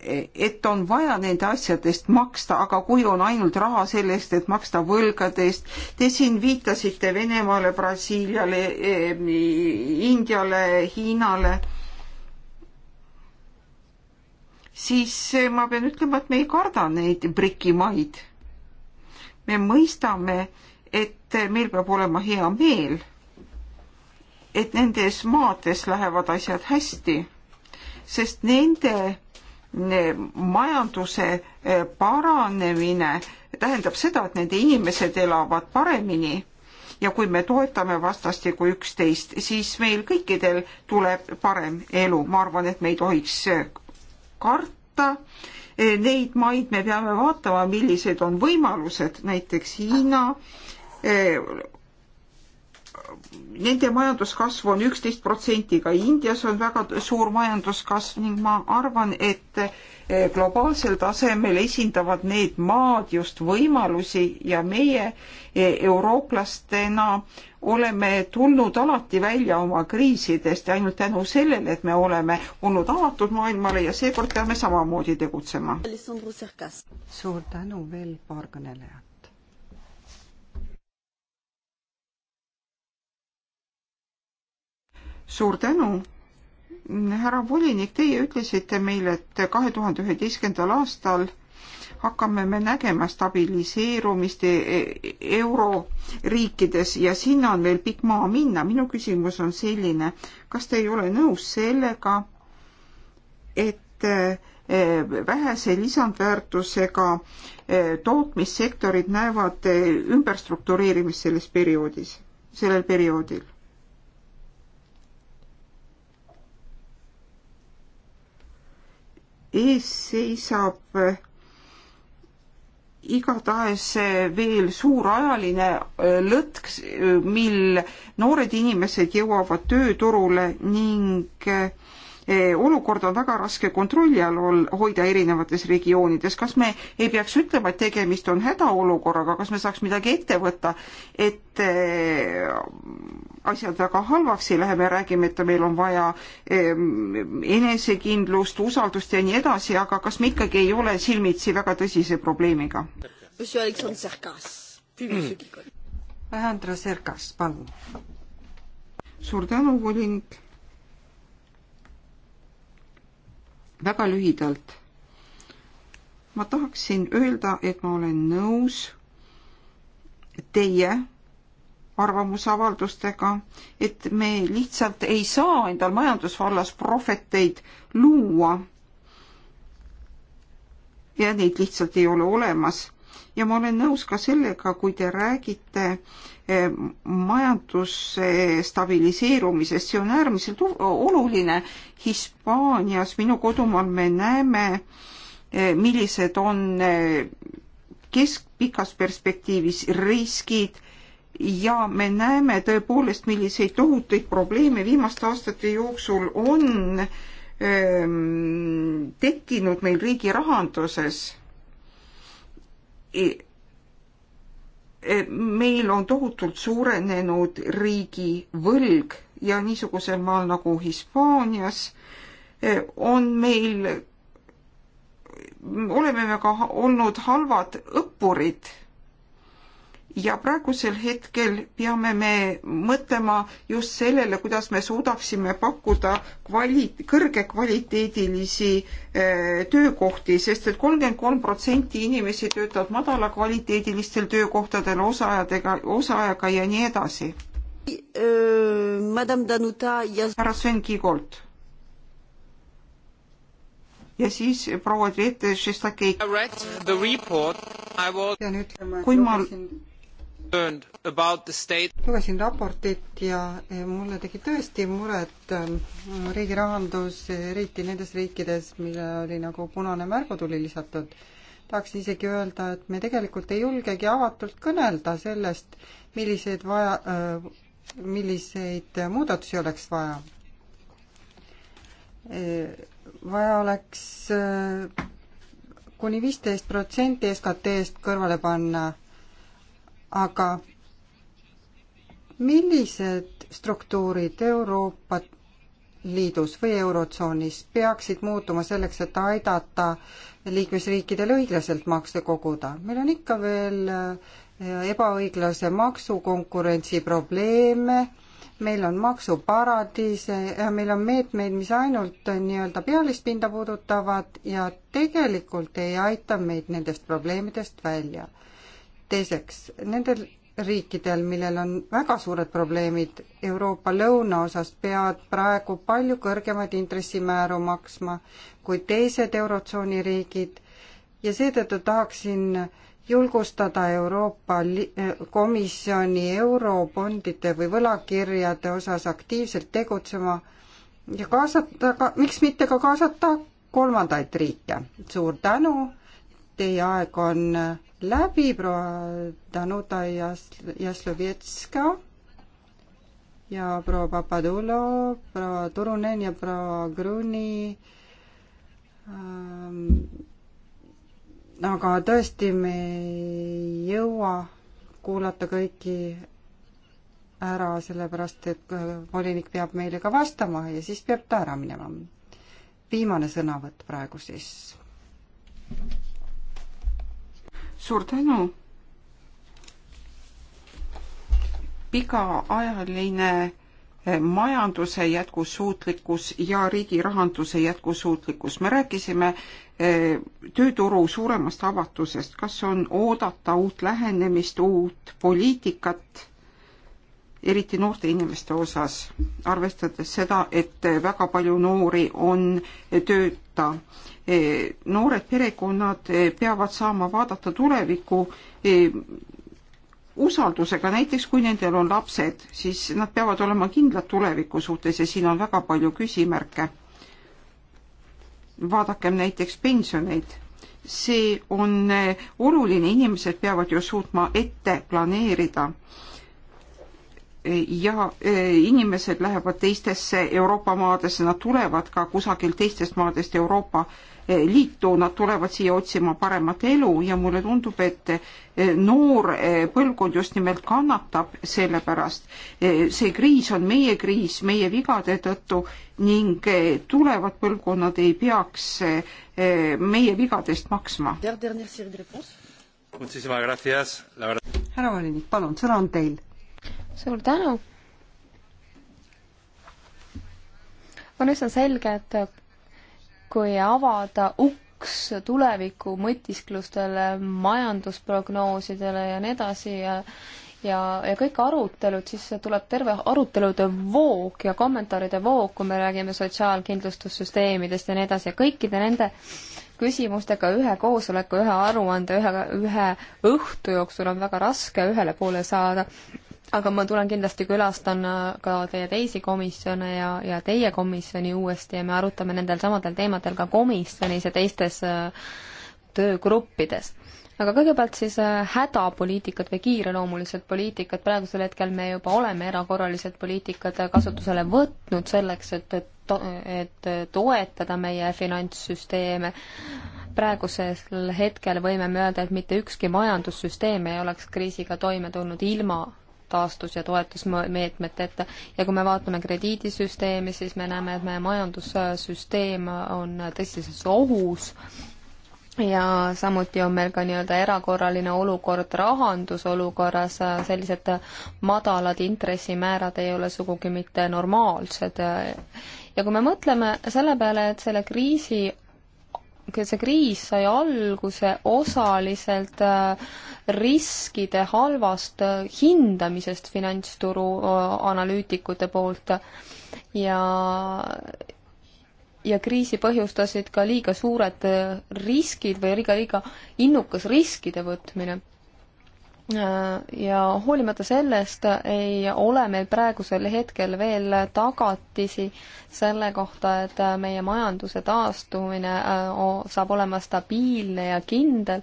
e, et on vaja nende asjadest maksta, aga kui on ainult raha selle eest, et maksta võlgadest, te siin viitasite Venemaale, Brasiiliale, e, Indiale, Hiinale, siis ma pean ütlema, et me ei karda neid brikimaid me mõistame, et meil peab olema hea meel, et nendes maades lähevad asjad hästi, sest nende majanduse eh, paranemine tähendab seda, et nende inimesed elavad paremini ja kui me toetame vastastikku üksteist, siis meil kõikidel tuleb parem elu. ma arvan, et me ei tohiks karta neid maid me peame vaatama, millised on võimalused, näiteks Hiina eh, nende majanduskasv on üksteist protsenti, ka Indias on väga suur majanduskasv ning ma arvan, et eh, globaalsel tasemel esindavad need maad just võimalusi ja meie eh, eurooplastena oleme tulnud alati välja oma kriisidest ja ainult tänu sellele, et me oleme olnud avatud maailmale ja seekord peame samamoodi tegutsema. suur tänu veel paar kõnelejat. suur tänu. härra volinik, teie ütlesite meile, et kahe tuhande üheteistkümnendal aastal hakkame me nägema stabiliseerumist e-, e-, euroriikides ja sinna on veel pikk maa minna. minu küsimus on selline, kas te ei ole nõus sellega, et e, vähese lisandväärtusega tootmissektorid näevad ümberstruktureerimist selles perioodis, sellel perioodil? ees seisab äh, igatahes äh, veel suur ajaline äh, lõtk, mil noored inimesed jõuavad tööturule ning olukord on väga raske kontrolli all ol-, hoida erinevates regioonides. kas me ei peaks ütlema, et tegemist on hädaolukorraga, kas me saaks midagi ette võtta, et asjad väga halvaks ei lähe, me räägime, et meil on vaja ehm, enesekindlust, usaldust ja nii edasi, aga kas me ikkagi ei ole silmitsi väga tõsise probleemiga? Alejandro mm. Serkas, palun. suur tänu, volinik. väga lühidalt. ma tahaksin öelda, et ma olen nõus teie arvamusavaldustega, et me lihtsalt ei saa endal majandusvallas prohveteid luua. ja neid lihtsalt ei ole olemas. ja ma olen nõus ka sellega, kui te räägite eh, majanduse stabiliseerumisest, see on äärmiselt oluline. Hispaanias, minu kodumaal me näeme, eh, millised on eh, keskpikas perspektiivis riskid ja me näeme tõepoolest, milliseid tohutuid probleeme viimaste aastate jooksul on öö, ehm, tekkinud meil riigi rahanduses e-, e meil on tohutult suurenenud riigi võlg ja niisugusel maal nagu Hispaanias e-, on meil, oleme me ka olnud halvad õppurid ja praegusel hetkel peame me mõtlema just sellele, kuidas me suudaksime pakkuda kvali-, kõrgekvaliteedilisi eh, töökohti, sest et kolmkümmend kolm protsenti inimesi töötavad madalakvaliteedilistel töökohtadel osaajadega, osaajaga ja nii edasi. Eh, Madame Danuta ja härra Sven Kiigolt. ja siis proua Grete Šestakei. pean ütlema, et lugesin lugesin raportit ja eh, mulle tegi tõesti muret ehm, riigi rahandus, eriti nendes riikides, millele oli nagu punane märgutuli lisatud. tahaks isegi öelda, et me tegelikult ei julgegi avatult kõnelda sellest, milliseid vaja, eh, milliseid muudatusi oleks vaja. Eh, vaja oleks kuni viisteist protsenti SKT-st kõrvale panna aga millised struktuurid Euroopa Liidus või Eurotsoonis peaksid muutuma selleks, et aidata liikmesriikidel õiglaselt makse koguda? meil on ikka veel äh, ebaõiglase maksukonkurentsi probleeme, meil on maksuparadiise ja äh, meil on meetmeid, mis ainult äh, nii-öelda pealispinda puudutavad ja tegelikult ei aita meid nendest probleemidest välja teiseks, nendel riikidel, millel on väga suured probleemid Euroopa lõunaosas, peavad praegu palju kõrgemaid intressimääru maksma kui teised Eurotsooni riigid ja seetõttu tahaksin julgustada Euroopa Komisjoni eurobondide või võlakirjade osas aktiivselt tegutsema ja kaasata ka, miks mitte ka kaasata kolmandaid riike. suur tänu Teie aeg on läbi, proua Danuta Jaslovetska ja proua Papadulo, proua Turunen ja proua Gruni ähm,. aga tõesti, me ei jõua kuulata kõiki ära, sellepärast et äh, volinik peab meile ka vastama ja siis peab ta ära minema. viimane sõnavõtt praegu siis suur tänu. pikaajaline eh, majanduse jätkusuutlikkus ja riigi rahanduse jätkusuutlikkus. me rääkisime eh, tööturu suuremast avatusest, kas on oodata uut lähenemist, uut poliitikat, eriti noorte inimeste osas, arvestades seda, et eh, väga palju noori on tööd võtta. E, noored perekonnad e, peavad saama vaadata tulevikku e, usaldusega, näiteks kui nendel on lapsed, siis nad peavad olema kindlad tuleviku suhtes ja siin on väga palju küsimärke. vaadakem näiteks pensioneid. see on oluline, inimesed peavad ju suutma ette planeerida ja e, inimesed lähevad teistesse Euroopa maadesse, nad tulevad ka kusagilt teistest maadest Euroopa e, Liitu, nad tulevad siia otsima paremat elu ja mulle tundub, et e, noor põlvkond just nimelt kannatab selle pärast. see kriis on meie kriis meie vigade tõttu ning tulevad põlvkonnad ei peaks meie vigadest maksma. härra volinik, palun, sõna on teil suur tänu. on üsna selge, et kui avada uks tuleviku mõtisklustele, majandusprognoosidele ja nii edasi ja ja, ja kõik arutelud, siis tuleb terve arutelude voog ja kommentaaride voog, kui me räägime sotsiaalkindlustussüsteemidest ja nii edasi ja kõikide nende küsimustega ühe koosoleku, ühe aruande, ühe, ühe õhtu jooksul on väga raske ühele poole saada aga ma tulen kindlasti külastan äh, ka teie teisi komisjone ja, ja teie komisjoni uuesti ja me arutame nendel samadel teemadel ka komisjonis ja teistes äh, töögruppides. aga kõigepealt siis äh, hädapoliitikad või kiireloomulised poliitikad, praegusel hetkel me juba oleme erakorralised poliitikad kasutusele võtnud selleks, et, et to-, et toetada meie finantssüsteeme. praegusel hetkel võime me öelda, et mitte ükski majandussüsteem ei oleks kriisiga toime tulnud ilma taastus- ja toetusmeetmed ette ja kui me vaatame krediidisüsteemi, siis me näeme, et meie majandussüsteem on tõsises ohus ja samuti on meil ka nii-öelda erakorraline olukord rahandusolukorras, sellised madalad intressimäärad ei ole sugugi mitte normaalsed. ja kui me mõtleme selle peale, et selle kriisi see kriis sai alguse osaliselt äh, riskide halvast äh, hindamisest finantsturu äh, analüütikute poolt ja ja kriisi põhjustasid ka liiga suured riskid või liiga, liiga innukas riskide võtmine. Äh, ja hoolimata sellest ei ole meil praegusel hetkel veel tagatisi selle kohta, et äh, meie majanduse taastumine äh, saab olema stabiilne ja kindel.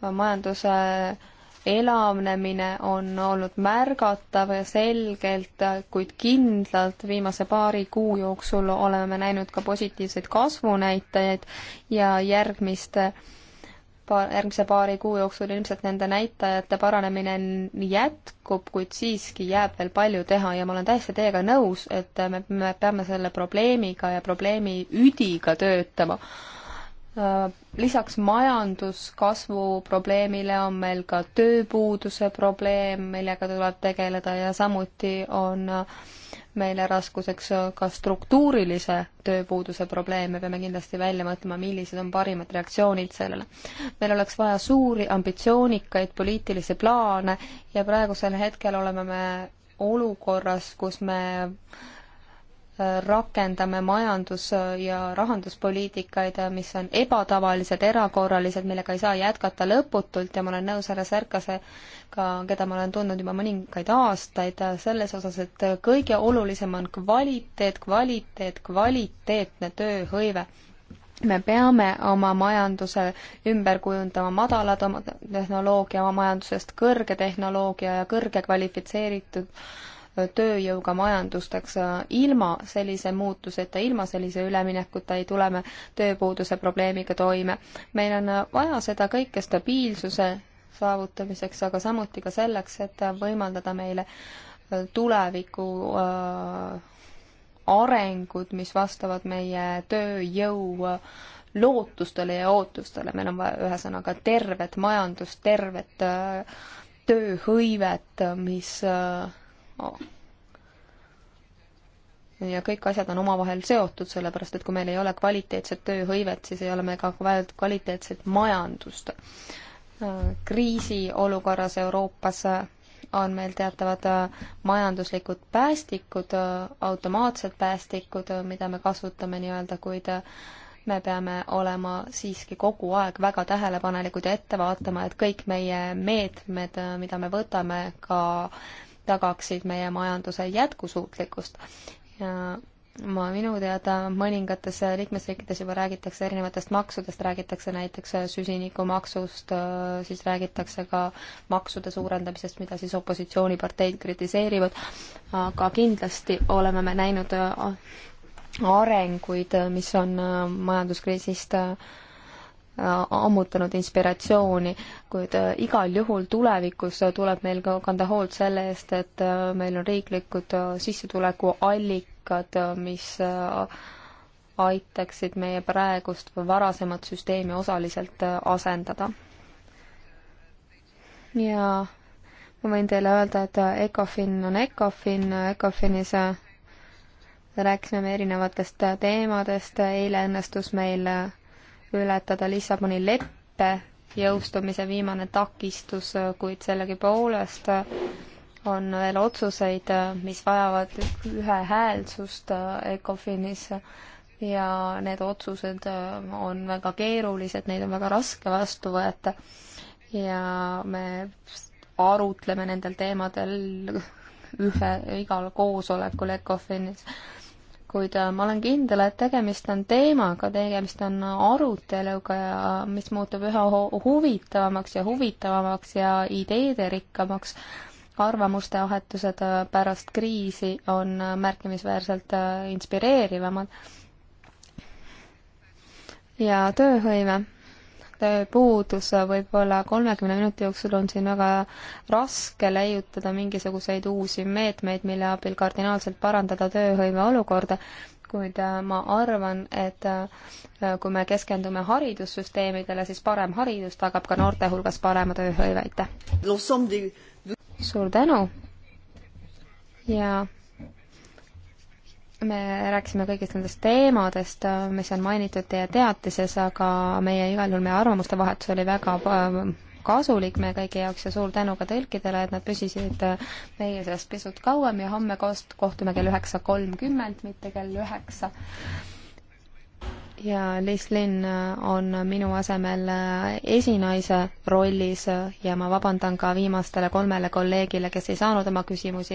majanduse elavnemine on olnud märgatav ja selgelt, kuid kindlalt viimase paari kuu jooksul oleme näinud ka positiivseid kasvunäitajaid ja järgmiste äh, paar, järgmise paari kuu jooksul ilmselt nende näitajate paranemine jätkub, kuid siiski jääb veel palju teha ja ma olen täiesti teiega nõus, et me, me peame selle probleemiga ja probleemi üdiga töötama. Lisaks majanduskasvu probleemile on meil ka tööpuuduse probleem, millega tuleb tegeleda ja samuti on äh, meile raskuseks ka struktuurilise tööpuuduse probleem, me peame kindlasti välja mõtlema, millised on parimad reaktsioonid sellele. meil oleks vaja suuri ambitsioonikaid poliitilisi plaane ja praegusel hetkel oleme me olukorras, kus me rakendame majandus- ja rahanduspoliitikaid, mis on ebatavalised, erakorralised, millega ei saa jätkata lõputult ja ma olen nõus härra Särkasega, keda ma olen tundnud juba mõningaid aastaid, selles osas, et kõige olulisem on kvaliteet, kvaliteet, kvaliteetne tööhõive. me peame oma majanduse ümber kujundama madala tehnoloogia oma majandusest kõrge tehnoloogia ja kõrge kvalifitseeritud äh, tööjõuga majandusteks. Äh, ilma sellise muutuseta, ilma sellise üleminekuta ei tule me tööpuuduse probleemiga toime. meil on äh, vaja seda kõike stabiilsuse saavutamiseks, aga samuti ka selleks, et äh, võimaldada meile tuleviku arengud, mis vastavad meie tööjõu lootustele ja ootustele, meil on vaja ühesõnaga tervet majandust, tervet tööhõivet, mis äh, ja kõik asjad on omavahel seotud, sellepärast et kui meil ei ole kvaliteetset tööhõivet, siis ei ole meil ka kvaliteetset majandust. kriisiolukorras Euroopas on meil teatavad majanduslikud päästikud, automaatsed päästikud, mida me kasutame nii-öelda, kuid me peame olema siiski kogu aeg väga tähelepanelikud ja ette vaatama, et kõik meie meetmed, mida me võtame, ka tagaksid meie majanduse jätkusuutlikkust ja ma minu teada mõningates liikmesriikides juba räägitakse erinevatest maksudest, räägitakse näiteks süsinikumaksust, siis räägitakse ka maksude suurendamisest, mida siis opositsiooniparteid kritiseerivad, aga kindlasti oleme me näinud arenguid, mis on majanduskriisist Äh, ammutanud inspiratsiooni, kuid äh, igal juhul tulevikus äh, tuleb meil ka kanda hoolt selle eest, et meil on riiklikud sissetulekuallikad, mis aitaksid meie praegust või varasemat süsteemi osaliselt asendada. ja ma võin teile öelda, et Ecofin on Ecofin, Ecofinis rääkisime me erinevatest teemadest, eile õnnestus meil ületada Lissaboni leppe jõustumise viimane takistus, kuid sellegipoolest on veel otsuseid, mis vajavad ühehäälsust äh, ECOFINis ja need otsused äh, on väga keerulised, neid on väga raske vastu võtta ja me arutleme nendel teemadel ühe, igal koosolekul ECOFINis kuid äh, ma olen kindel, et tegemist on teemaga, tegemist on aruteluga ja mis muutub üha huvitavamaks ja huvitavamaks ja ideederikkamaks. arvamuste vahetused äh, pärast kriisi on äh, märkimisväärselt inspireerivamad. ja tööhõive puudus võib-olla kolmekümne minuti jooksul on siin väga raske leiutada mingisuguseid uusi meetmeid, mille abil kardinaalselt parandada tööhõive olukorda, kuid äh, ma arvan, et äh, kui me keskendume haridussüsteemidele, siis parem haridus tagab ka noorte hulgas parema tööhõive, aitäh! suur tänu ja me rääkisime kõigist nendest teemadest, mis on mainitud teie teatises, aga meie igal juhul, meie arvamuste vahetus oli väga äh, kasulik meie kõigi jaoks ja suur tänu ka tõlkidele, et nad püsisid äh, meie seas pisut kauem ja homme koos kohtume kell üheksa kolmkümmend, mitte kell üheksa. ja Liis Linn äh, on minu asemel esinaise rollis ja ma vabandan ka viimastele kolmele kolleegile, kes ei saanud oma küsimusi